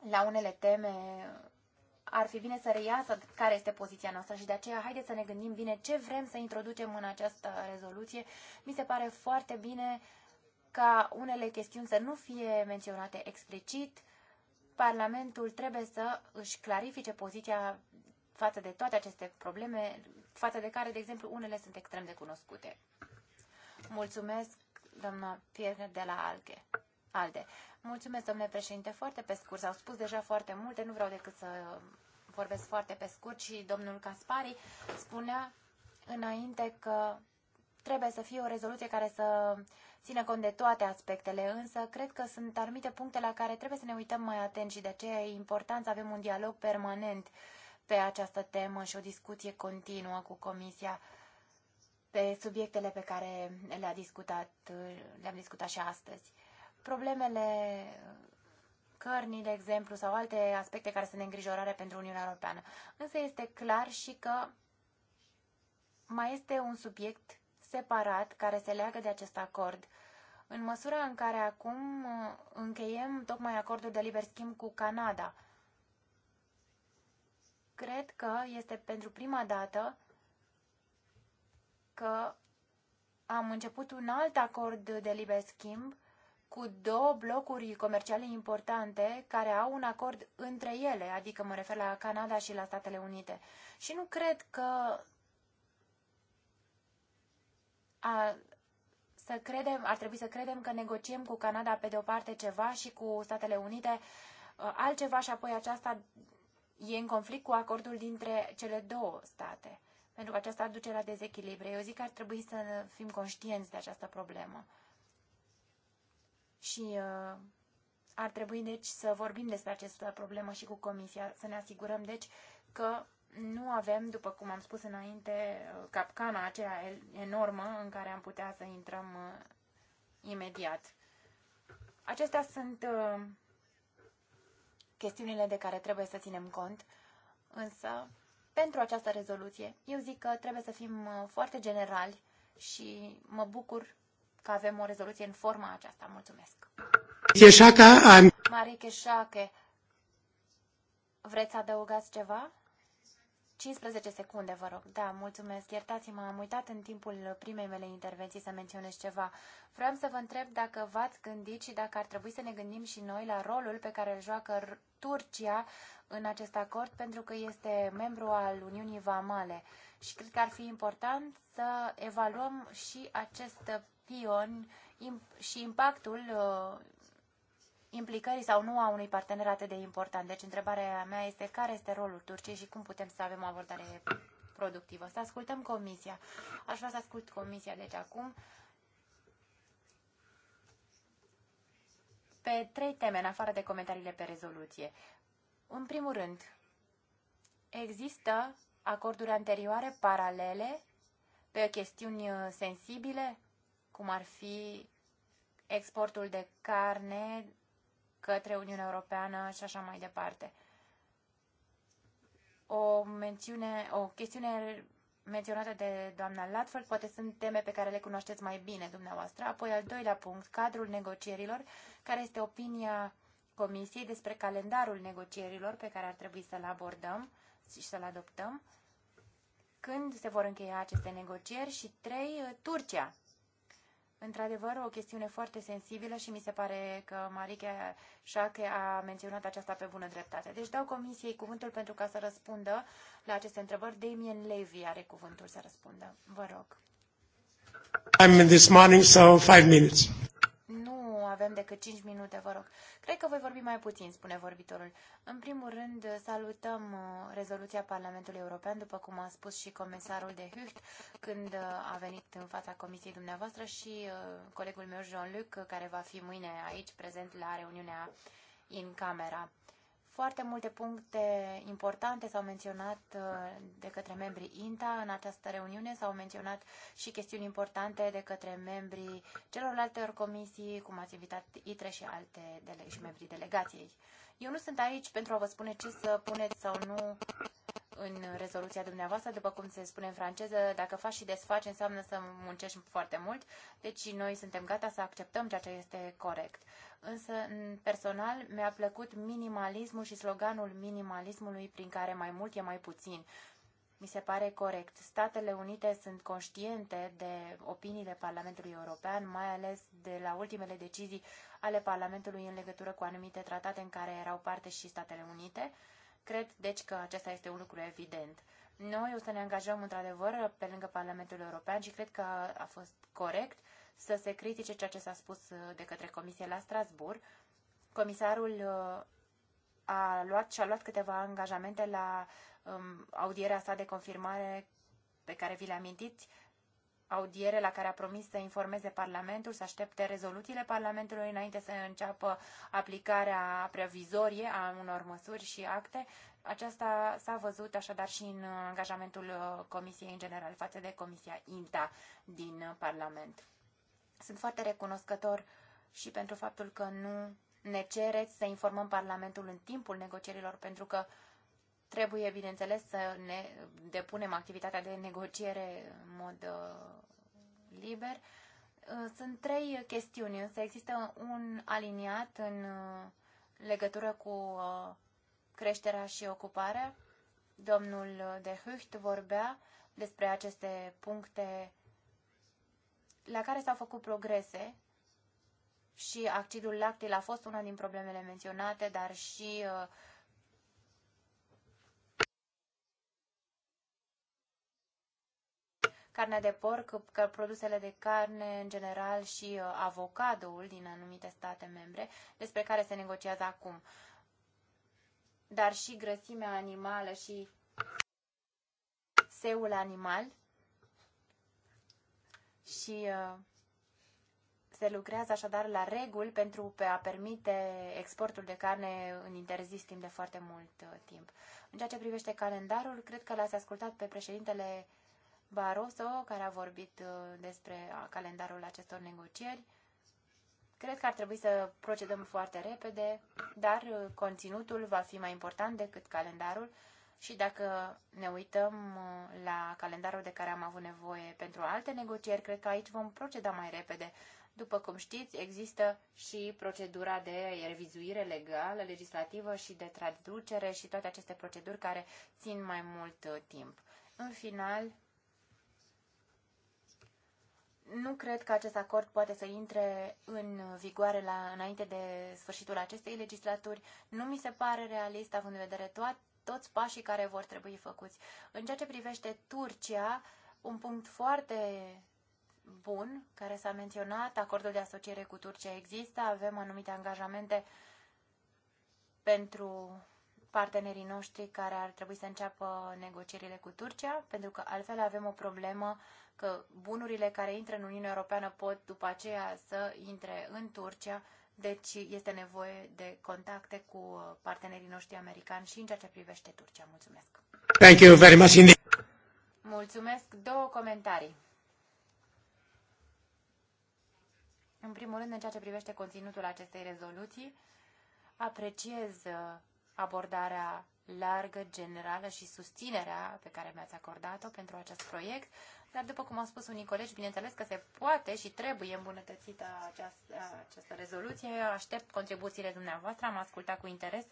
la unele teme ar fi bine să reiasă care este poziția noastră și de aceea haideți să ne gândim bine ce vrem să introducem în această rezoluție. Mi se pare foarte bine ca unele chestiuni să nu fie menționate explicit, Parlamentul trebuie să își clarifice poziția față de toate aceste probleme, față de care, de exemplu, unele sunt extrem de cunoscute. Mulțumesc, doamna Pierre de la Alge. Alde. Mulțumesc, domnule președinte, foarte pe scurt. S-au spus deja foarte multe, nu vreau decât să vorbesc foarte pe scurt și domnul Caspari spunea înainte că trebuie să fie o rezoluție care să uh, ține cont de toate aspectele, însă cred că sunt anumite puncte la care trebuie să ne uităm mai atent și de aceea e important să avem un dialog permanent pe această temă și o discuție continuă cu Comisia pe subiectele pe care le am discutat, le-am discutat și astăzi. Problemele cărnii, de exemplu, sau alte aspecte care sunt îngrijorare pentru Uniunea Europeană. Însă este clar și că mai este un subiect separat care se leagă de acest acord. În măsura în care acum uh, încheiem tocmai acordul de liber schimb cu Canada, cred că este pentru prima dată că am început un alt acord de liber schimb cu două blocuri comerciale importante care au un acord între ele, adică mă refer la Canada și la Statele Unite. Și nu cred că a, să credem, ar trebui să credem că negociem cu Canada pe de o parte ceva și cu Statele Unite altceva și apoi aceasta e în conflict cu acordul dintre cele două state. Pentru că aceasta duce la dezechilibre. Eu zic că ar trebui să fim conștienți de această problemă. Și uh, ar trebui, deci, să vorbim despre această problemă și cu Comisia, să ne asigurăm, deci, că nu avem, după cum am spus înainte, capcana aceea enormă în care am putea să intrăm uh, imediat. Acestea sunt uh, chestiunile de care trebuie să ținem cont, însă pentru această rezoluție eu zic că trebuie să fim uh, foarte generali și mă bucur că avem o rezoluție în forma aceasta. Mulțumesc! Marie Cheșache, vreți să adăugați ceva? 15 secunde, vă rog. Da, mulțumesc. Iertați-mă, am uitat în timpul primei mele intervenții să menționez ceva. Vreau să vă întreb dacă v-ați gândit și dacă ar trebui să ne gândim și noi la rolul pe care îl joacă Turcia în acest acord, pentru că este membru al Uniunii Vamale. Și cred că ar fi important să evaluăm și acest pion și impactul uh, implicării sau nu a unui partener atât de important. Deci întrebarea mea este care este rolul Turciei și cum putem să avem o abordare productivă. Să ascultăm comisia. Aș vrea să ascult comisia, deci acum, pe trei teme, în afară de comentariile pe rezoluție. În primul rând, există acorduri anterioare paralele pe chestiuni uh, sensibile, cum ar fi exportul de carne către Uniunea Europeană și așa mai departe. O mențiune, o chestiune menționată de doamna Latford, poate sunt teme pe care le cunoașteți mai bine dumneavoastră. Apoi, al doilea punct, cadrul negocierilor, care este opinia Comisiei despre calendarul negocierilor pe care ar trebui să-l abordăm și să-l adoptăm, când se vor încheia aceste negocieri și, trei, Turcia într-adevăr, o chestiune foarte sensibilă și mi se pare că Marike Șache a menționat aceasta pe bună dreptate. Deci dau comisiei cuvântul pentru ca să răspundă la aceste întrebări. Damien Levy are cuvântul să răspundă. Vă rog. I'm in this morning, so five minutes. Nu avem decât 5 minute, vă rog. Cred că voi vorbi mai puțin, spune vorbitorul. În primul rând, salutăm uh, rezoluția Parlamentului European, după cum a spus și comisarul de Hucht, când uh, a venit în fața comisiei dumneavoastră și uh, colegul meu, Jean-Luc, care va fi mâine aici prezent la reuniunea în camera. Foarte multe puncte importante s-au menționat uh, de către membrii INTA în această reuniune, s-au menționat și chestiuni importante de către membrii celorlalte comisii, cum ați invitat ITRE și alte dele- și membrii delegației. Eu nu sunt aici pentru a vă spune ce să puneți sau nu în rezoluția dumneavoastră. După cum se spune în franceză, dacă faci și desfaci, înseamnă să muncești foarte mult. Deci noi suntem gata să acceptăm ceea ce este corect. Însă, personal, mi-a plăcut minimalismul și sloganul minimalismului prin care mai mult e mai puțin. Mi se pare corect. Statele Unite sunt conștiente de opiniile Parlamentului European, mai ales de la ultimele decizii ale Parlamentului în legătură cu anumite tratate în care erau parte și Statele Unite. Cred, deci, că acesta este un lucru evident. Noi o să ne angajăm, într-adevăr, pe lângă Parlamentul European și cred că a fost corect să se critique ceea ce s-a spus uh, de către Comisie la Strasbourg. Comisarul uh, a luat și-a luat câteva angajamente la um, audierea sa de confirmare pe care vi le amintiți audiere la care a promis să informeze Parlamentul, să aștepte rezoluțiile Parlamentului înainte să înceapă aplicarea previzorie a unor măsuri și acte. Aceasta s-a văzut așadar și în angajamentul uh, Comisiei în general față de Comisia INTA din Parlament. Sunt foarte recunoscător și pentru faptul că nu ne cereți să informăm Parlamentul în timpul negocierilor, pentru că uh, Trebuie, bineînțeles, să ne depunem activitatea de negociere în mod uh, liber. Uh, sunt trei chestiuni, însă există un aliniat în uh, legătură cu creșterea și ocuparea. Domnul de Hucht vorbea despre aceste puncte la care s-au făcut progrese și accidul lactil a fost una din problemele menționate, dar și uh, carnea de porc, că produsele de carne în general și uh, avocadoul din anumite state membre, despre care se negociază acum. Dar și grăsimea animală și seul animal și uh, se lucrează așadar la reguli pentru a permite exportul de carne în interzis timp de foarte mult uh, timp. În ceea ce privește calendarul, cred că l-ați ascultat pe președintele Barroso, care a vorbit uh, despre uh, calendarul acestor negocieri. Cred că ar trebui să procedăm foarte repede, dar uh, conținutul va fi mai important decât calendarul și dacă ne uităm la calendarul de care am avut nevoie pentru alte negocieri, cred că aici vom proceda mai repede. După cum știți, există și procedura de revizuire legală, legislativă și de traducere și toate aceste proceduri care țin mai mult timp. În final, nu cred că acest acord poate să intre în vigoare la, înainte de sfârșitul acestei legislaturi. Nu mi se pare realist, având în vedere toat, toți pașii care vor trebui făcuți. În ceea ce privește Turcia, un punct foarte bun care s-a menționat, acordul de asociere cu Turcia există, avem anumite angajamente pentru partenerii noștri care ar trebui să înceapă negocierile cu Turcia, pentru că altfel avem o problemă că bunurile care intră în Uniunea Europeană pot după aceea să intre în Turcia, deci este nevoie de contacte cu partenerii noștri americani și în ceea ce privește Turcia. Mulțumesc! Thank you very much indeed. Mulțumesc! Două comentarii. În primul rând, în ceea ce privește conținutul acestei rezoluții, apreciez abordarea largă, generală și susținerea pe care mi-ați acordat-o pentru acest proiect, dar după cum au spus unii colegi, bineînțeles că se poate și trebuie îmbunătățită această, această rezoluție. Eu aștept contribuțiile dumneavoastră, am ascultat cu interes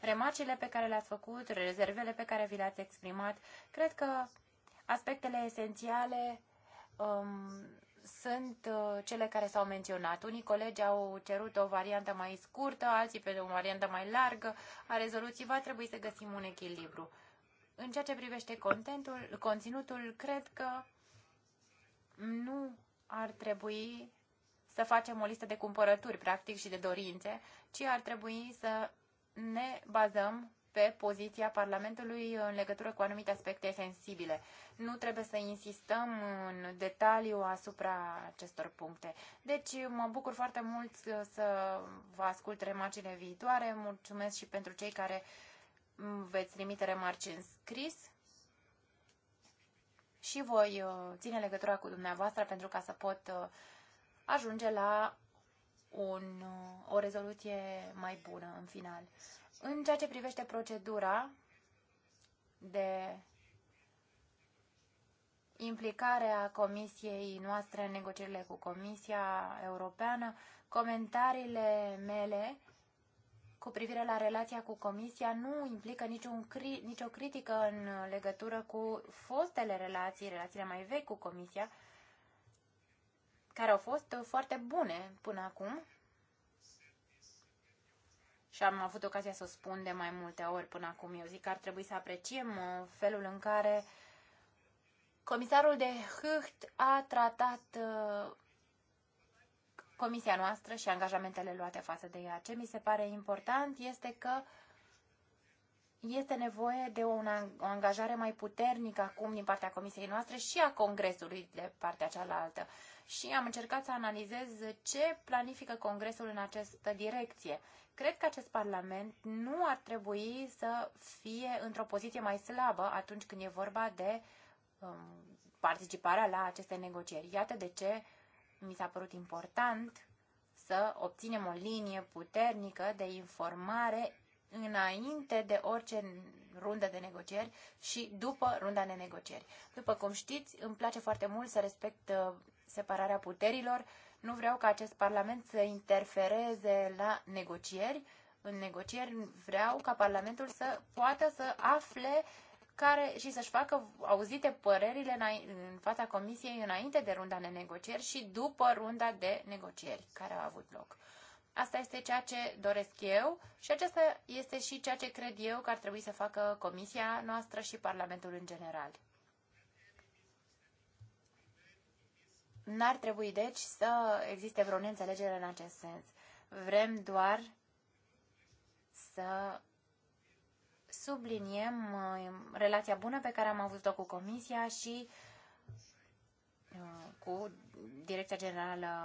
remarcile pe care le-ați făcut, rezervele pe care vi le-ați exprimat. Cred că aspectele esențiale um, sunt uh, cele care s-au menționat. Unii colegi au cerut o variantă mai scurtă, alții pe o variantă mai largă a rezoluției. Va trebui să găsim un echilibru. În ceea ce privește contentul, conținutul, cred că nu ar trebui să facem o listă de cumpărături, practic, și de dorințe, ci ar trebui să ne bazăm pe poziția Parlamentului în legătură cu anumite aspecte sensibile. Nu trebuie să insistăm în detaliu asupra acestor puncte. Deci mă bucur foarte mult să vă ascult remarcile viitoare. Mulțumesc și pentru cei care veți trimite remarci în scris și voi uh, ține legătura cu dumneavoastră pentru ca să pot uh, ajunge la un, uh, o rezoluție mai bună în final. În ceea ce privește procedura de implicare a comisiei noastre în negocierile cu Comisia Europeană, comentariile mele cu privire la relația cu Comisia nu implică niciun, nicio critică în legătură cu fostele relații, relațiile mai vechi cu Comisia, care au fost foarte bune până acum și am avut ocazia să o spun de mai multe ori până acum. Eu zic că ar trebui să apreciem uh, felul în care comisarul de Hâcht a tratat uh, comisia noastră și angajamentele luate față de ea. Ce mi se pare important este că este nevoie de o angajare mai puternică acum din partea comisiei noastre și a Congresului de partea cealaltă. Și am încercat să analizez ce planifică Congresul în această direcție. Cred că acest Parlament nu ar trebui să fie într-o poziție mai slabă atunci când e vorba de um, participarea la aceste negocieri. Iată de ce mi s-a părut important să obținem o linie puternică de informare înainte de orice rundă de negocieri și după runda de negocieri. După cum știți, îmi place foarte mult să respect uh, separarea puterilor. Nu vreau ca acest Parlament să interfereze la negocieri. În negocieri vreau ca Parlamentul să poată să afle care și să-și facă auzite părerile în fața Comisiei înainte de runda de negocieri și după runda de negocieri care a avut loc. Asta este ceea ce doresc eu și acesta este și ceea ce cred eu că ar trebui să facă Comisia noastră și Parlamentul în general. N-ar trebui, deci, să existe vreo neînțelegere în acest sens. Vrem doar să subliniem uh, relația bună pe care am avut-o cu Comisia și uh, cu Direcția Generală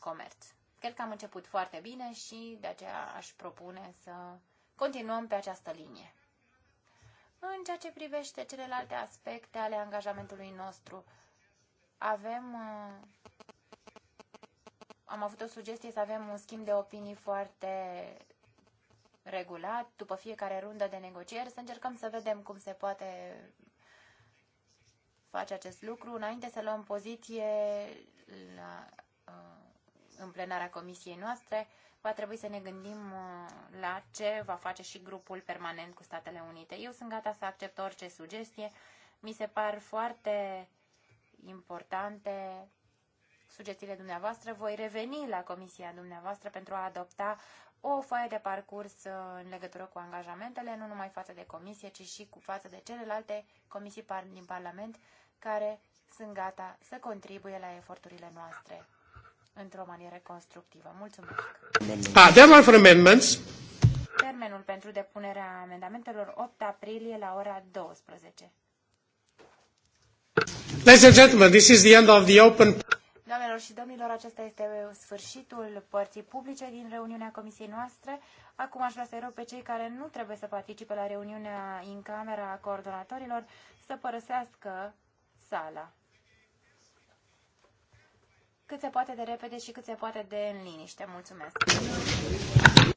Comerț. Cred că am început foarte bine și de aceea aș propune să continuăm pe această linie. În ceea ce privește celelalte aspecte ale angajamentului nostru, avem uh, am avut o sugestie să avem un schimb de opinii foarte regulat, după fiecare rundă de negocieri, să încercăm să vedem cum se poate face acest lucru. Înainte să luăm poziție la uh, în plenara comisiei noastre, va trebui să ne gândim uh, la ce va face și grupul permanent cu Statele Unite. Eu sunt gata să accept orice sugestie. Mi se par foarte importante sugestiile dumneavoastră. Voi reveni la comisia dumneavoastră pentru a adopta o foaie de parcurs uh, în legătură cu angajamentele, nu numai față de comisie, ci și cu față de celelalte comisii din Parlament care sunt gata să contribuie la eforturile noastre într-o manieră constructivă. Mulțumesc! Da, for amendments. Termenul pentru depunerea amendamentelor 8 aprilie la ora 12. Ladies and gentlemen, this is the end of the open... Doamnelor și domnilor, acesta este sfârșitul părții publice din reuniunea comisiei noastre. Acum aș vrea să rog pe cei care nu trebuie să participe la reuniunea în camera coordonatorilor să părăsească sala cât se poate de repede și cât se poate de în liniște. Mulțumesc!